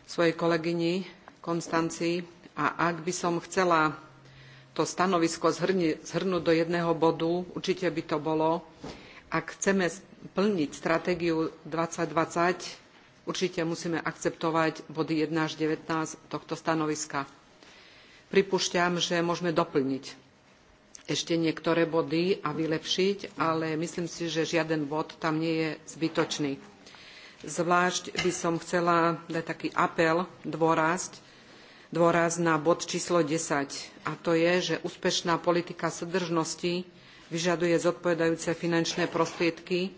svojej kolegyni Konstancii. A ak by som chcela to stanovisko zhrnúť do jedného bodu, určite by to bolo, ak chceme plniť stratégiu 2020, určite musíme akceptovať body one až nineteen tohto stanoviska. Pripúšťam, že môžeme doplniť ešte niektoré body a vylepšiť, ale myslím si, že žiaden bod tam nie je zbytočný. Zvlášť by som chcela dať taký apel, dôraz, dôraz na bod číslo 10, a to je, že úspešná politika súdržnosti vyžaduje zodpovedajúce finančné prostriedky,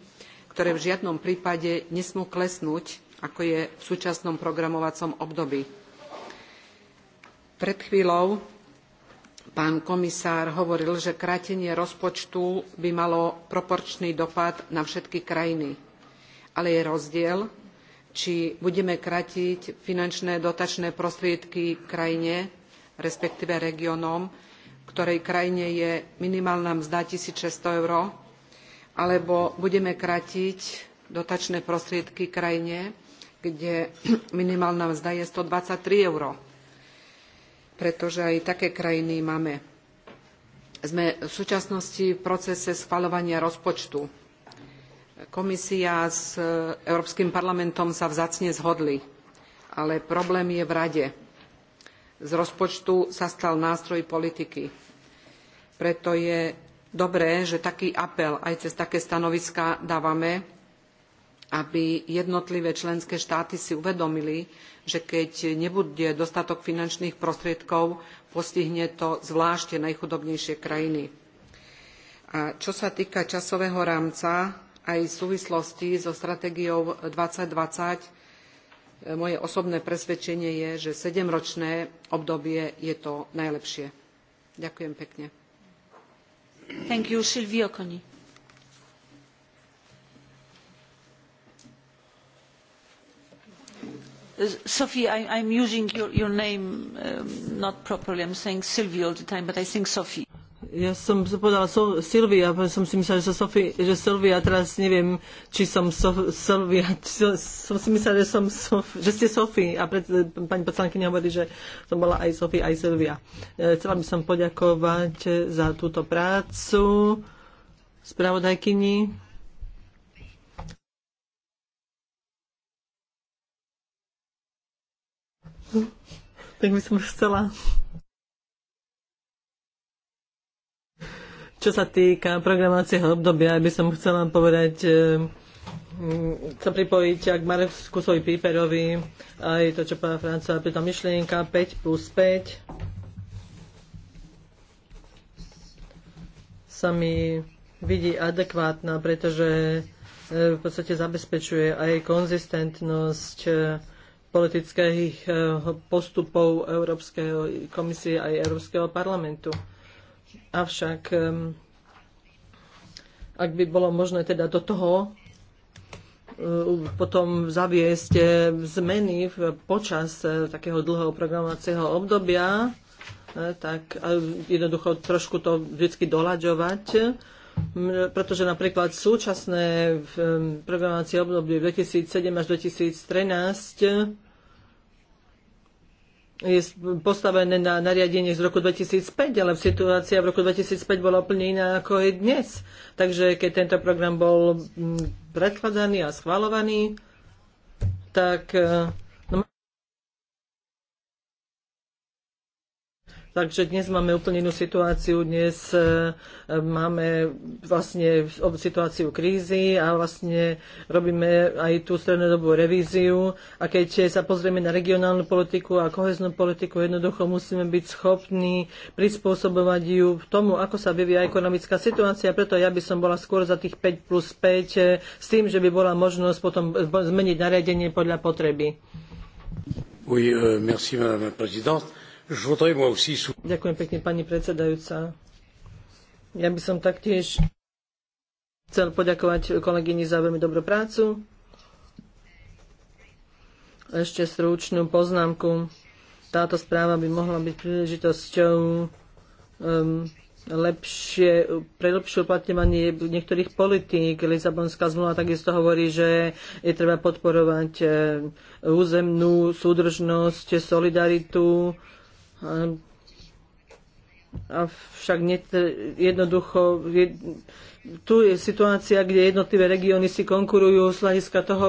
ktoré v žiadnom prípade nesmú klesnúť ako je v súčasnom programovacom období. Pred chvíľou pán komisár hovoril, že krátenie rozpočtu by malo proporčný dopad na všetky krajiny. Ale je rozdiel, či budeme kratiť finančné dotačné prostriedky krajine, respektíve regiónom, ktorej krajine je minimálna mzda 1600 eur, alebo budeme kratiť dotačné prostriedky krajine, kde minimálna mzda je 123 eur. Pretože aj také krajiny máme. Sme v súčasnosti v procese schvaľovania rozpočtu. Komisia s e, Európskym parlamentom sa vzácne zhodli, ale problém je v rade. Z rozpočtu sa stal nástroj politiky. Preto je dobré, že taký apel aj cez také stanoviská dávame aby jednotlivé členské štáty si uvedomili, že keď nebude dostatok finančných prostriedkov, postihne to zvlášť najchudobnejšie krajiny. A čo sa týka časového rámca, aj v súvislosti so stratégiou 2020, moje osobné presvedčenie je, že sedemročné obdobie je to najlepšie. Ďakujem pekne. Thank you, Silvio Koni. Uh, Sophie, I, am using your, name um, not properly. i am saying Sylvie all the time, but I think Sophie. Ja som povedala Sylvia, Silvia, som si myslela, že, Sophie, že Sylvia, a teraz neviem, či som so, Silvia, či, som si myslela, že, som Sof, že ste Sophie a pred, pani poslankyňa hovorí, že som bola aj Sophie, aj Sylvia. E, chcela by som poďakovať za túto prácu spravodajkyni tak by som chcela čo sa týka programácieho obdobia, by som chcela povedať, e, mm, sa pripojiť k Mareku svoji Píperovi, aj to, čo pána Franca, pri tom myšlienka 5 plus 5 sa mi vidí adekvátna, pretože e, v podstate zabezpečuje aj konzistentnosť e, politických eh, postupov Európskej komisie aj Európskeho parlamentu. Avšak, ak by bolo možné teda do toho eh, potom zaviesť eh, zmeny počas takého dlhého programovacieho obdobia, tak jednoducho trošku to vždy doľaďovať, pretože napríklad súčasné programovacie obdobie 2007 až 2013 je postavené na nariadenie z roku 2005, ale situácia v roku 2005 bola úplne iná ako je dnes. Takže keď tento program bol predkladaný a schvalovaný, tak e, Takže dnes máme úplne inú situáciu. Dnes e, máme vlastne situáciu krízy a vlastne robíme aj tú strednodobú revíziu. A keď sa pozrieme na regionálnu politiku a koheznú politiku, jednoducho musíme byť schopní prispôsobovať ju tomu, ako sa vyvíja ekonomická situácia. Preto ja by som bola skôr za tých 5 plus 5 e, s tým, že by bola možnosť potom zmeniť nariadenie podľa potreby. Oui, euh, merci, madame la présidente Ďakujem pekne, pani predsedajúca. Ja by som taktiež chcel poďakovať kolegyni za veľmi dobrú prácu. Ešte stručnú poznámku. Táto správa by mohla byť príležitosťou um, lepšie, pre lepšie uplatňovanie niektorých politík. Lisabonská zmluva takisto hovorí, že je treba podporovať eh, územnú súdržnosť, solidaritu, Avšak jednoducho tu je situácia, kde jednotlivé regióny si konkurujú z hľadiska toho,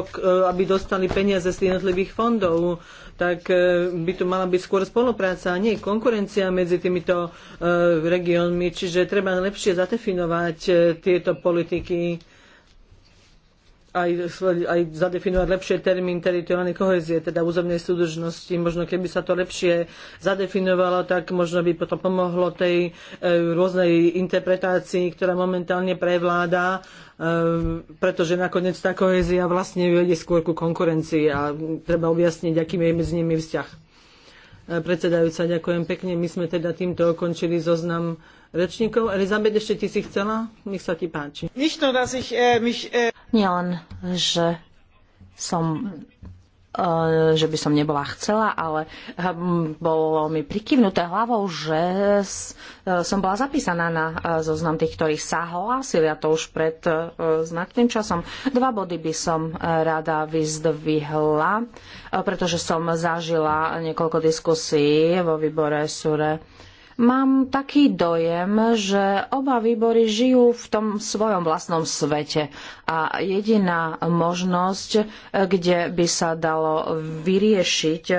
aby dostali peniaze z jednotlivých fondov, tak e, by tu mala byť skôr spolupráca a nie konkurencia medzi týmito e, regiónmi. Čiže treba lepšie zadefinovať e, tieto politiky aj, aj zadefinovať lepšie termín teritoriálnej kohezie, teda územnej súdržnosti. Možno keby sa to lepšie zadefinovalo, tak možno by potom pomohlo tej e, rôznej interpretácii, ktorá momentálne prevláda, e, pretože nakoniec tá kohezia vlastne vedie skôr ku konkurencii a treba objasniť, aký je medzi nimi vzťah. Predsedajúca, ďakujem pekne. My sme teda týmto ukončili zoznam rečníkov. Elizabeth, ešte ty si chcela? Nech sa ti páči. Äh, äh, Nielen, že som E, že by som nebola chcela, ale e, bolo mi prikyvnuté hlavou, že e, som bola zapísaná na zoznam tých, ktorí sa hlásili a to už pred znakným časom. Dva body by som rada vyzdvihla, pretože som zažila niekoľko diskusí vo výbore SURE Mám taký dojem, že oba výbory žijú v tom svojom vlastnom svete a jediná možnosť, kde by sa dalo vyriešiť, e,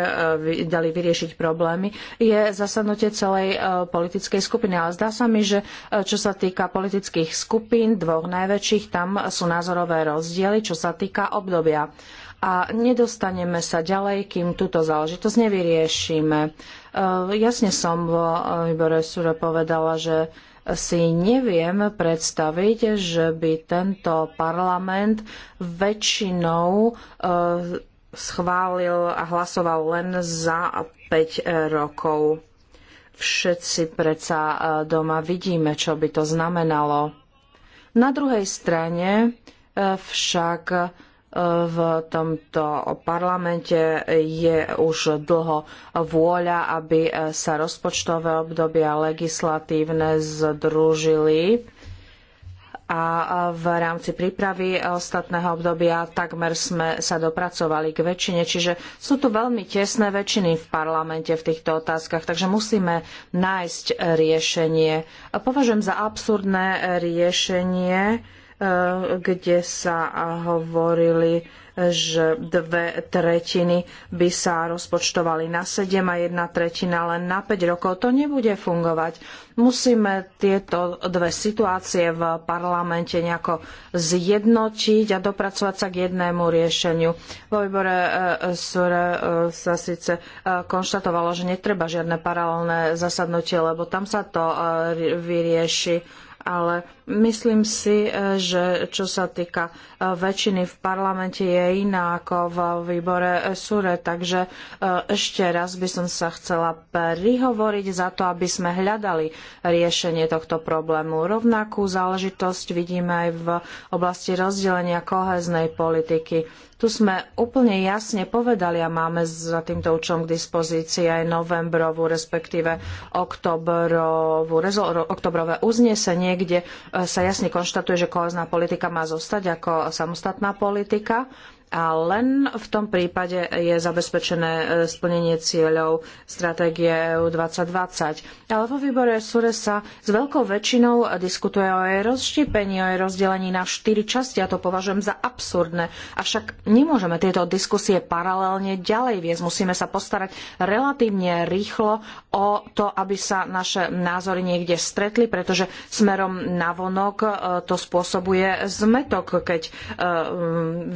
dali vyriešiť problémy, je zasadnutie celej e, politickej skupiny. Ale zdá sa mi, že e, čo sa týka politických skupín, dvoch najväčších, tam sú názorové rozdiely, čo sa týka obdobia a nedostaneme sa ďalej, kým túto záležitosť nevyriešime. Eh, jasne som v eh, výbore Sure povedala, že si neviem predstaviť, že by tento parlament väčšinou eh, schválil a hlasoval len za 5 rokov. Všetci predsa doma vidíme, čo by to znamenalo. Na druhej strane však v tomto parlamente je už dlho vôľa, aby sa rozpočtové obdobia legislatívne združili a v rámci prípravy ostatného obdobia takmer sme sa dopracovali k väčšine, čiže sú tu veľmi tesné väčšiny v parlamente v týchto otázkach, takže musíme nájsť riešenie. Považujem za absurdné riešenie, kde sa hovorili, že dve tretiny by sa rozpočtovali na 7 a jedna tretina len na 5 rokov. To nebude fungovať. Musíme tieto dve situácie v parlamente nejako zjednotiť a dopracovať sa k jednému riešeniu. Vo výbore e, SURE e, sa síce e, konštatovalo, že netreba žiadne paralelné zasadnutie, lebo tam sa to vyrieši ale Myslím si, eh, že čo sa týka eh, väčšiny v parlamente je iná ako v výbore eh, SURE, takže ešte raz by som sa chcela prihovoriť za to, aby sme hľadali riešenie tohto problému. Rovnakú záležitosť vidíme aj v oblasti rozdelenia kohéznej politiky. Tu sme úplne jasne povedali a máme za týmto účelom k dispozícii aj novembrovú, respektíve oktobrovú, oktobrovú, oktobrovú uznesenie, kde sa jasne konštatuje, že kohezná politika má zostať ako samostatná politika a len v tom prípade je zabezpečené e, splnenie cieľov stratégie EU 2020. Ale vo výbore SURE sa s veľkou väčšinou diskutuje o jej rozštípení, o jej rozdelení na štyri časti. A to považujem za absurdné. Avšak nemôžeme tieto diskusie paralelne ďalej viesť. Musíme sa postarať relatívne rýchlo o to, aby sa naše názory niekde stretli, pretože smerom navonok e, to spôsobuje zmetok, keď e,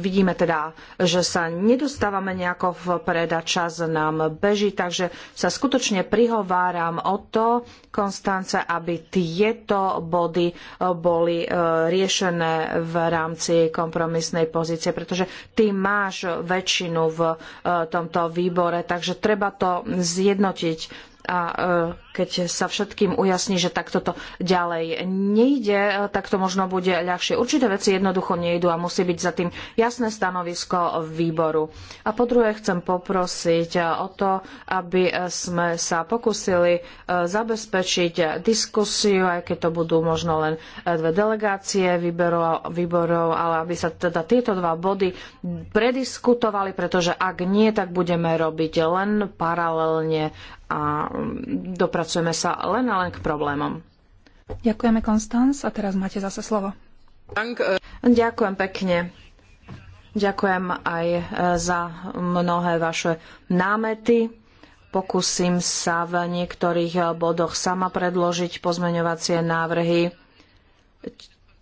vidíme teda že sa nedostávame nejako vpred a čas nám beží, takže sa skutočne prihováram o to, Konstance, aby tieto body e, boli e, riešené v rámci kompromisnej pozície, pretože ty máš väčšinu v e, tomto výbore, takže treba to zjednotiť a keď sa všetkým ujasní, že takto to ďalej nejde, e, tak to možno bude ľahšie. Určité veci jednoducho nejdu a musí byť za tým jasné stanovisko výboru. A po druhé chcem poprosiť e, o to, aby e, sme sa pokúsili zabezpečiť diskusiu, aj keď to budú možno len dve delegácie výborov, výborov ale aby sa teda tieto dva body prediskutovali, pretože ak nie, tak budeme robiť len paralelne a mm, dopracovať nedopracujeme sa len a len k problémom. Ďakujeme, Konstanc, a teraz máte zase slovo. Eh. Ďakujem pekne. Ďakujem aj eh, za mnohé vaše námety. Pokúsim sa v niektorých eh, bodoch sama predložiť pozmeňovacie návrhy.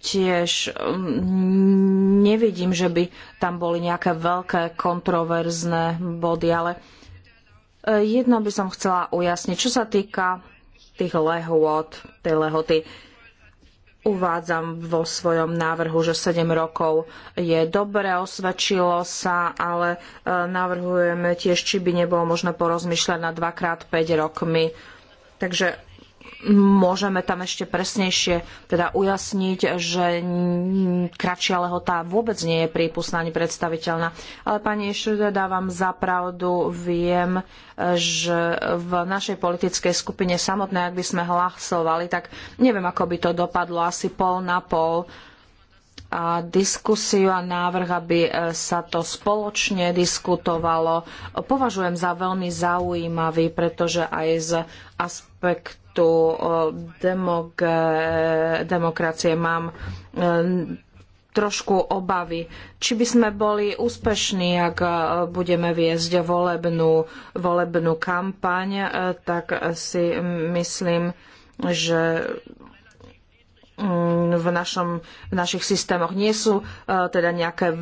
Tiež mm, nevidím, že by tam boli nejaké veľké kontroverzné body, ale Jedno by som chcela ujasniť, čo sa týka tých lehôd, tej lehoty. Uvádzam vo svojom návrhu, že 7 rokov je dobre, osvedčilo sa, ale e, navrhujeme tiež, či by nebolo možné porozmýšľať na 2 x 5 rokmi. Takže môžeme tam ešte presnejšie teda ujasniť, že kratšia lehota vôbec nie je prípustná ani predstaviteľná. Ale pani Ešrede, dávam za pravdu, viem, že v našej politickej skupine samotné, ak by sme hlasovali, tak neviem, ako by to dopadlo, asi pol na pol a diskusiu a návrh, aby e, sa to spoločne diskutovalo, považujem za veľmi zaujímavý, pretože aj z aspektu štátu, demokracie. Mám e, trošku obavy, či by sme boli úspešní, ak e, budeme viesť volebnú, volebnú kampaň, e, tak si myslím, že Mm, v, našom, v našich systémoch nie sú e, teda nejaké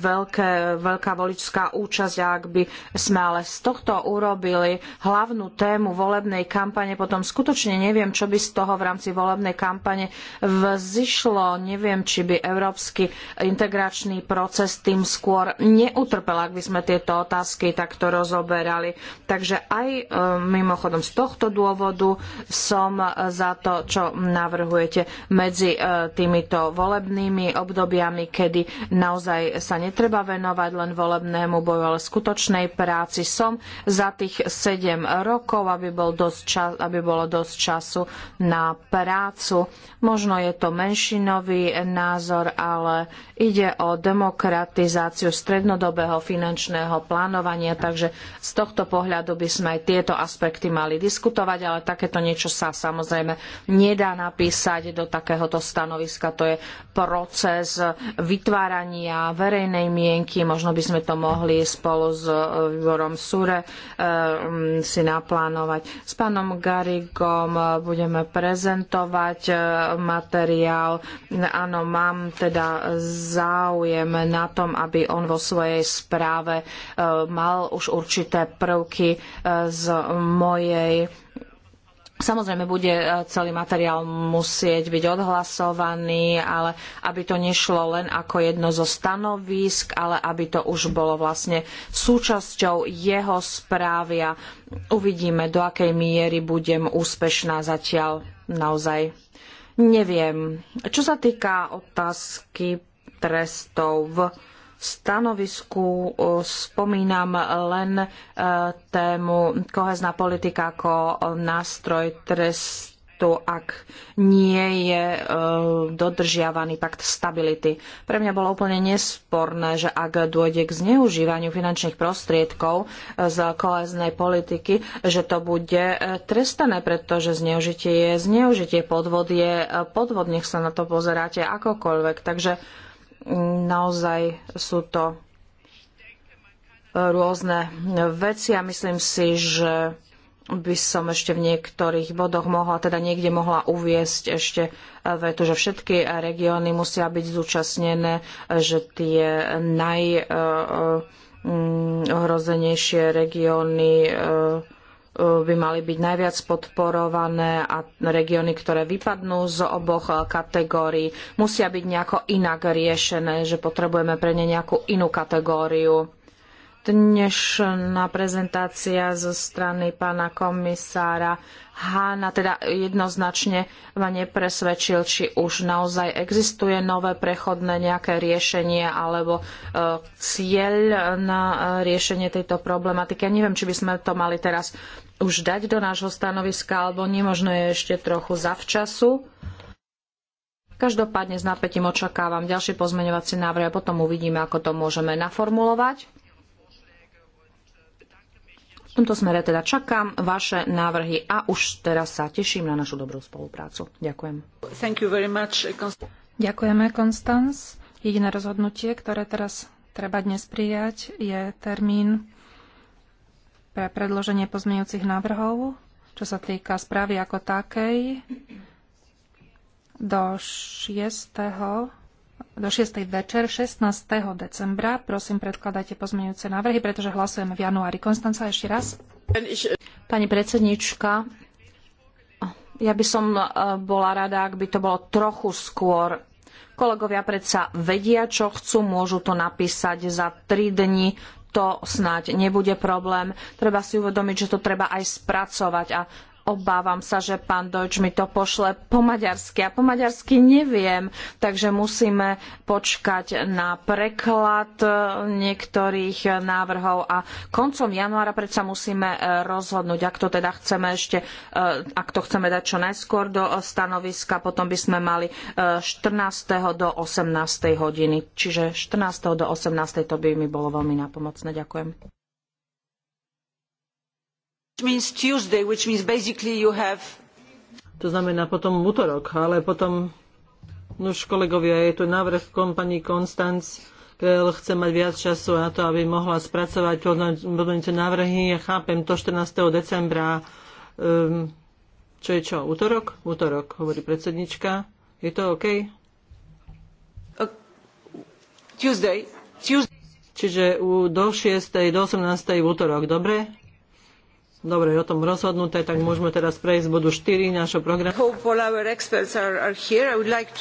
veľké, veľká voličská účasť a ak by sme ale z tohto urobili hlavnú tému volebnej kampane, potom skutočne neviem, čo by z toho v rámci volebnej kampane vzýšlo. Neviem, či by európsky integračný proces tým skôr neutrpel, ak by sme tieto otázky takto rozoberali. Takže aj e, mimochodom z tohto dôvodu som za to, čo navrhujete ešte medzi e, týmito volebnými obdobiami, kedy naozaj sa netreba venovať len volebnému boju, ale skutočnej práci. Som za tých 7 rokov, aby, bol dosť čas, aby bolo dosť času na prácu. Možno je to menšinový názor, ale ide o demokratizáciu strednodobého finančného plánovania, takže z tohto pohľadu by sme aj tieto aspekty mali diskutovať, ale takéto niečo sa samozrejme nedá napísať do takéhoto stanoviska. To je proces vytvárania verejnej mienky. Možno by sme to mohli spolu s e, výborom Sure e, si naplánovať. S pánom Garigom e, budeme prezentovať materiál. Áno, mám teda záujem na tom, aby on vo svojej správe mal už určité prvky z mojej Samozrejme, bude e, celý materiál musieť byť odhlasovaný, ale aby to nešlo len ako jedno zo stanovísk, ale aby to už bolo vlastne súčasťou jeho správy a uvidíme, do akej miery budem úspešná zatiaľ naozaj. Neviem. Čo sa týka otázky trestov v stanovisku e, spomínam len e, tému kohezná politika ako nástroj trestu, ak nie je e, dodržiavaný pakt stability. Pre mňa bolo úplne nesporné, že ak dôjde k zneužívaniu finančných prostriedkov z koheznej politiky, že to bude trestané, pretože zneužitie je zneužitie, podvod je podvod, nech sa na to pozeráte akokoľvek. Takže Naozaj sú to rôzne veci a myslím si, že by som ešte v niektorých bodoch mohla, teda niekde mohla uviesť ešte vetu, že všetky regióny musia byť zúčastnené, že tie naj eh, eh, mm, regióny eh, E, by mali byť najviac podporované a regióny, ktoré vypadnú z oboch e, kategórií, musia byť nejako inak riešené, že potrebujeme pre ne nejakú inú kategóriu dnešná prezentácia zo strany pána komisára Hána teda jednoznačne ma nepresvedčil, či už naozaj existuje nové prechodné nejaké riešenie alebo e, cieľ na e, riešenie tejto problematiky. Ja neviem, či by sme to mali teraz už dať do nášho stanoviska, alebo nemožno je ešte trochu zavčasu. Každopádne s napätím očakávam ďalšie pozmeňovacie návrhy a potom uvidíme, ako to môžeme naformulovať. V tomto smere teda čakám vaše návrhy a už teraz sa teším na našu dobrú spoluprácu. Ďakujem. Much, Ďakujeme, Konstanz. Jediné rozhodnutie, ktoré teraz treba dnes prijať, je termín pre predloženie pozmeňujúcich návrhov, čo sa týka správy ako takej, do 6 do 6. večer 16. decembra. Prosím, predkladajte pozmeňujúce návrhy, pretože hlasujeme v januári. Konstanca, ešte raz. Pani predsednička, ja by som eh, bola rada, ak by to bolo trochu skôr. Kolegovia predsa vedia, čo chcú, môžu to napísať za 3 dni, to snáď nebude problém. Treba si uvedomiť, že to treba aj spracovať a obávam sa, že pán Deutsch mi to pošle po maďarsky a po maďarsky neviem, takže musíme počkať na preklad niektorých návrhov a koncom januára predsa musíme e, rozhodnúť, ak to teda chceme ešte, e, ak to chceme dať čo najskôr do stanoviska, potom by sme mali 14. E, do 18. hodiny, čiže 14. do 18. to by mi bolo veľmi napomocné. Ďakujem. To znamená potom útorok, ale potom, no už kolegovia, je tu návrh kompanii Konstanc, Krell chce mať viac času na to, aby mohla spracovať hodnotné návrhy. Ja chápem to 14. decembra. Um, čo je čo? Útorok? Útorok, hovorí predsednička. Je to OK? Tuesday. Tuesday. Čiže u, do 6. do 18. v útorok, dobre? dobre je o tom rozhodnuté, tak môžeme teraz prejsť bodu 4 našho programu.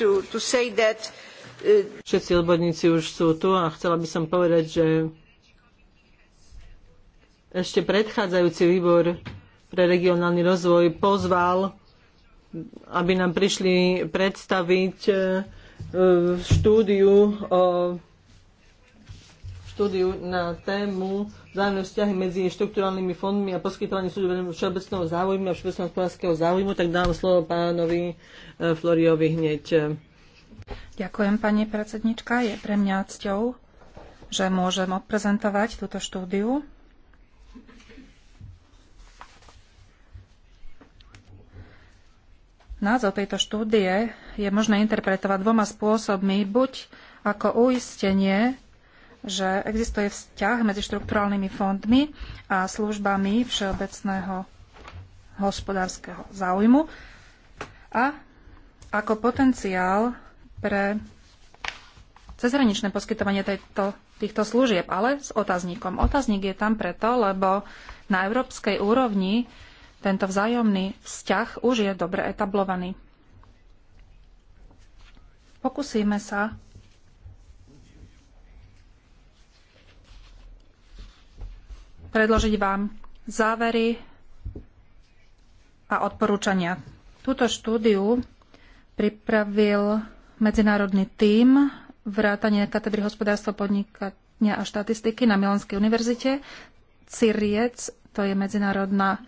Uh, Všetci odborníci už sú tu a chcela by som povedať, že ešte predchádzajúci výbor pre regionálny rozvoj pozval, aby nám prišli predstaviť uh, štúdiu o štúdiu na tému vzájomné vzťahy medzi štruktúralnými fondmi a poskytovaním súdu všeobecného záujmu a všeobecného hospodárskeho záujmu, tak dám slovo pánovi e, Floriovi hneď. Ďakujem, pani predsednička. Je pre mňa cťou, že môžem odprezentovať túto štúdiu. Názov tejto štúdie je možné interpretovať dvoma spôsobmi. Buď ako uistenie že existuje vzťah medzi štrukturálnymi fondmi a službami všeobecného hospodárskeho záujmu a ako potenciál pre cezhraničné poskytovanie tejto, týchto služieb, ale s otáznikom. Otáznik je tam preto, lebo na európskej úrovni tento vzájomný vzťah už je dobre etablovaný. Pokúsime sa predložiť vám závery a odporúčania. Túto štúdiu pripravil medzinárodný tím vrátanie katedry hospodárstva podnikania a štatistiky na Milanskej univerzite. CIRIEC, to je medzinárodná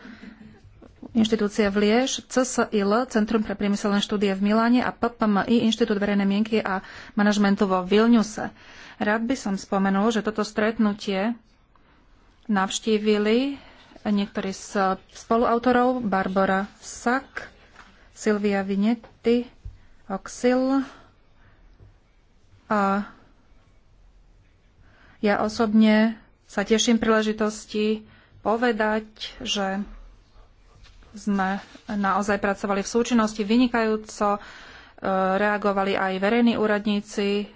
inštitúcia v Liež, CSIL, Centrum pre priemyselné štúdie v Miláne a PPMI, Inštitút verejnej mienky a manažmentu vo Vilniuse. Rád by som spomenul, že toto stretnutie navštívili niektorí z spoluautorov Barbara Sack, Silvia Vinetti, Oxil a ja osobne sa teším príležitosti povedať, že sme naozaj pracovali v súčinnosti vynikajúco, e, reagovali aj verejní úradníci,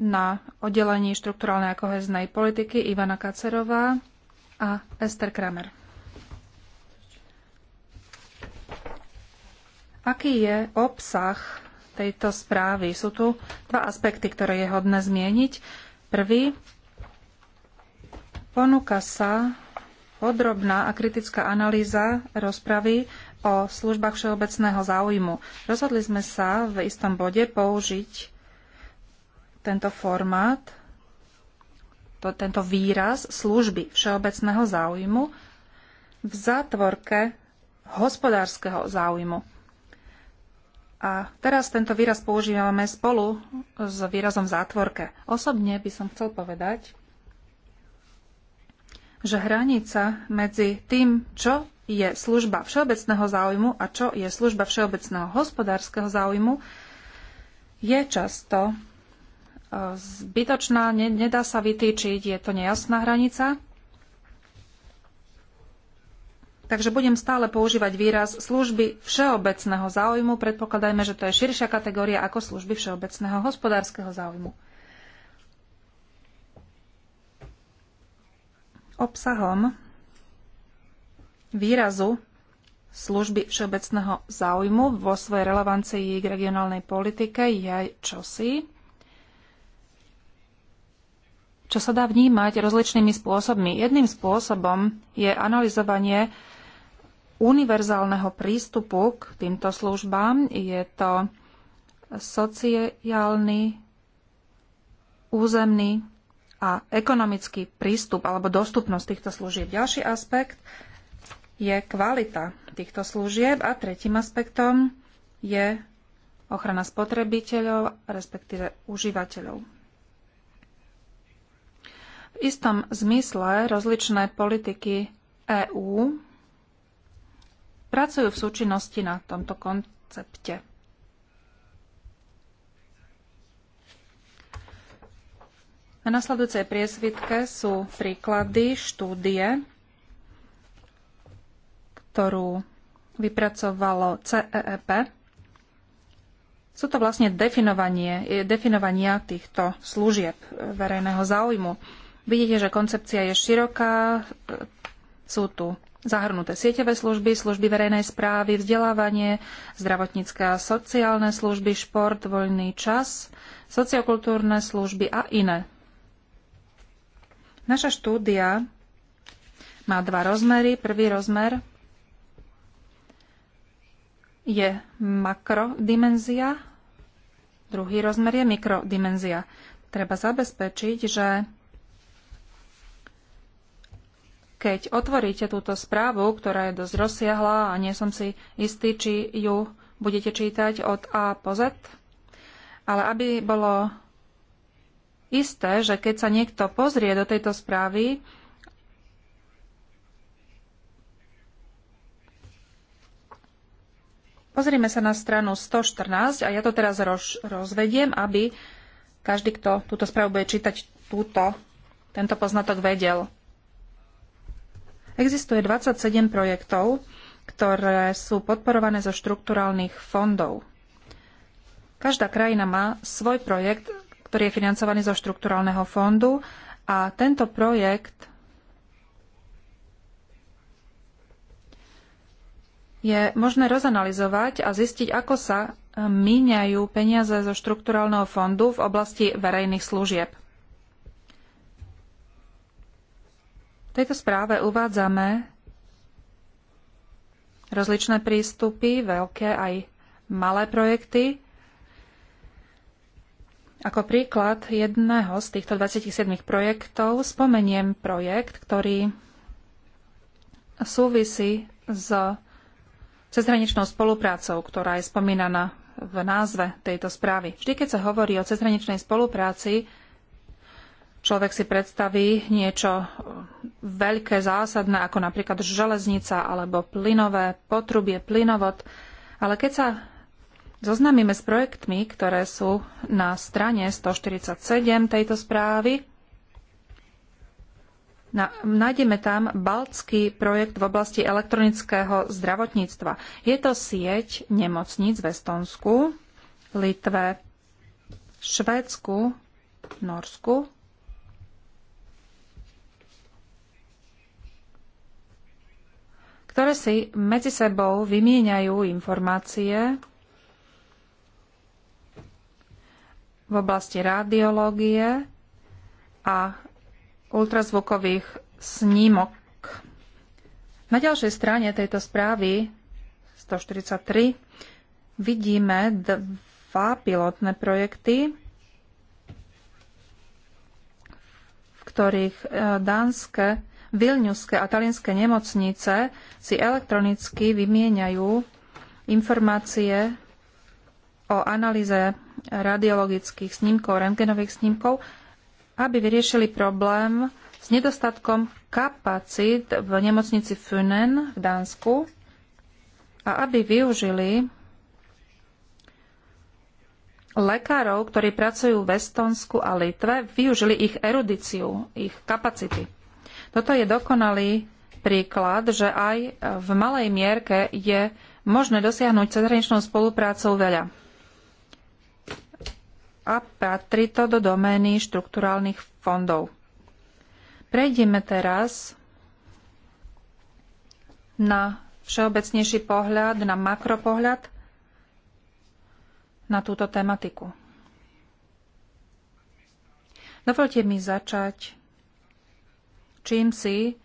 na oddelení štrukturálnej a koheznej politiky Ivana Kacerová a Ester Kramer. Aký je obsah tejto správy? Sú tu dva aspekty, ktoré je hodné zmieniť. Prvý, ponúka sa podrobná a kritická analýza rozpravy o službách všeobecného záujmu. Rozhodli sme sa v istom bode použiť tento formát, to, tento výraz služby všeobecného záujmu v zátvorke hospodárskeho záujmu. A teraz tento výraz používame spolu s výrazom v zátvorke. Osobne by som chcel povedať, že hranica medzi tým, čo je služba všeobecného záujmu a čo je služba všeobecného hospodárskeho záujmu, je často zbytočná, ne, nedá sa vytýčiť, je to nejasná hranica. Takže budem stále používať výraz služby všeobecného záujmu. Predpokladajme, že to je širšia kategória ako služby všeobecného hospodárskeho záujmu. Obsahom výrazu služby všeobecného záujmu vo svojej relevancii k regionálnej politike je čosi, čo sa dá vnímať rozličnými spôsobmi. Jedným spôsobom je analyzovanie univerzálneho prístupu k týmto službám. Je to sociálny, územný a ekonomický prístup alebo dostupnosť týchto služieb. Ďalší aspekt je kvalita týchto služieb a tretím aspektom je ochrana spotrebiteľov, respektíve užívateľov istom zmysle rozličné politiky EÚ pracujú v súčinnosti na tomto koncepte. Na nasledujúcej priesvitke sú príklady štúdie, ktorú vypracovalo CEEP. Sú to vlastne definovanie, definovania týchto služieb verejného záujmu. Vidíte, že koncepcia je široká. Sú tu zahrnuté sieťové služby, služby verejnej správy, vzdelávanie, zdravotnícke a sociálne služby, šport, voľný čas, sociokultúrne služby a iné. Naša štúdia má dva rozmery. Prvý rozmer je makrodimenzia, druhý rozmer je mikrodimenzia. Treba zabezpečiť, že keď otvoríte túto správu, ktorá je dosť rozsiahla a nie som si istý, či ju budete čítať od A po Z, ale aby bolo isté, že keď sa niekto pozrie do tejto správy, Pozrime sa na stranu 114 a ja to teraz roz, rozvediem, aby každý, kto túto správu bude čítať, túto, tento poznatok vedel. Existuje 27 projektov, ktoré sú podporované zo štrukturálnych fondov. Každá krajina má svoj projekt, ktorý je financovaný zo štrukturálneho fondu a tento projekt je možné rozanalizovať a zistiť, ako sa míňajú peniaze zo štrukturálneho fondu v oblasti verejných služieb. V tejto správe uvádzame rozličné prístupy, veľké aj malé projekty. Ako príklad jedného z týchto 27 projektov spomeniem projekt, ktorý súvisí s cezhraničnou spoluprácou, ktorá je spomínaná v názve tejto správy. Vždy, keď sa hovorí o cezhraničnej spolupráci, Človek si predstaví niečo veľké, zásadné, ako napríklad železnica alebo plynové potrubie, plynovod. Ale keď sa zoznamíme s projektmi, ktoré sú na strane 147 tejto správy, na, nájdeme tam baltský projekt v oblasti elektronického zdravotníctva. Je to sieť nemocníc v Estonsku, Litve, Švédsku, Norsku ktoré si medzi sebou vymieňajú informácie v oblasti radiológie a ultrazvukových snímok. Na ďalšej strane tejto správy 143 vidíme dva pilotné projekty, v ktorých eh, dánske Vilňuské a talinské nemocnice si elektronicky vymieňajú informácie o analýze radiologických snímkov, rentgenových snímkov, aby vyriešili problém s nedostatkom kapacít v nemocnici Funen v Dánsku a aby využili lekárov, ktorí pracujú v Estonsku a Litve, využili ich erudíciu, ich kapacity. Toto je dokonalý príklad, že aj v malej mierke je možné dosiahnuť cezhraničnou spoluprácou veľa. A patrí to do domény štrukturálnych fondov. Prejdeme teraz na všeobecnejší pohľad, na makropohľad na túto tematiku. Dovolte mi začať čím si,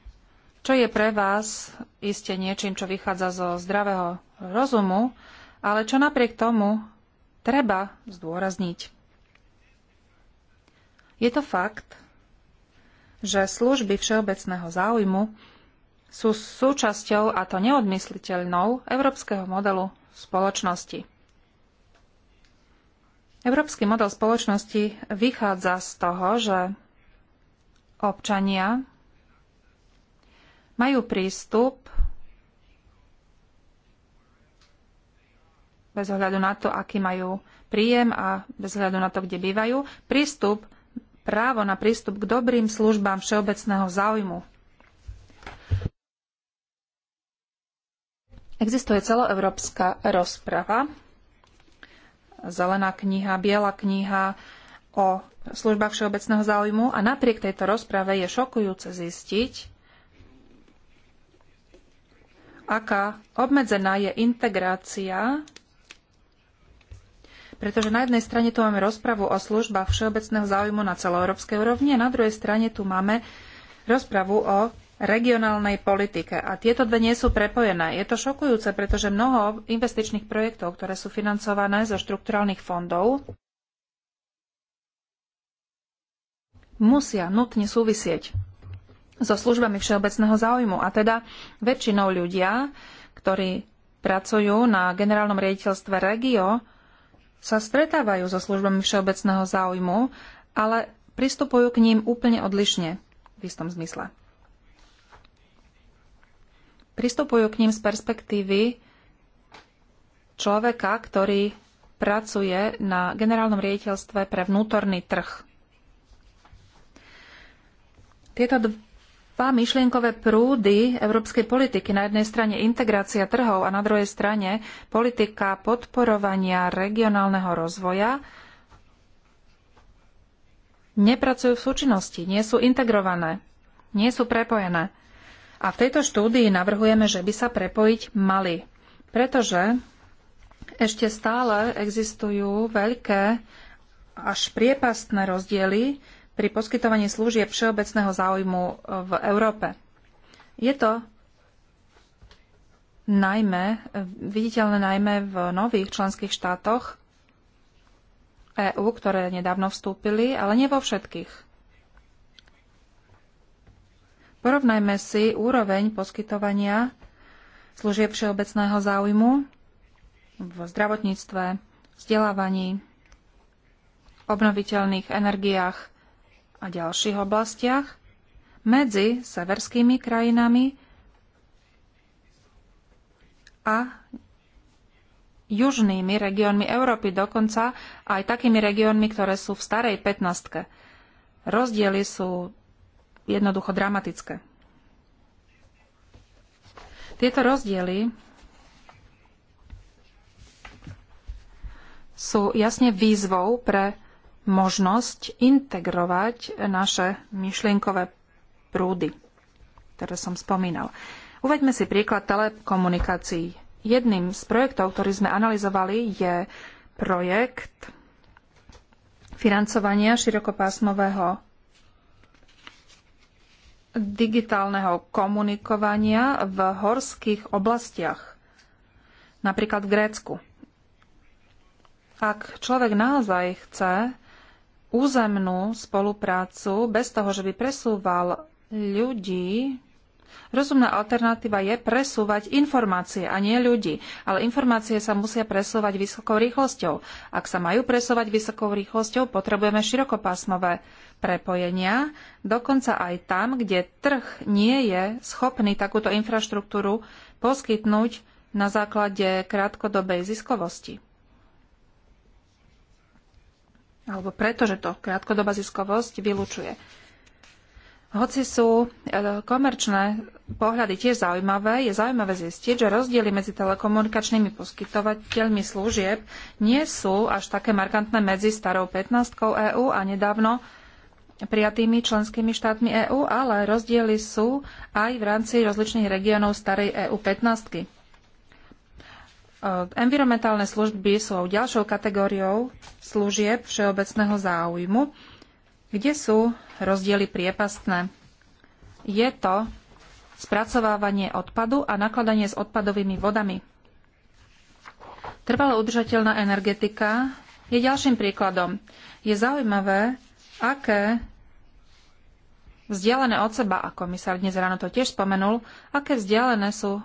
čo je pre vás iste niečím, čo vychádza zo zdravého rozumu, ale čo napriek tomu treba zdôrazniť. Je to fakt, že služby všeobecného záujmu sú súčasťou, a to neodmysliteľnou, európskeho modelu spoločnosti. Európsky model spoločnosti vychádza z toho, že občania majú prístup bez ohľadu na to, aký majú príjem a bez ohľadu na to, kde bývajú, prístup, právo na prístup k dobrým službám všeobecného záujmu. Existuje celoevropská rozprava, zelená kniha, biela kniha o službách všeobecného záujmu a napriek tejto rozprave je šokujúce zistiť, aká obmedzená je integrácia, pretože na jednej strane tu máme rozpravu o službách všeobecného záujmu na celoeurópskej úrovni a na druhej strane tu máme rozpravu o regionálnej politike. A tieto dve nie sú prepojené. Je to šokujúce, pretože mnoho investičných projektov, ktoré sú financované zo štrukturálnych fondov, musia nutne súvisieť so službami všeobecného záujmu. A teda väčšinou ľudia, ktorí pracujú na generálnom riaditeľstve Regio, sa stretávajú so službami všeobecného záujmu, ale pristupujú k ním úplne odlišne v istom zmysle. Pristupujú k ním z perspektívy človeka, ktorý pracuje na generálnom riaditeľstve pre vnútorný trh. Tieto Dva myšlienkové prúdy európskej politiky, na jednej strane integrácia trhov a na druhej strane politika podporovania regionálneho rozvoja, nepracujú v súčinnosti, nie sú integrované, nie sú prepojené. A v tejto štúdii navrhujeme, že by sa prepojiť mali, pretože ešte stále existujú veľké až priepastné rozdiely pri poskytovaní služieb všeobecného záujmu v Európe. Je to najmä, viditeľné najmä v nových členských štátoch EÚ, ktoré nedávno vstúpili, ale nie vo všetkých. Porovnajme si úroveň poskytovania služieb všeobecného záujmu v zdravotníctve, vzdelávaní, obnoviteľných energiách, a ďalších oblastiach medzi severskými krajinami a južnými regiónmi Európy, dokonca aj takými regiónmi, ktoré sú v starej 15. Rozdiely sú jednoducho dramatické. Tieto rozdiely sú jasne výzvou pre možnosť integrovať naše myšlienkové prúdy, ktoré som spomínal. Uveďme si príklad telekomunikácií. Jedným z projektov, ktorý sme analyzovali, je projekt financovania širokopásmového digitálneho komunikovania v horských oblastiach, napríklad v Grécku. Ak človek naozaj chce územnú spoluprácu bez toho, že by presúval ľudí. Rozumná alternatíva je presúvať informácie a nie ľudí, ale informácie sa musia presúvať vysokou rýchlosťou. Ak sa majú presúvať vysokou rýchlosťou, potrebujeme širokopásmové prepojenia, dokonca aj tam, kde trh nie je schopný takúto infraštruktúru poskytnúť na základe krátkodobej ziskovosti alebo preto, že to krátkodobá ziskovosť vylúčuje. Hoci sú e, komerčné pohľady tiež zaujímavé, je zaujímavé zistiť, že rozdiely medzi telekomunikačnými poskytovateľmi služieb nie sú až také markantné medzi starou 15 EÚ a nedávno prijatými členskými štátmi EÚ, ale rozdiely sú aj v rámci rozličných regiónov starej EÚ 15. -ky. E, environmentálne služby sú ďalšou kategóriou služieb všeobecného záujmu, kde sú rozdiely priepastné. Je to spracovávanie odpadu a nakladanie s odpadovými vodami. Trvalo udržateľná energetika je ďalším príkladom. Je zaujímavé, aké vzdialené od seba, a komisár dnes ráno to tiež spomenul, aké vzdialené sú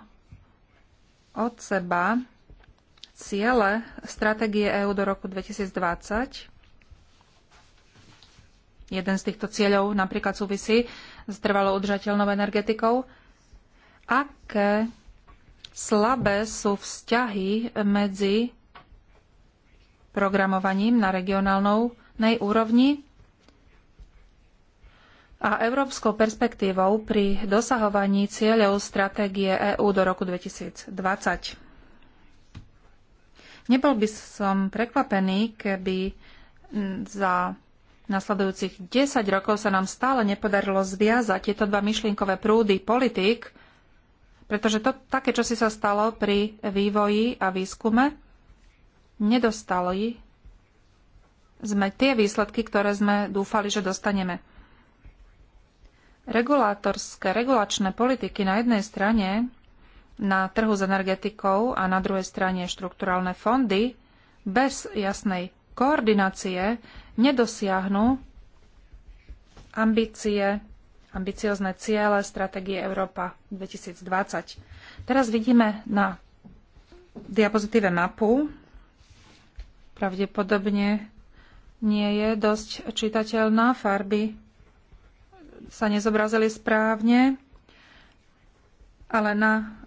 od seba ciele stratégie EÚ do roku 2020. Jeden z týchto cieľov napríklad súvisí s trvalou udržateľnou energetikou. Aké slabé sú vzťahy medzi programovaním na regionálnej úrovni a európskou perspektívou pri dosahovaní cieľov stratégie EÚ do roku 2020. Nebol by som prekvapený, keby za nasledujúcich 10 rokov sa nám stále nepodarilo zviazať tieto dva myšlienkové prúdy politik, pretože to také, čo si sa stalo pri vývoji a výskume, nedostali sme tie výsledky, ktoré sme dúfali, že dostaneme. Regulátorské, regulačné politiky na jednej strane na trhu s energetikou a na druhej strane štrukturálne fondy bez jasnej koordinácie nedosiahnu ambície, ambiciozne ciele stratégie Európa 2020. Teraz vidíme na diapozitíve mapu. Pravdepodobne nie je dosť čitateľná. Farby sa nezobrazili správne, ale na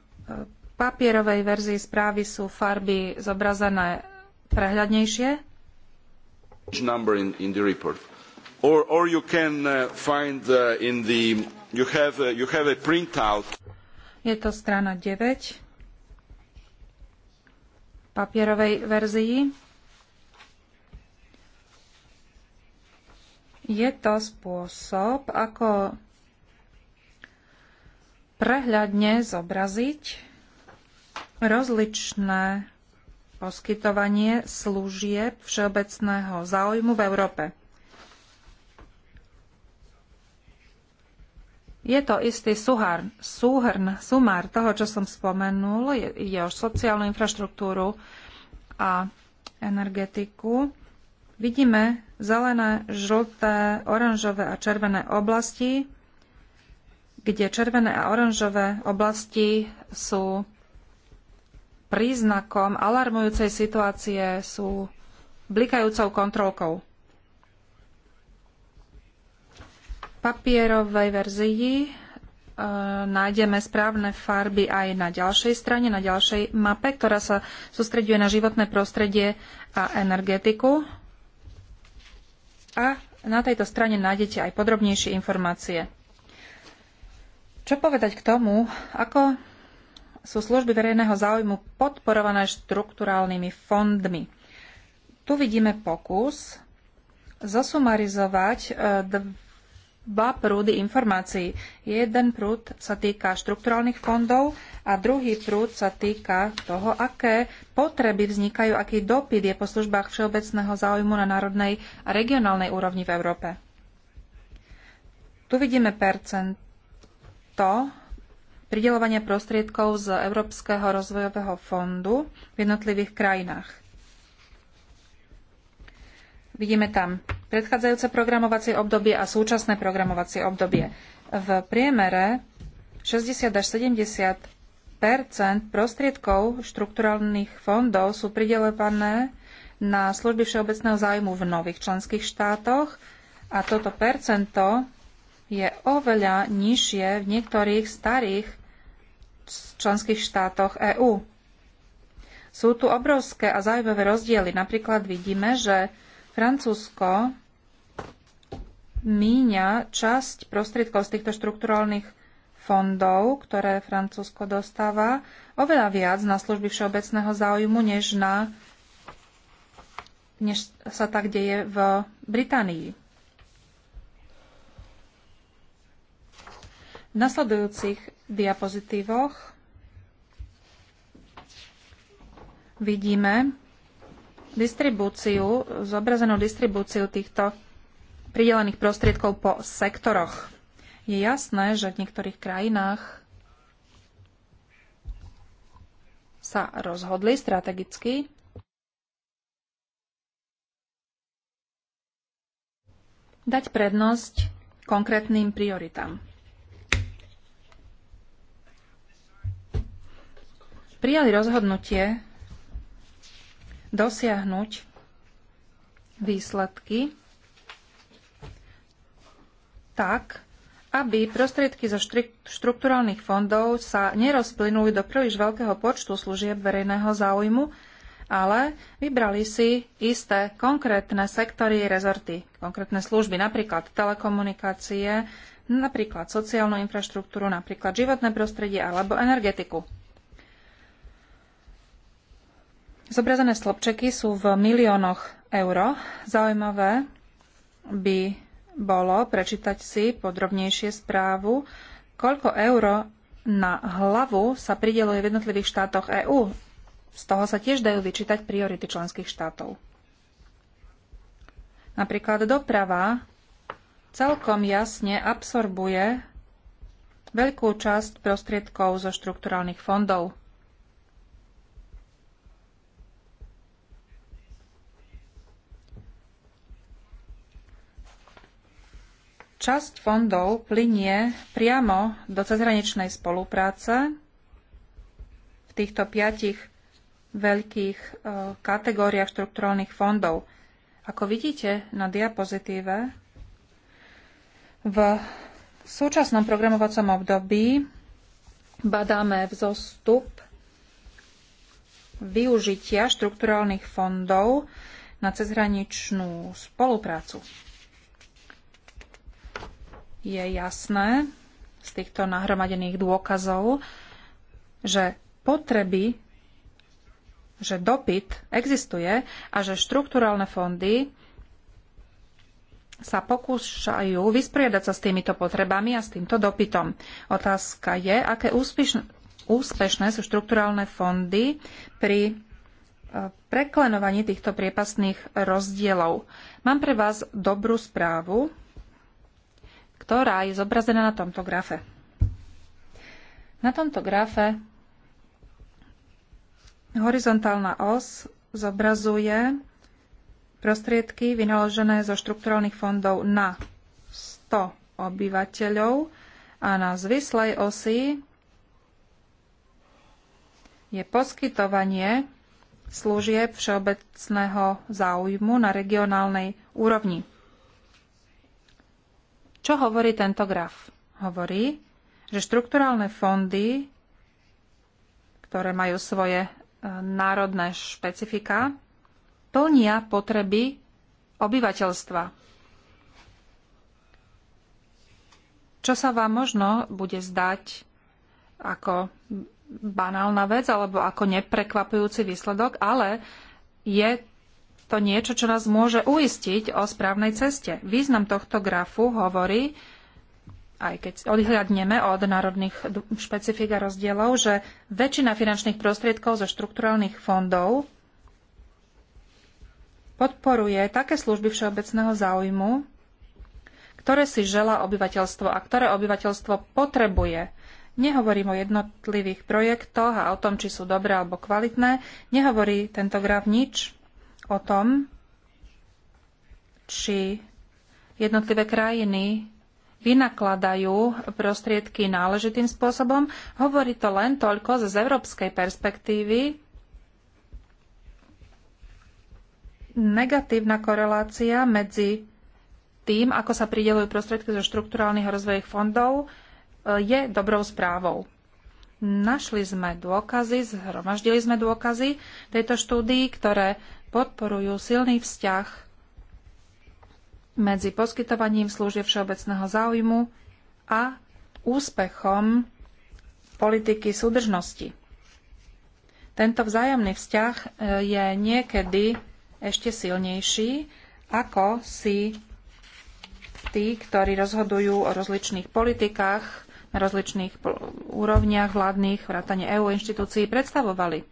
papierovej verzii správy sú farby zobrazené prehľadnejšie. Or, or you can uh, find uh, in the you have uh, you have a printout. Je to strana 9 papierovej verzii. Je to spôsob, ako prehľadne zobraziť rozličné poskytovanie služieb všeobecného záujmu v Európe. Je to istý súhrn, súhrn, sumár toho, čo som spomenul. Ide o sociálnu infraštruktúru a energetiku. Vidíme zelené, žlté, oranžové a červené oblasti, kde červené a oranžové oblasti sú príznakom alarmujúcej situácie, sú blikajúcou kontrolkou. V papierovej verzii e, nájdeme správne farby aj na ďalšej strane, na ďalšej mape, ktorá sa sústreďuje na životné prostredie a energetiku. A na tejto strane nájdete aj podrobnejšie informácie. Čo povedať k tomu, ako sú služby verejného záujmu podporované štrukturálnymi fondmi? Tu vidíme pokus zosumarizovať e, dva prúdy informácií. Jeden prúd sa týka štrukturálnych fondov a druhý prúd sa týka toho, aké potreby vznikajú, aký dopyt je po službách všeobecného záujmu na národnej a regionálnej úrovni v Európe. Tu vidíme percent to pridelovania prostriedkov z Európskeho rozvojového fondu v jednotlivých krajinách. Vidíme tam predchádzajúce programovacie obdobie a súčasné programovacie obdobie. V priemere 60 až 70 prostriedkov štrukturálnych fondov sú pridelované na služby všeobecného zájmu v nových členských štátoch a toto percento je oveľa nižšie v niektorých starých členských štátoch EÚ. Sú tu obrovské a zaujímavé rozdiely. Napríklad vidíme, že Francúzsko míňa časť prostriedkov z týchto štrukturálnych fondov, ktoré Francúzsko dostáva, oveľa viac na služby všeobecného záujmu, než, na, než sa tak deje v Británii. V nasledujúcich diapozitívoch vidíme distribúciu, zobrazenú distribúciu týchto pridelených prostriedkov po sektoroch. Je jasné, že v niektorých krajinách sa rozhodli strategicky dať prednosť konkrétnym prioritám. prijali rozhodnutie dosiahnuť výsledky tak, aby prostriedky zo štrukturálnych fondov sa nerozplynuli do príliš veľkého počtu služieb verejného záujmu, ale vybrali si isté konkrétne sektory, rezorty, konkrétne služby, napríklad telekomunikácie, napríklad sociálnu infraštruktúru, napríklad životné prostredie alebo energetiku. Zobrazené slobčeky sú v miliónoch eur. Zaujímavé by bolo prečítať si podrobnejšie správu, koľko eur na hlavu sa prideluje v jednotlivých štátoch EÚ. Z toho sa tiež dajú vyčítať priority členských štátov. Napríklad doprava celkom jasne absorbuje veľkú časť prostriedkov zo štrukturálnych fondov. Časť fondov plinie priamo do cezhraničnej spolupráce v týchto piatich veľkých e, kategóriách štrukturálnych fondov. Ako vidíte na diapozitíve, v súčasnom programovacom období badáme vzostup využitia štrukturálnych fondov na cezhraničnú spoluprácu je jasné z týchto nahromadených dôkazov, že potreby, že dopyt existuje a že štruktúralne fondy sa pokúšajú vysporiadať sa s týmito potrebami a s týmto dopytom. Otázka je, aké úspešné, úspešné sú štrukturálne fondy pri e, preklenovaní týchto priepasných rozdielov. Mám pre vás dobrú správu ktorá je zobrazená na tomto grafe. Na tomto grafe horizontálna os zobrazuje prostriedky vynaložené zo štrukturálnych fondov na 100 obyvateľov a na zvislej osi je poskytovanie služieb všeobecného záujmu na regionálnej úrovni. Čo hovorí tento graf? Hovorí, že štrukturálne fondy, ktoré majú svoje e, národné špecifika, plnia potreby obyvateľstva. Čo sa vám možno bude zdať ako banálna vec alebo ako neprekvapujúci výsledok, ale je to niečo, čo nás môže uistiť o správnej ceste. Význam tohto grafu hovorí, aj keď odhľadneme od národných špecifik a rozdielov, že väčšina finančných prostriedkov zo štrukturálnych fondov podporuje také služby všeobecného záujmu, ktoré si žela obyvateľstvo a ktoré obyvateľstvo potrebuje. Nehovorím o jednotlivých projektoch a o tom, či sú dobré alebo kvalitné. Nehovorí tento graf nič o tom, či jednotlivé krajiny vynakladajú prostriedky náležitým spôsobom. Hovorí to len toľko z európskej perspektívy. Negatívna korelácia medzi tým, ako sa pridelujú prostriedky zo štrukturálnych rozvojových fondov, je dobrou správou. Našli sme dôkazy, zhromaždili sme dôkazy tejto štúdii, ktoré podporujú silný vzťah medzi poskytovaním služieb všeobecného záujmu a úspechom politiky súdržnosti. Tento vzájomný vzťah e, je niekedy ešte silnejší, ako si tí, ktorí rozhodujú o rozličných politikách na rozličných úrovniach vládnych, vrátane EU inštitúcií, predstavovali.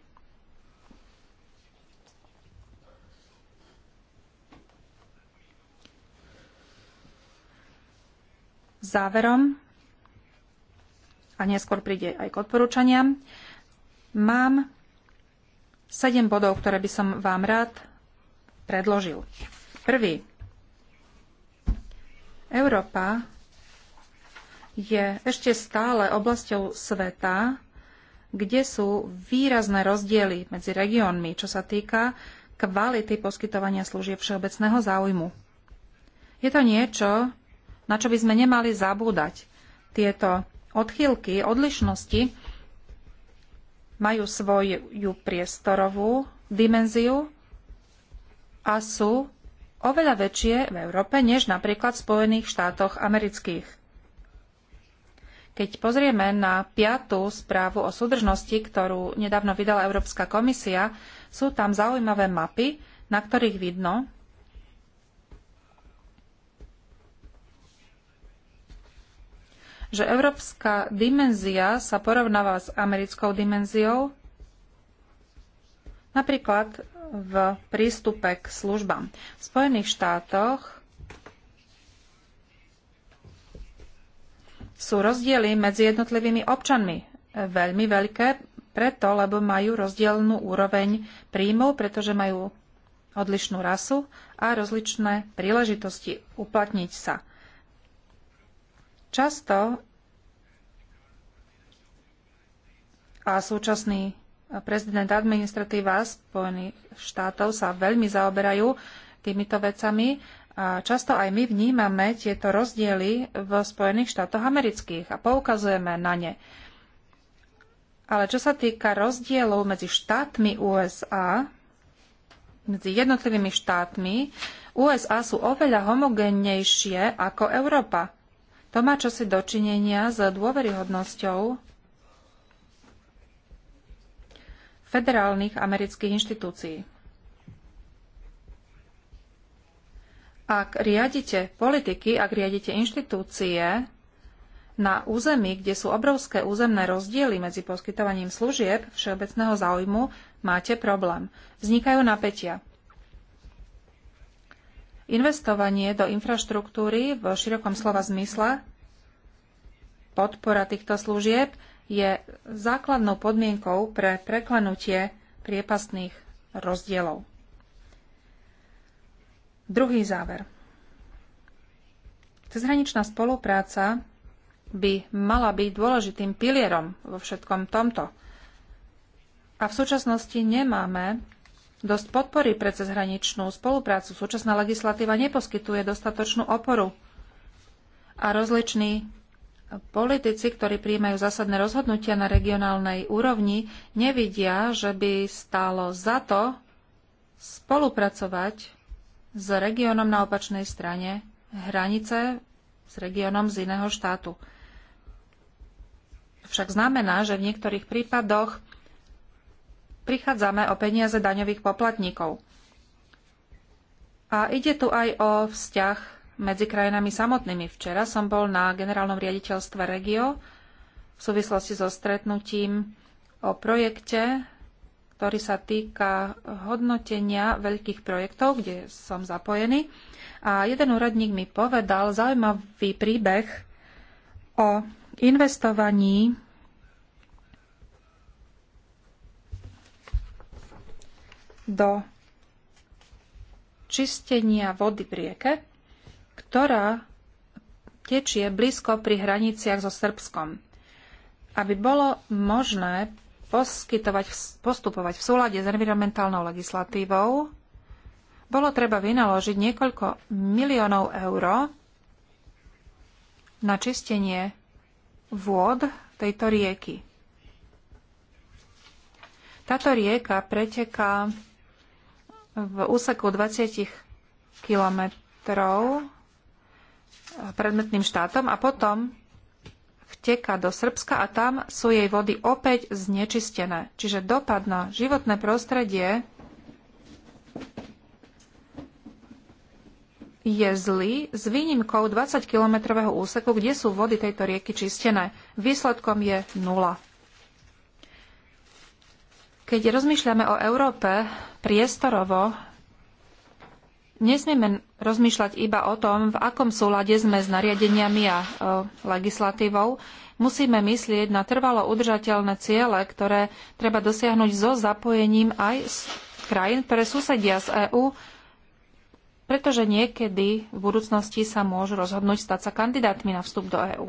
záverom a neskôr príde aj k odporúčaniam. Mám 7 bodov, ktoré by som vám rád predložil. Prvý. Európa je ešte stále oblasťou sveta, kde sú výrazné rozdiely medzi regiónmi, čo sa týka kvality poskytovania služieb všeobecného záujmu. Je to niečo, na čo by sme nemali zabúdať. Tieto odchýlky, odlišnosti majú svoju priestorovú dimenziu a sú oveľa väčšie v Európe než napríklad v Spojených štátoch amerických. Keď pozrieme na piatú správu o súdržnosti, ktorú nedávno vydala Európska komisia, sú tam zaujímavé mapy, na ktorých vidno, že európska dimenzia sa porovnáva s americkou dimenziou, napríklad v prístupe k službám. V Spojených štátoch sú rozdiely medzi jednotlivými občanmi veľmi veľké, preto, lebo majú rozdielnú úroveň príjmov, pretože majú odlišnú rasu a rozličné príležitosti uplatniť sa. Často a súčasný prezident administratíva Spojených štátov sa veľmi zaoberajú týmito vecami a často aj my vnímame tieto rozdiely v Spojených štátoch amerických a poukazujeme na ne. Ale čo sa týka rozdielov medzi štátmi USA, medzi jednotlivými štátmi, USA sú oveľa homogénnejšie ako Európa. To má čosi dočinenia s dôveryhodnosťou federálnych amerických inštitúcií. Ak riadite politiky, ak riadite inštitúcie na území, kde sú obrovské územné rozdiely medzi poskytovaním služieb všeobecného záujmu, máte problém. Vznikajú napätia. Investovanie do infraštruktúry v širokom slova zmysle, podpora týchto služieb, je základnou podmienkou pre preklenutie priepastných rozdielov. Druhý záver. Cezhraničná spolupráca by mala byť dôležitým pilierom vo všetkom tomto. A v súčasnosti nemáme dosť podpory pre cezhraničnú spoluprácu. Súčasná legislatíva neposkytuje dostatočnú oporu a rozliční politici, ktorí príjmajú zásadné rozhodnutia na regionálnej úrovni, nevidia, že by stálo za to spolupracovať s regiónom na opačnej strane hranice s regiónom z iného štátu. Však znamená, že v niektorých prípadoch prichádzame o peniaze daňových poplatníkov. A ide tu aj o vzťah medzi krajinami samotnými. Včera som bol na generálnom riaditeľstve Regio v súvislosti so stretnutím o projekte, ktorý sa týka hodnotenia veľkých projektov, kde som zapojený. A jeden úradník mi povedal zaujímavý príbeh o investovaní do čistenia vody v rieke, ktorá tečie blízko pri hraniciach so Srbskom. Aby bolo možné poskytovať, postupovať v súlade s environmentálnou legislatívou, bolo treba vynaložiť niekoľko miliónov eur na čistenie vôd tejto rieky. Táto rieka preteká v úseku 20 kilometrov predmetným štátom a potom vteka do Srbska a tam sú jej vody opäť znečistené. Čiže dopad na životné prostredie je zlý s výnimkou 20-kilometrového úseku, kde sú vody tejto rieky čistené. Výsledkom je nula. Keď rozmýšľame o Európe, priestorovo nesmieme rozmýšľať iba o tom, v akom súlade sme s nariadeniami a e, legislatívou. Musíme myslieť na trvalo udržateľné ciele, ktoré treba dosiahnuť so zapojením aj z krajín, ktoré susedia z EÚ, pretože niekedy v budúcnosti sa môžu rozhodnúť stať sa kandidátmi na vstup do EÚ.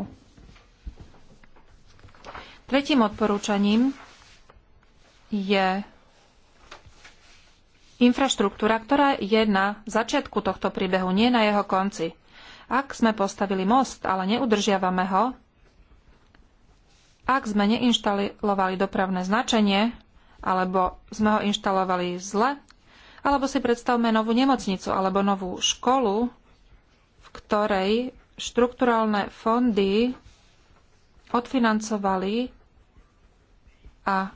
Tretím odporúčaním je infraštruktúra, ktorá je na začiatku tohto príbehu, nie na jeho konci. Ak sme postavili most, ale neudržiavame ho, ak sme neinštalovali dopravné značenie, alebo sme ho inštalovali zle, alebo si predstavme novú nemocnicu alebo novú školu, v ktorej štrukturálne fondy odfinancovali a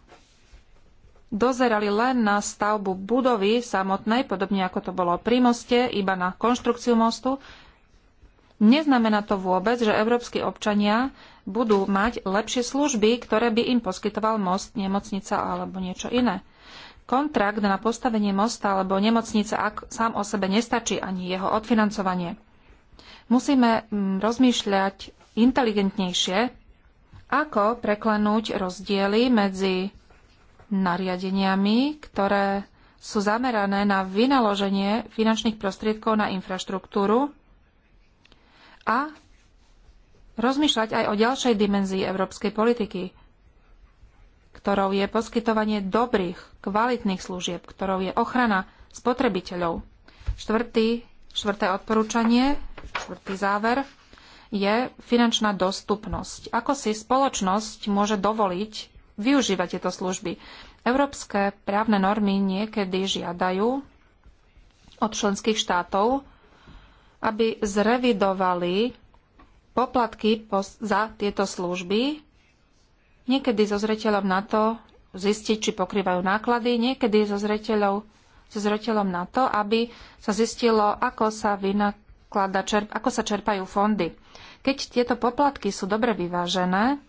dozerali len na stavbu budovy samotnej, podobne ako to bolo pri moste, iba na konštrukciu mostu, neznamená to vôbec, že európsky občania budú mať lepšie služby, ktoré by im poskytoval most, nemocnica alebo niečo iné. Kontrakt na postavenie mosta alebo nemocnice ak sám o sebe nestačí ani jeho odfinancovanie. Musíme mm, rozmýšľať inteligentnejšie, ako preklenúť rozdiely medzi nariadeniami, ktoré sú zamerané na vynaloženie finančných prostriedkov na infraštruktúru a rozmýšľať aj o ďalšej dimenzii európskej politiky, ktorou je poskytovanie dobrých, kvalitných služieb, ktorou je ochrana spotrebiteľov. Štvrtý, štvrté odporúčanie, štvrtý záver je finančná dostupnosť. Ako si spoločnosť môže dovoliť využívať tieto služby. Európske právne normy niekedy žiadajú od členských štátov, aby zrevidovali poplatky za tieto služby, niekedy so zreteľom na to zistiť, či pokrývajú náklady, niekedy so zreteľom, so zreteľom na to, aby sa zistilo, ako sa vynaklada, čerp, ako sa čerpajú fondy. Keď tieto poplatky sú dobre vyvážené,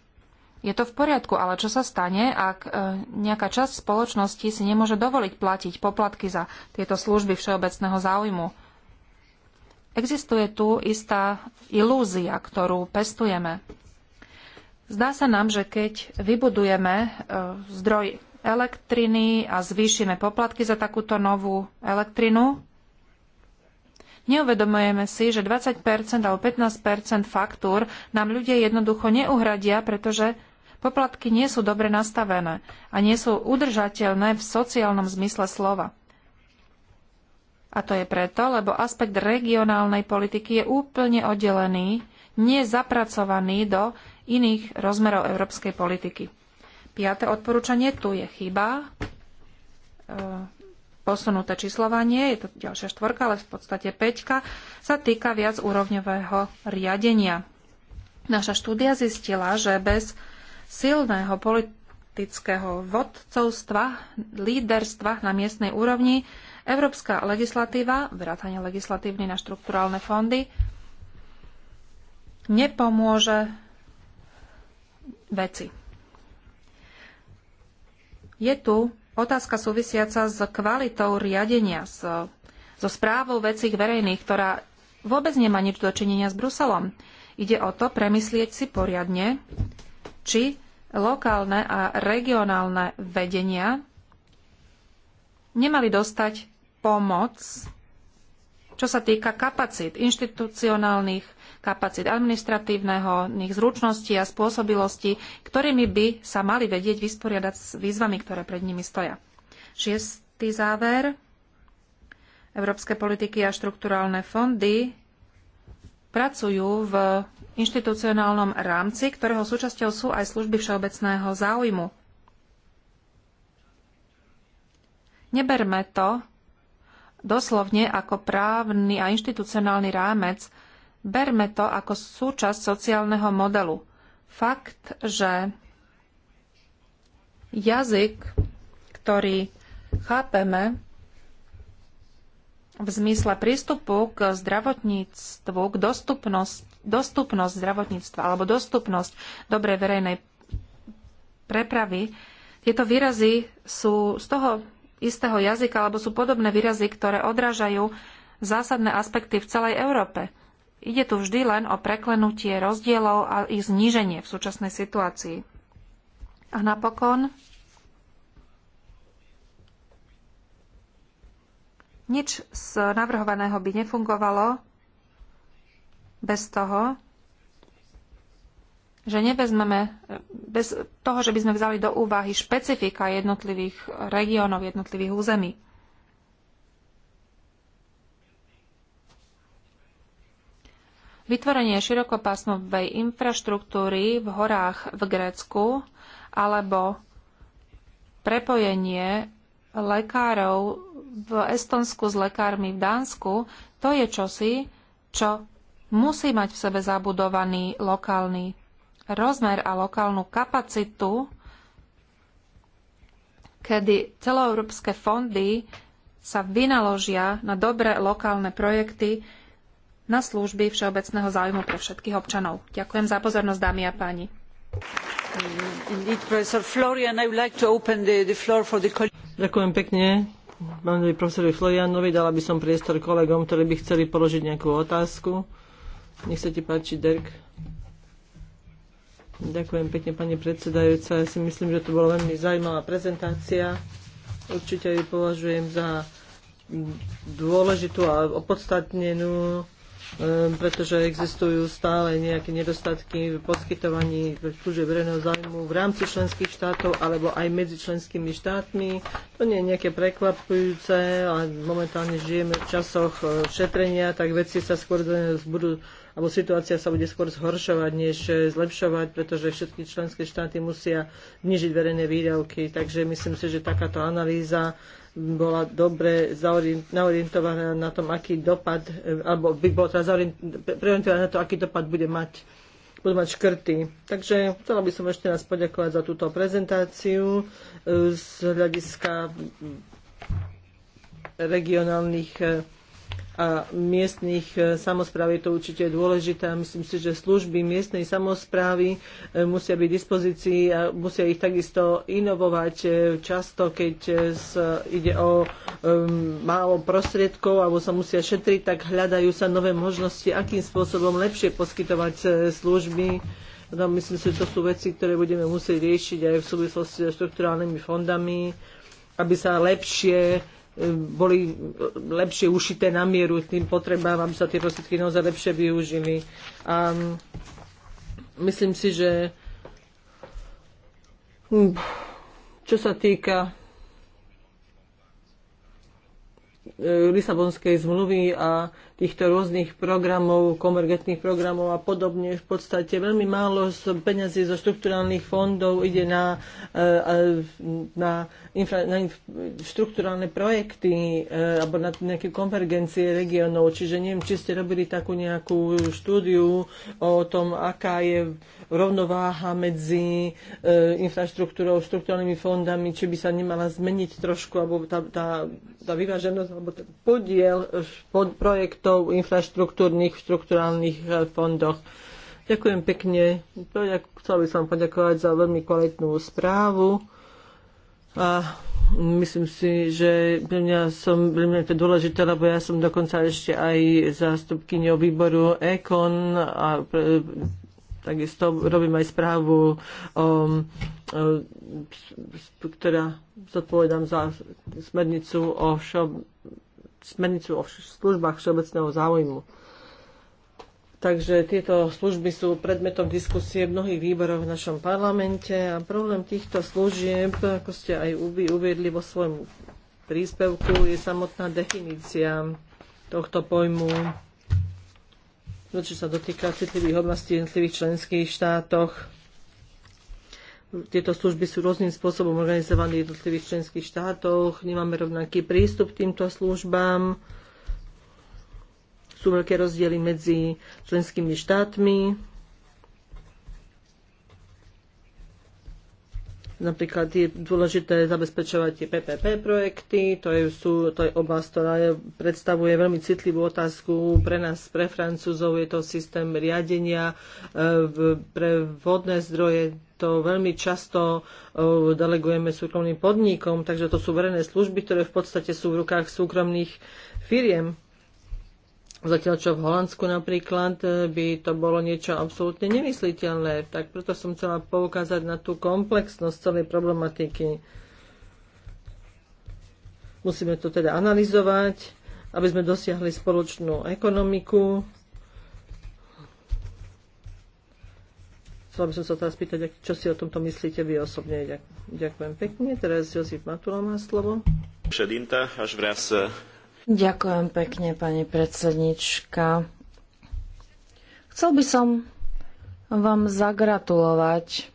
je to v poriadku, ale čo sa stane, ak e, nejaká časť spoločnosti si nemôže dovoliť platiť poplatky za tieto služby všeobecného záujmu? Existuje tu istá ilúzia, ktorú pestujeme. Zdá sa nám, že keď vybudujeme e, zdroj elektriny a zvýšime poplatky za takúto novú elektrinu, Neuvedomujeme si, že 20% alebo 15% faktúr nám ľudia jednoducho neuhradia, pretože Poplatky nie sú dobre nastavené a nie sú udržateľné v sociálnom zmysle slova. A to je preto, lebo aspekt regionálnej politiky je úplne oddelený, nezapracovaný do iných rozmerov európskej politiky. Piaté odporúčanie, tu je chyba, e, posunuté číslovanie, je to ďalšia štvorka, ale v podstate peťka, sa týka viac úrovňového riadenia. Naša štúdia zistila, že bez silného politického vodcovstva, líderstva na miestnej úrovni, európska legislatíva, vrátanie legislatívny na štrukturálne fondy, nepomôže veci. Je tu otázka súvisiaca s kvalitou riadenia, so, so správou vecí verejných, ktorá vôbec nemá nič dočinenia s Bruselom. Ide o to premyslieť si poriadne, či lokálne a regionálne vedenia nemali dostať pomoc, čo sa týka kapacít, inštitucionálnych kapacít, administratívneho, nich zručností a spôsobilosti, ktorými by sa mali vedieť vysporiadať s výzvami, ktoré pred nimi stoja. Šiestý záver. Európske politiky a štrukturálne fondy pracujú v inštitucionálnom rámci, ktorého súčasťou sú aj služby všeobecného záujmu. Neberme to doslovne ako právny a inštitucionálny rámec, berme to ako súčasť sociálneho modelu. Fakt, že jazyk, ktorý chápeme v zmysle prístupu k zdravotníctvu, k dostupnosti, dostupnosť zdravotníctva alebo dostupnosť dobrej verejnej prepravy, tieto výrazy sú z toho istého jazyka alebo sú podobné výrazy, ktoré odrážajú zásadné aspekty v celej Európe. Ide tu vždy len o preklenutie rozdielov a ich zníženie v súčasnej situácii. A napokon nič z navrhovaného by nefungovalo, bez toho, že nevezmeme, bez toho, že by sme vzali do úvahy špecifika jednotlivých regiónov, jednotlivých území. Vytvorenie širokopásmovej infraštruktúry v horách v Grécku alebo prepojenie lekárov v Estonsku s lekármi v Dánsku, to je čosi, čo musí mať v sebe zabudovaný lokálny rozmer a lokálnu kapacitu, kedy celoeurópske fondy sa vynaložia na dobré lokálne projekty na služby všeobecného záujmu pre všetkých občanov. Ďakujem za pozornosť, dámy a páni. Ďakujem pekne pánovi profesorovi Florianovi. Dala by som priestor kolegom, ktorí by chceli položiť nejakú otázku. Nech sa ti páči, Derk. Ďakujem pekne, pani predsedajúca. Ja si myslím, že to bola veľmi zaujímavá prezentácia. Určite ju považujem za dôležitú a opodstatnenú, e, pretože existujú stále nejaké nedostatky v poskytovaní služieb verejného zájmu v rámci členských štátov alebo aj medzi členskými štátmi. To nie je nejaké prekvapujúce a momentálne žijeme v časoch e, šetrenia, tak veci sa skôr budú alebo situácia sa bude skôr zhoršovať, než zlepšovať, pretože všetky členské štáty musia znižiť verejné výdavky. Takže myslím si, že takáto analýza bola dobre naorientovaná na tom, aký dopad, alebo by bola teda preorientovaná na to, aký dopad bude mať budú mať škrty. Takže chcela by som ešte raz poďakovať za túto prezentáciu e, z hľadiska regionálnych e, a miestných e, samozpráv je to určite dôležité. Myslím si, že služby miestnej samozprávy e, musia byť v dispozícii a musia ich takisto inovovať e, často, keď ide o málo prostriedkov alebo sa musia šetriť, tak hľadajú sa nové možnosti, akým spôsobom lepšie poskytovať služby. No, myslím si, že to sú veci, ktoré budeme musieť riešiť aj v súvislosti so štrukturálnymi fondami, aby sa lepšie boli lepšie ušité na mieru tým potrebám, aby sa tie prostriedky naozaj lepšie využili. A myslím si, že čo sa týka e, Lisabonskej zmluvy a týchto rôznych programov, konvergentných programov a podobne. V podstate veľmi málo z peňazí zo štrukturálnych fondov ide na, eh, na, infra, na štruktúrálne projekty eh, alebo na nejaké konvergencie regionov. Čiže neviem, či ste robili takú nejakú štúdiu o tom, aká je rovnováha medzi eh, infraštruktúrou, štruktúrálnymi fondami, či by sa nemala zmeniť trošku, alebo tá, tá, tá vyváženosť, alebo ten podiel pod projektov projektov v infraštruktúrnych štruktúrálnych eh, fondoch. Ďakujem pekne. Chcel by som poďakovať za veľmi kvalitnú správu. A myslím si, že pre mňa, som, pre mňa je to dôležité, lebo ja som dokonca ešte aj zástupkyňou výboru EKON a pre, takisto robím aj správu, o, o, ktorá zodpovedám za smernicu o všom smernicu o službách všeobecného záujmu. Takže tieto služby sú predmetom diskusie v mnohých výboroch v našom parlamente a problém týchto služieb, ako ste aj uviedli vo svojom príspevku, je samotná definícia tohto pojmu, čo sa dotýka citlivých oblastí v jednotlivých členských štátoch tieto služby sú rôznym spôsobom organizované v jednotlivých členských štátoch, nemáme rovnaký prístup k týmto službám, sú veľké rozdiely medzi členskými štátmi. Napríklad je dôležité zabezpečovať tie PPP projekty, to je, sú, to je oblasť, ktorá je, predstavuje veľmi citlivú otázku pre nás, pre Francúzov, je to systém riadenia e, pre vodné zdroje, to veľmi často e, delegujeme súkromným podnikom, takže to sú verejné služby, ktoré v podstate sú v rukách súkromných firiem. Zatiaľ čo v Holandsku napríklad e, by to bolo niečo absolútne nemysliteľné. Tak preto som chcela poukázať na tú komplexnosť celej problematiky. Musíme to teda analyzovať, aby sme dosiahli spoločnú ekonomiku. Chcela by som sa teraz pýtať, čo si o tomto myslíte vy osobne. Ďakujem pekne. Teraz Josip Matula má slovo. Všedinta, až vraz e, Ďakujem pekne, pani predsednička. Chcel by som vám zagratulovať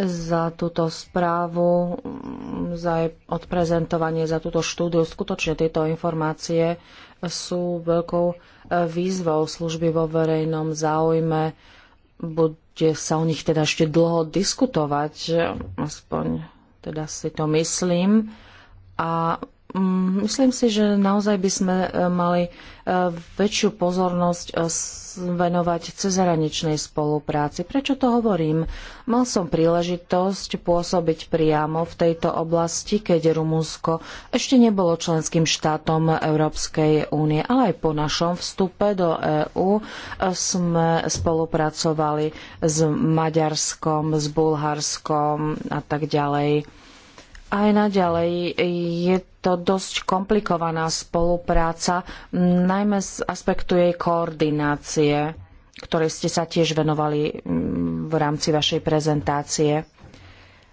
za túto správu, za jej odprezentovanie, za túto štúdiu. Skutočne tieto informácie sú veľkou výzvou služby vo verejnom záujme. Bude sa o nich teda ešte dlho diskutovať, aspoň teda si to myslím. A Mm, myslím si, že naozaj by sme e, mali e, väčšiu pozornosť e, venovať cezhraničnej spolupráci. Prečo to hovorím? Mal som príležitosť pôsobiť priamo v tejto oblasti, keď Rumunsko ešte nebolo členským štátom Európskej únie, ale aj po našom vstupe do EÚ sme spolupracovali s Maďarskom, s Bulharskom a tak ďalej. Aj naďalej je to dosť komplikovaná spolupráca, najmä z aspektu jej koordinácie, ktorej ste sa tiež venovali mm, v rámci vašej prezentácie.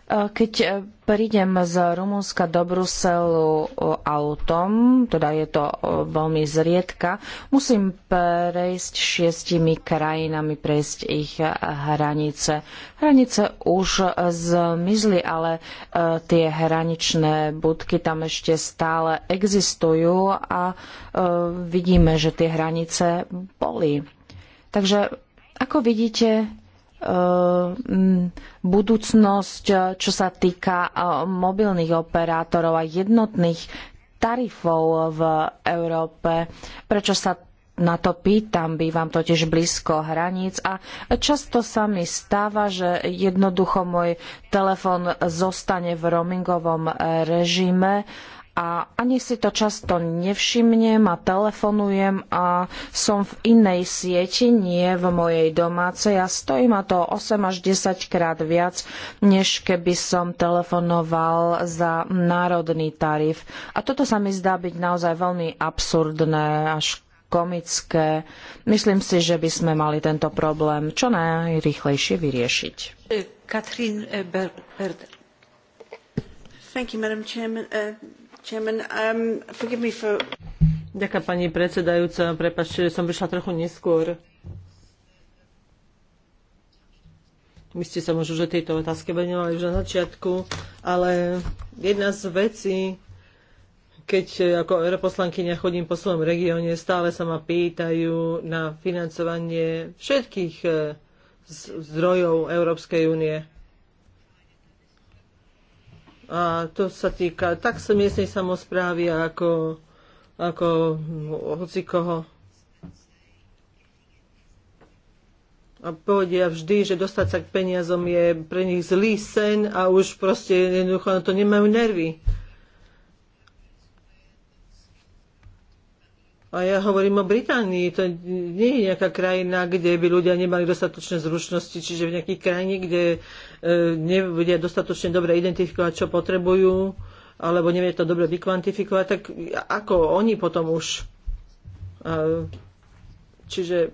Eh, keď eh, prídem z Rumunska do Bruselu eh, autom, teda je to veľmi zriedka, musím prejsť šiestimi krajinami, prejsť ich hranice. Hranice už zmizli, ale tie hraničné budky tam ešte stále existujú a vidíme, že tie hranice boli. Takže ako vidíte, Ehm, budúcnosť, e, čo sa týka e, mobilných operátorov a jednotných tarifov v Európe. Prečo sa na to pýtam, bývam totiž blízko hraníc a často sa mi stáva, že jednoducho môj telefon zostane v roamingovom režime a ani si to často nevšimnem a telefonujem a som v inej sieti, nie v mojej domácej a stojí ma to 8 až 10 krát viac, než keby som telefonoval za národný tarif. A toto sa mi zdá byť naozaj veľmi absurdné až komické. Myslím si, že by sme mali tento problém čo najrychlejšie vyriešiť. Katrín Berder. Thank you, Madam Chairman. Uh... Chairman, um, forgive me for... Ďakujem pani predsedajúca, prepačte, že som vyšla trochu neskôr. Vy ste sa možno, že tejto otázke venovali už na začiatku, ale jedna z vecí, keď ako europoslankyňa chodím po svojom regióne, stále sa ma pýtajú na financovanie všetkých eh, zdrojov Európskej únie. A to sa týka tak sa miestnej samozprávy ako, ako koho. A povedia vždy, že dostať sa k peniazom je pre nich zlý sen a už proste jednoducho na to nemajú nervy. A ja hovorím o Británii, to nie je nejaká krajina, kde by ľudia nemali dostatočné zručnosti, čiže v nejakých krajine, kde e, nevedia dostatočne dobre identifikovať, čo potrebujú, alebo nevie to dobre vykvantifikovať, tak ako oni potom už. E, čiže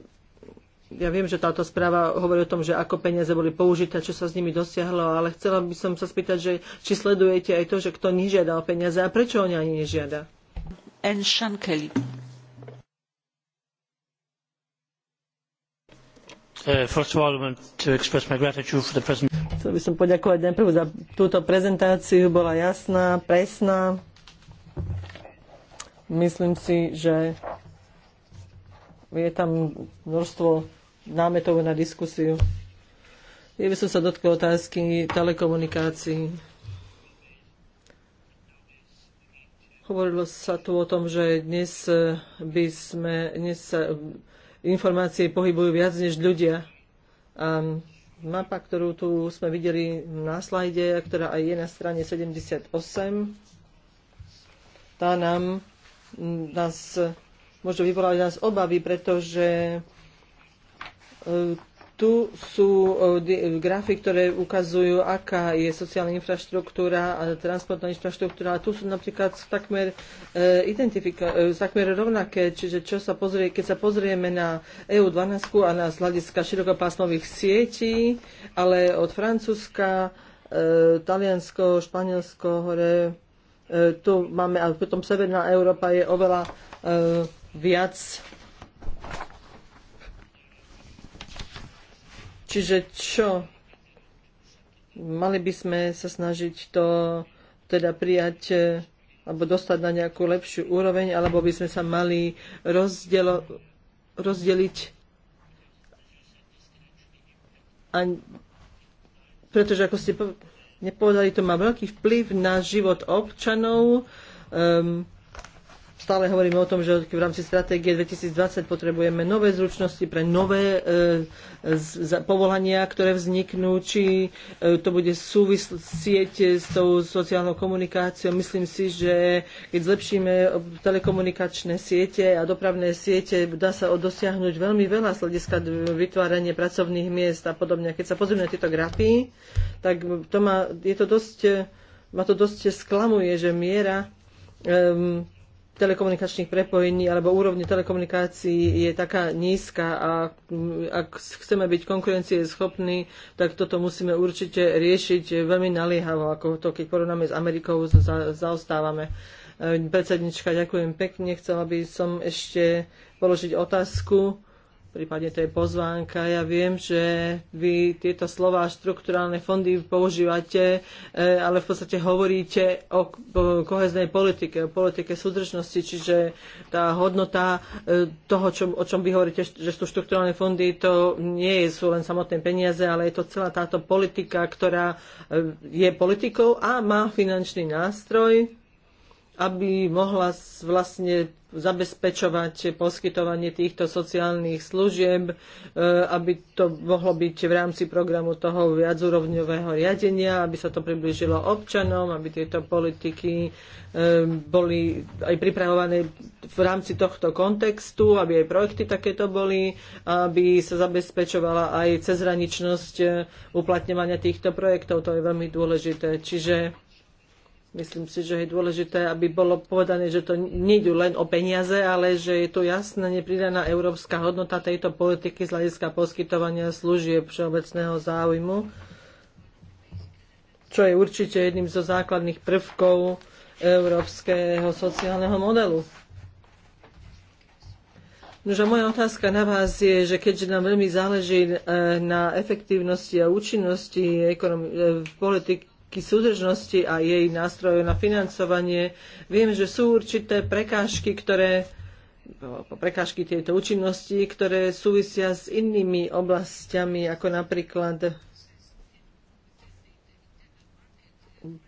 ja viem, že táto správa hovorí o tom, že ako peniaze boli použité, čo sa s nimi dosiahlo, ale chcela by som sa spýtať, že či sledujete aj to, že kto nežiadal peniaze a prečo oni ani nežiada. Kelly. Uh, Chcel by som poďakovať najprv za túto prezentáciu, bola jasná, presná. Myslím si, že je tam množstvo námetov na diskusiu. Ja by som sa dotkol otázky telekomunikácií. Hovorilo sa tu o tom, že dnes by sme, dnes sa informácie pohybujú viac než ľudia. A mapa, ktorú tu sme videli na slajde, ktorá aj je na strane 78, tá nám nás, môže vyvolávať nás obavy, pretože e, tu sú e, grafy, ktoré ukazujú, aká je sociálna infraštruktúra a transportná infraštruktúra. A tu sú napríklad takmer, e, identifika- e, takmer rovnaké, čiže čo sa pozrie, keď sa pozrieme na EU12 a na z hľadiska širokopásmových sietí, ale od Francúzska, Taliansko, Španielsko, hore, tu máme, a potom Severná Európa je oveľa viac Čiže čo? Mali by sme sa snažiť to teda prijať e, alebo dostať na nejakú lepšiu úroveň, alebo by sme sa mali rozdielo, rozdeliť a pretože ako ste nepovedali, to má veľký vplyv na život občanov. Um, stále hovoríme o tom, že v rámci stratégie 2020 potrebujeme nové zručnosti pre nové e, povolania, ktoré vzniknú, či e, to bude súvisieť s tou sociálnou komunikáciou. Myslím si, že keď zlepšíme telekomunikačné siete a dopravné siete, dá sa dosiahnuť veľmi veľa z hľadiska vytvárania pracovných miest a podobne. Keď sa pozrieme na tieto grafy, tak to je to dosť, e, ma to dosť sklamuje, že miera um, telekomunikačných prepojení alebo úrovne telekomunikácií je taká nízka a mm, ak chceme byť konkurencieschopní, tak toto musíme určite riešiť veľmi naliehavo, ako to, keď porovnáme s Amerikou, za, zaostávame. E, predsednička, ďakujem pekne. Chcela by som ešte položiť otázku prípadne to je pozvánka. Ja viem, že vy tieto slova štrukturálne fondy používate, e, ale v podstate hovoríte o koheznej politike, o politike súdržnosti, čiže tá hodnota e, toho, čo, o čom vy hovoríte, že sú štrukturálne fondy, to nie sú len samotné peniaze, ale je to celá táto politika, ktorá e, je politikou a má finančný nástroj aby mohla vlastne zabezpečovať poskytovanie týchto sociálnych služieb, e, aby to mohlo byť v rámci programu toho viacúrovňového riadenia, aby sa to priblížilo občanom, aby tieto politiky e, boli aj pripravované v rámci tohto kontextu, aby aj projekty takéto boli, aby sa zabezpečovala aj cezhraničnosť uplatňovania týchto projektov. To je veľmi dôležité. Čiže Myslím si, že je dôležité, aby bolo povedané, že to nie je len o peniaze, ale že je to jasná nepridaná európska hodnota tejto politiky z hľadiska poskytovania služieb všeobecného záujmu, čo je určite jedným zo základných prvkov európskeho sociálneho modelu. Nože moja otázka na vás je, že keďže nám veľmi záleží e, na efektívnosti a účinnosti ekonom- e, politiky, politiky súdržnosti a jej nástrojov na financovanie. Viem, že sú určité prekážky, ktoré prekážky tejto účinnosti, ktoré súvisia s inými oblastiami, ako napríklad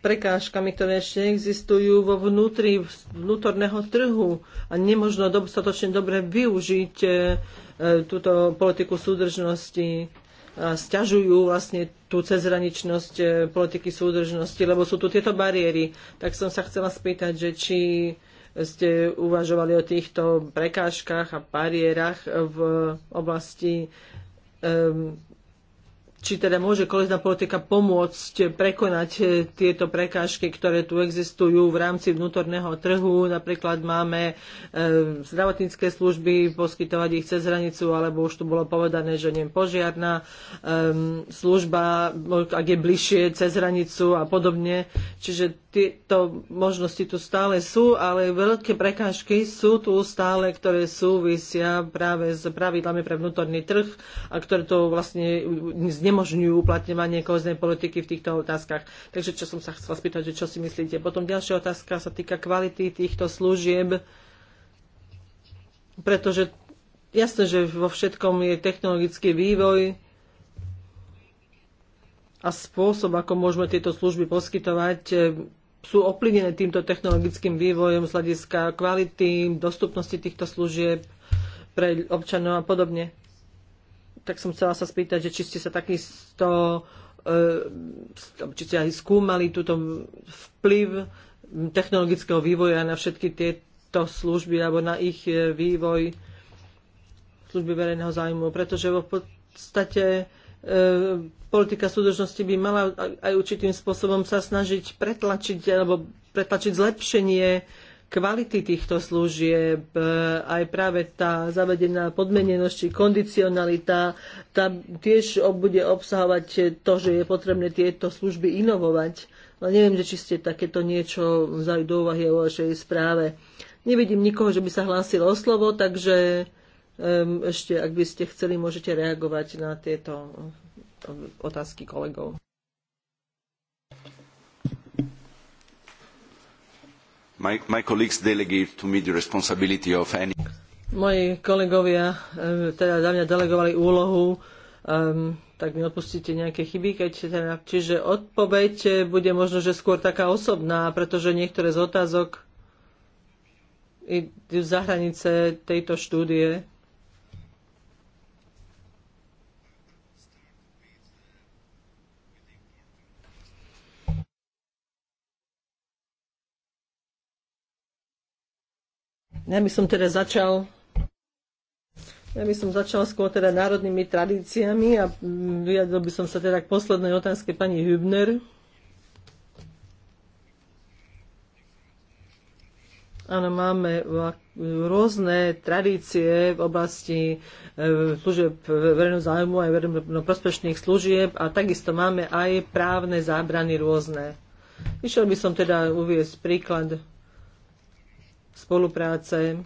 prekážkami, ktoré ešte existujú vo vnútri vnútorného trhu a nemožno dostatočne dobre využiť e, e, túto politiku súdržnosti sťažujú vlastne tú cezhraničnosť e, politiky súdržnosti, lebo sú tu tieto bariéry. Tak som sa chcela spýtať, že či ste uvažovali o týchto prekážkach a bariérach v oblasti či teda môže kolezná politika pomôcť prekonať e, tieto prekážky, ktoré tu existujú v rámci vnútorného trhu. Napríklad máme e, zdravotnícke služby, poskytovať ich cez hranicu, alebo už tu bolo povedané, že nem požiarná e, služba, ak je bližšie cez hranicu a podobne. Čiže tieto možnosti tu stále sú, ale veľké prekážky sú tu stále, ktoré súvisia práve s pravidlami pre vnútorný trh a ktoré to vlastne znemožňujú uplatňovanie kohoznej politiky v týchto otázkach. Takže čo som sa chcela spýtať, že čo si myslíte. Potom ďalšia otázka sa týka kvality týchto služieb, pretože jasné, že vo všetkom je technologický vývoj, a spôsob, ako môžeme tieto služby poskytovať, sú ovplyvnené týmto technologickým vývojom z hľadiska kvality, dostupnosti týchto služieb pre občanov a podobne. Tak som chcela sa spýtať, že či ste sa takisto e, či ste aj skúmali túto vplyv technologického vývoja na všetky tieto služby alebo na ich e, vývoj služby verejného zájmu, pretože v podstate e, politika súdržnosti by mala aj určitým spôsobom sa snažiť pretlačiť alebo pretlačiť zlepšenie kvality týchto služieb, e, aj práve tá zavedená podmenenosť či kondicionalita, tá tiež bude obsahovať to, že je potrebné tieto služby inovovať. Ale no neviem, že či ste takéto niečo vzali do úvahy o vašej správe. Nevidím nikoho, že by sa hlásil o slovo, takže ešte, ak by ste chceli, môžete reagovať na tieto otázky kolegov. My, my colleagues delegate to me the responsibility of any... Moji kolegovia eh, teda za mňa delegovali úlohu um, tak mi odpustíte nejaké chyby, keď teda, čiže odpoveď eh, bude možno, že skôr taká osobná, pretože niektoré z otázok idú za hranice tejto štúdie. Ja by som teda začal ja by som začal skôr teda národnými tradíciami a vyjadil by som sa teda k poslednej otázke pani Hübner. Áno, máme rôzne tradície v oblasti eh, služieb verejného záujmu aj prospešných služieb a takisto máme aj právne zábrany rôzne. Išiel by som teda uviesť príklad spolupráce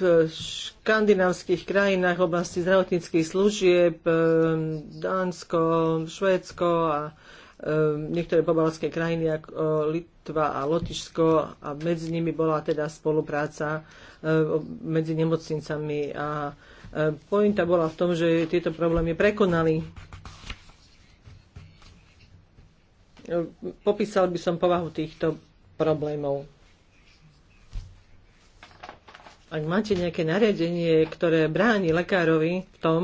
v škandinávskych krajinách v oblasti zdravotníckých služieb, Dánsko, Švédsko a niektoré pobalské krajiny ako Litva a Lotyšsko a medzi nimi bola teda spolupráca medzi nemocnicami a pointa bola v tom, že tieto problémy prekonali popísal by som povahu týchto problémov. Ak máte nejaké nariadenie, ktoré bráni lekárovi v tom,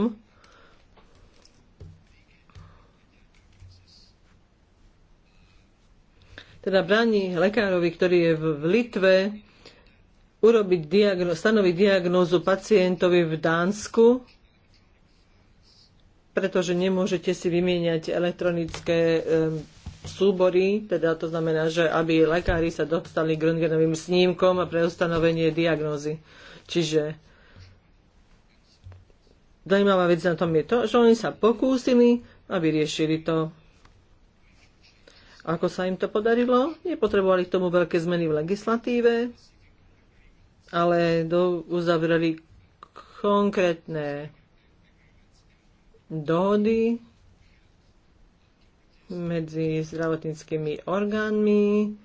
teda bráni lekárovi, ktorý je v Litve, urobiť diagno, stanoviť diagnózu pacientovi v Dánsku, pretože nemôžete si vymieňať elektronické um, súbory, teda to znamená, že aby lekári sa dostali k röntgenovým snímkom a pre ustanovenie diagnózy. Čiže zaujímavá vec na tom je to, že oni sa pokúsili, aby riešili to. Ako sa im to podarilo? Nepotrebovali k tomu veľké zmeny v legislatíve, ale do, uzavreli konkrétne dohody medzi zdravotníckými orgánmi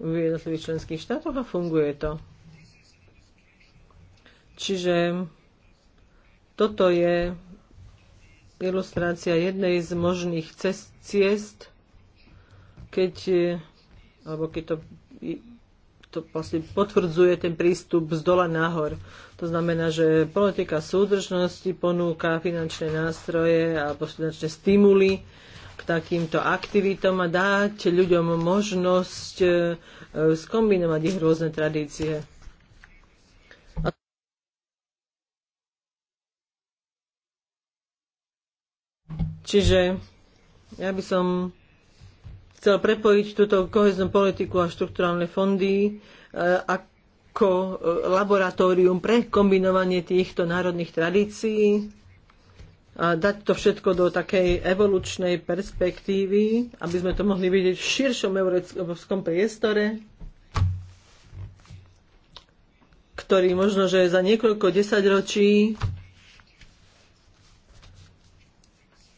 v jednotlivých členských štátoch a funguje to. Čiže toto je ilustrácia jednej z možných cest, ciest, keď, alebo keď to, to vlastne potvrdzuje ten prístup z dola nahor. To znamená, že politika súdržnosti ponúka finančné nástroje alebo finančné stimuly, k takýmto aktivitom a dať ľuďom možnosť e, e, skombinovať ich rôzne tradície. Čiže ja by som chcel prepojiť túto koheznú politiku a štruktúrálne fondy e, ako laboratórium pre kombinovanie týchto národných tradícií a dať to všetko do takej evolučnej perspektívy, aby sme to mohli vidieť v širšom európskom priestore, ktorý možno, že za niekoľko desaťročí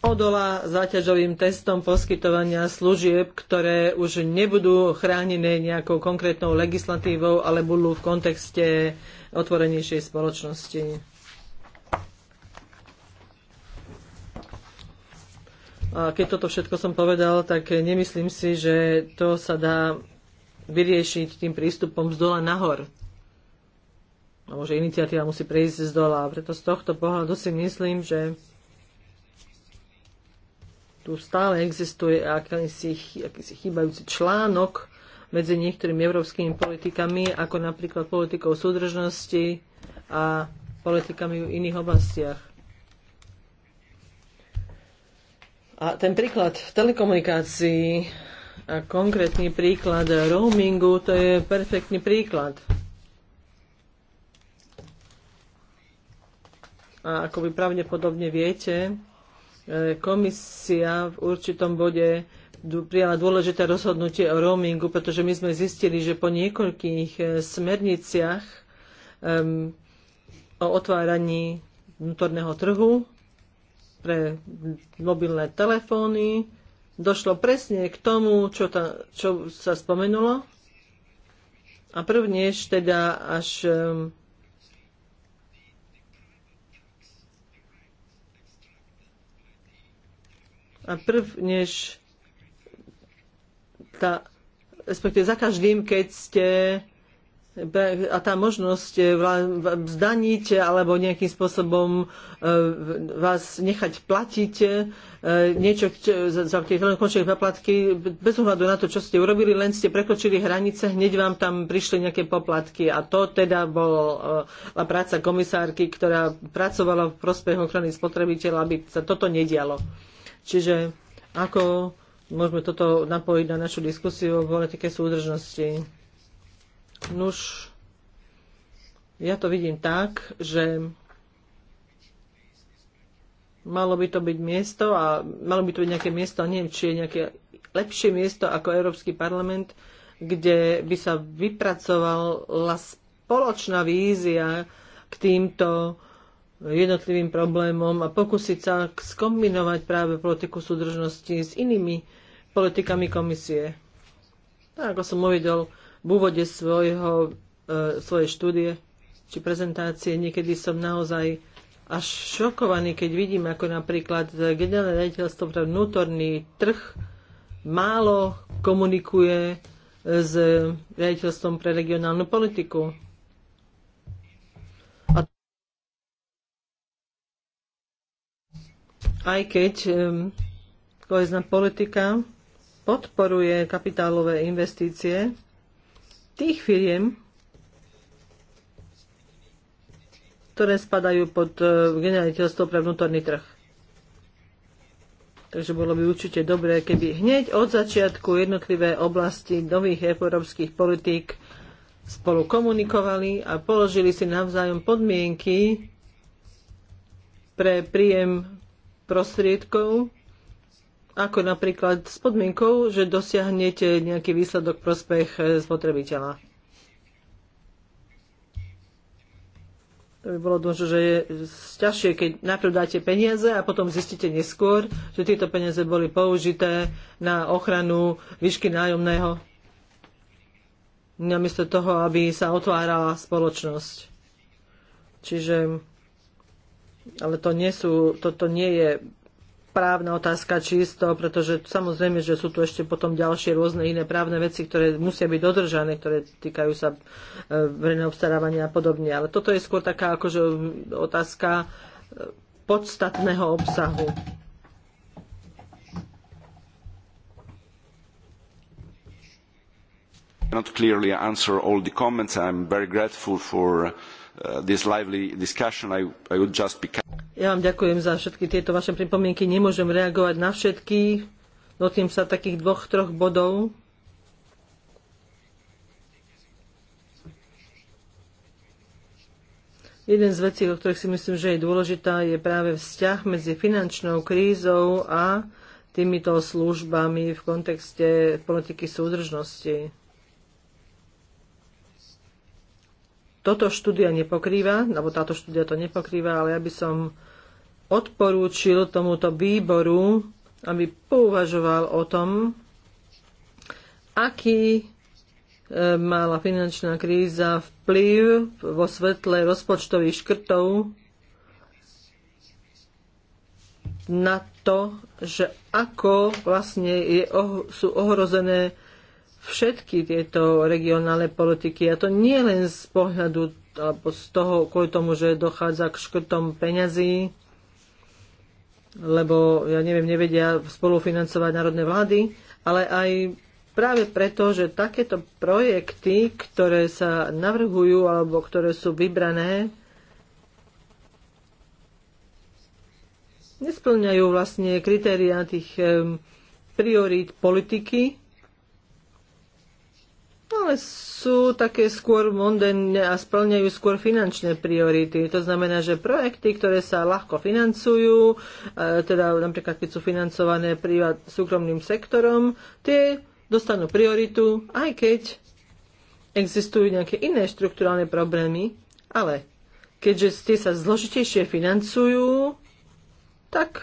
odolá záťažovým testom poskytovania služieb, ktoré už nebudú chránené nejakou konkrétnou legislatívou, ale budú v kontexte otvorenejšej spoločnosti. A keď toto všetko som povedal, tak nemyslím si, že to sa dá vyriešiť tým prístupom z dola nahor. Alebo že iniciatíva musí prejsť z dola. Preto z tohto pohľadu si myslím, že tu stále existuje akýsi, akýsi chýbajúci článok medzi niektorými európskymi politikami, ako napríklad politikou súdržnosti a politikami v iných oblastiach. A ten príklad v telekomunikácii a konkrétny príklad roamingu, to je perfektný príklad. A ako vy pravdepodobne viete, e, komisia v určitom bode prijala dôležité rozhodnutie o roamingu, pretože my sme zistili, že po niekoľkých e, smerniciach um, o otváraní vnútorného trhu pre mobilné telefóny. Došlo presne k tomu, čo, ta, čo sa spomenulo. A prvnež teda až a prvnež tá, respektíve za každým, keď ste a tá možnosť eh, zdaniť alebo nejakým spôsobom eh, vás nechať platiť eh, niečo za tie telekončné poplatky, bez ohľadu na to, čo ste urobili, len ste prekročili hranice, hneď vám tam prišli nejaké poplatky. A to teda bola práca komisárky, ktorá pracovala v prospech ochrany spotrebiteľa, aby sa toto nedialo. Čiže ako môžeme toto napojiť na našu diskusiu o politike súdržnosti? Nuž, ja to vidím tak, že malo by to byť miesto a malo by to byť nejaké miesto, neviem, či je nejaké lepšie miesto ako Európsky parlament, kde by sa vypracovala spoločná vízia k týmto jednotlivým problémom a pokúsiť sa skombinovať práve politiku súdržnosti s inými politikami komisie. Tak ako som uvedol, v úvode svojho, e, svojej štúdie či prezentácie. Niekedy som naozaj až šokovaný, keď vidím, ako napríklad generálne riaditeľstvo pre vnútorný trh málo komunikuje s riaditeľstvom pre regionálnu politiku. A aj keď e, kohezná politika podporuje kapitálové investície, tých firiem, ktoré spadajú pod e, generaliteľstvo pre vnútorný trh. Takže bolo by určite dobré, keby hneď od začiatku jednotlivé oblasti nových európskych politík spolu komunikovali a položili si navzájom podmienky pre príjem prostriedkov ako napríklad s podmienkou, že dosiahnete nejaký výsledok prospech eh, spotrebiteľa. To by bolo dôležité, že je ťažšie, keď najprv dáte peniaze a potom zistíte neskôr, že tieto peniaze boli použité na ochranu výšky nájomného, namiesto toho, aby sa otvárala spoločnosť. Čiže ale to nie, sú, to, to nie je právna otázka čisto, pretože samozrejme, že sú tu ešte potom ďalšie rôzne iné právne veci, ktoré musia byť dodržané, ktoré týkajú sa e, verejného obstarávania a podobne. Ale toto je skôr taká akože otázka e, podstatného obsahu. cannot clearly answer all the comments. I'm very grateful for uh, Uh, this lively discussion. I, I would just be... Ja vám ďakujem za všetky tieto vaše pripomienky. Nemôžem reagovať na všetky. Dotým sa takých dvoch, troch bodov. Jeden z vecí, o ktorých si myslím, že je dôležitá, je práve vzťah medzi finančnou krízou a týmito službami v kontexte politiky súdržnosti. toto štúdia nepokrýva, alebo táto štúdia to nepokrýva, ale ja by som odporúčil tomuto výboru, aby pouvažoval o tom, aký e, mala finančná kríza vplyv vo svetle rozpočtových škrtov na to, že ako vlastne je, sú ohrozené všetky tieto regionálne politiky. A to nie len z pohľadu alebo z toho, kvôli tomu, že dochádza k škrtom peňazí, lebo, ja neviem, nevedia spolufinancovať národné vlády, ale aj práve preto, že takéto projekty, ktoré sa navrhujú alebo ktoré sú vybrané, nesplňajú vlastne kritéria tých priorít politiky ale sú také skôr mondenné a splňajú skôr finančné priority. To znamená, že projekty, ktoré sa ľahko financujú, e, teda napríklad keď sú financované privát, súkromným sektorom, tie dostanú prioritu, aj keď existujú nejaké iné štruktúrálne problémy, ale keďže tie sa zložitejšie financujú, tak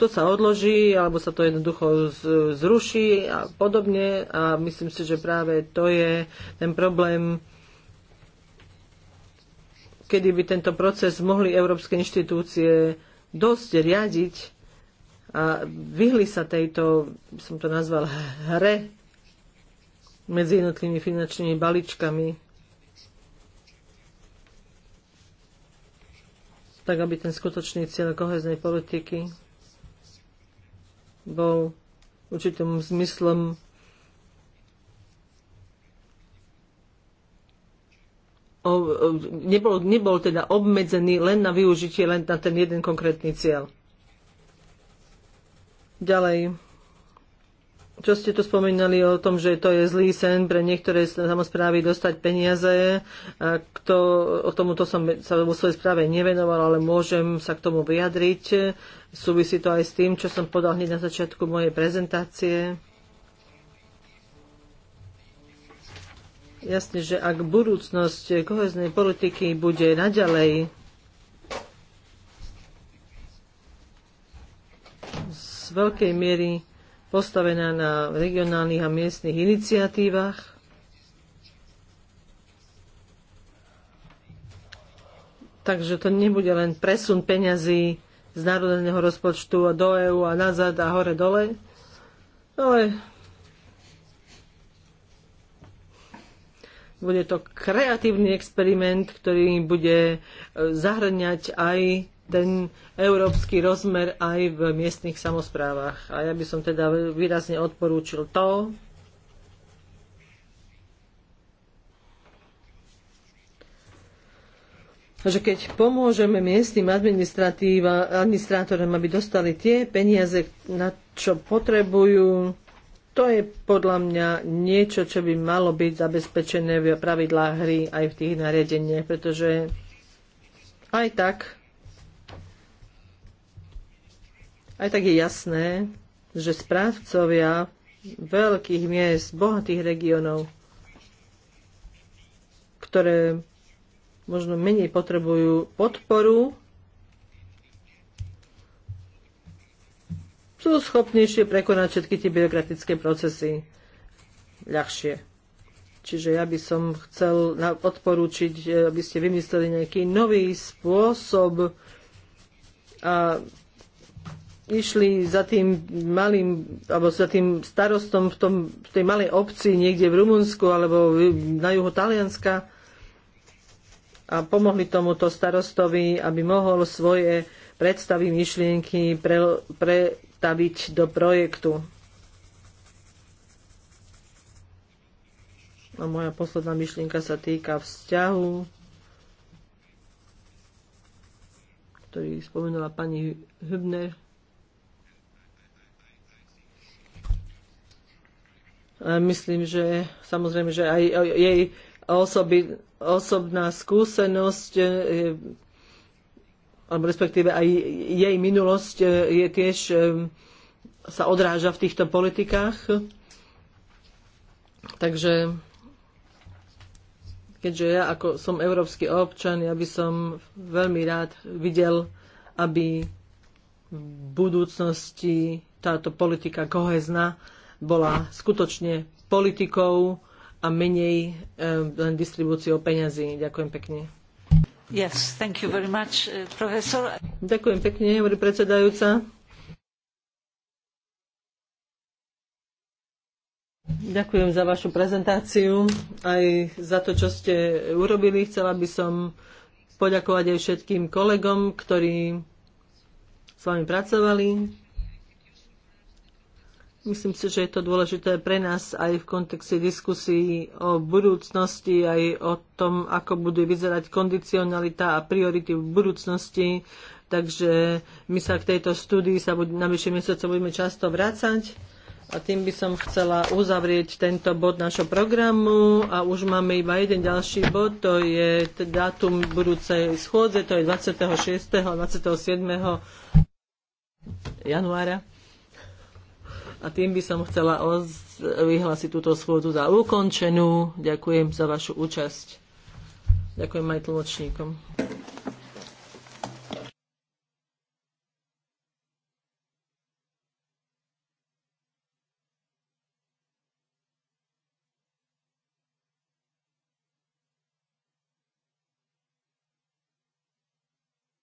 to sa odloží, alebo sa to jednoducho zruší a podobne. A myslím si, že práve to je ten problém, kedy by tento proces mohli európske inštitúcie dosť riadiť a vyhli sa tejto, som to nazval, hre medzi jednotlivými finančnými balíčkami, tak aby ten skutočný cieľ koheznej politiky bol určitým zmyslom o, nebol, nebol teda obmedzený len na využitie, len na ten jeden konkrétny cieľ. Ďalej čo ste tu spomínali o tom, že to je zlý sen pre niektoré samozprávy dostať peniaze, a kto, o tomuto som sa vo svojej správe nevenoval, ale môžem sa k tomu vyjadriť. Súvisí to aj s tým, čo som podal hneď na začiatku mojej prezentácie. Jasne, že ak budúcnosť koheznej politiky bude naďalej z veľkej miery postavená na regionálnych a miestnych iniciatívach. Takže to nebude len presun peňazí z národného rozpočtu do EÚ a nazad a hore dole, ale bude to kreatívny experiment, ktorý bude e, zahrňať aj ten európsky rozmer aj v miestnych samozprávach. A ja by som teda výrazne odporúčil to, že keď pomôžeme miestnym administrátorom, aby dostali tie peniaze, na čo potrebujú, to je podľa mňa niečo, čo by malo byť zabezpečené v pravidlách hry aj v tých nariadeniach, pretože aj tak Aj tak je jasné, že správcovia veľkých miest, bohatých regiónov, ktoré možno menej potrebujú podporu, sú schopnejšie prekonať všetky tie byrokratické procesy ľahšie. Čiže ja by som chcel odporúčiť, e, aby ste vymysleli nejaký nový spôsob a išli za tým malým, alebo za tým starostom v, tom, v tej malej obci niekde v Rumunsku alebo na juho Talianska a pomohli tomuto starostovi, aby mohol svoje predstavy, myšlienky pre, pretaviť do projektu. A moja posledná myšlienka sa týka vzťahu, ktorý spomenula pani Hübner Myslím, že samozrejme, že aj jej osoby, osobná skúsenosť e, alebo respektíve aj jej minulosť e, je tiež e, sa odráža v týchto politikách. Takže keďže ja ako som európsky občan, ja by som veľmi rád videl, aby v budúcnosti táto politika kohezna bola skutočne politikou a menej e, len distribúciou peňazí. Ďakujem pekne. Yes, thank you very much, e, professor. Ďakujem pekne, hovorí predsedajúca. Ďakujem za vašu prezentáciu, aj za to, čo ste urobili. Chcela by som poďakovať aj všetkým kolegom, ktorí s vami pracovali. Myslím si, že je to dôležité pre nás aj v kontexte diskusí o budúcnosti, aj o tom, ako bude vyzerať kondicionalita a priority v budúcnosti. Takže my sa k tejto štúdii sa na vyššie mesiace budeme často vrácať. A tým by som chcela uzavrieť tento bod našho programu. A už máme iba jeden ďalší bod, to je dátum budúcej schôdze, to je 26. a 27. januára. A tým by som chcela vyhlásiť túto schôdzu za ukončenú. Ďakujem za vašu účasť. Ďakujem aj tlmočníkom.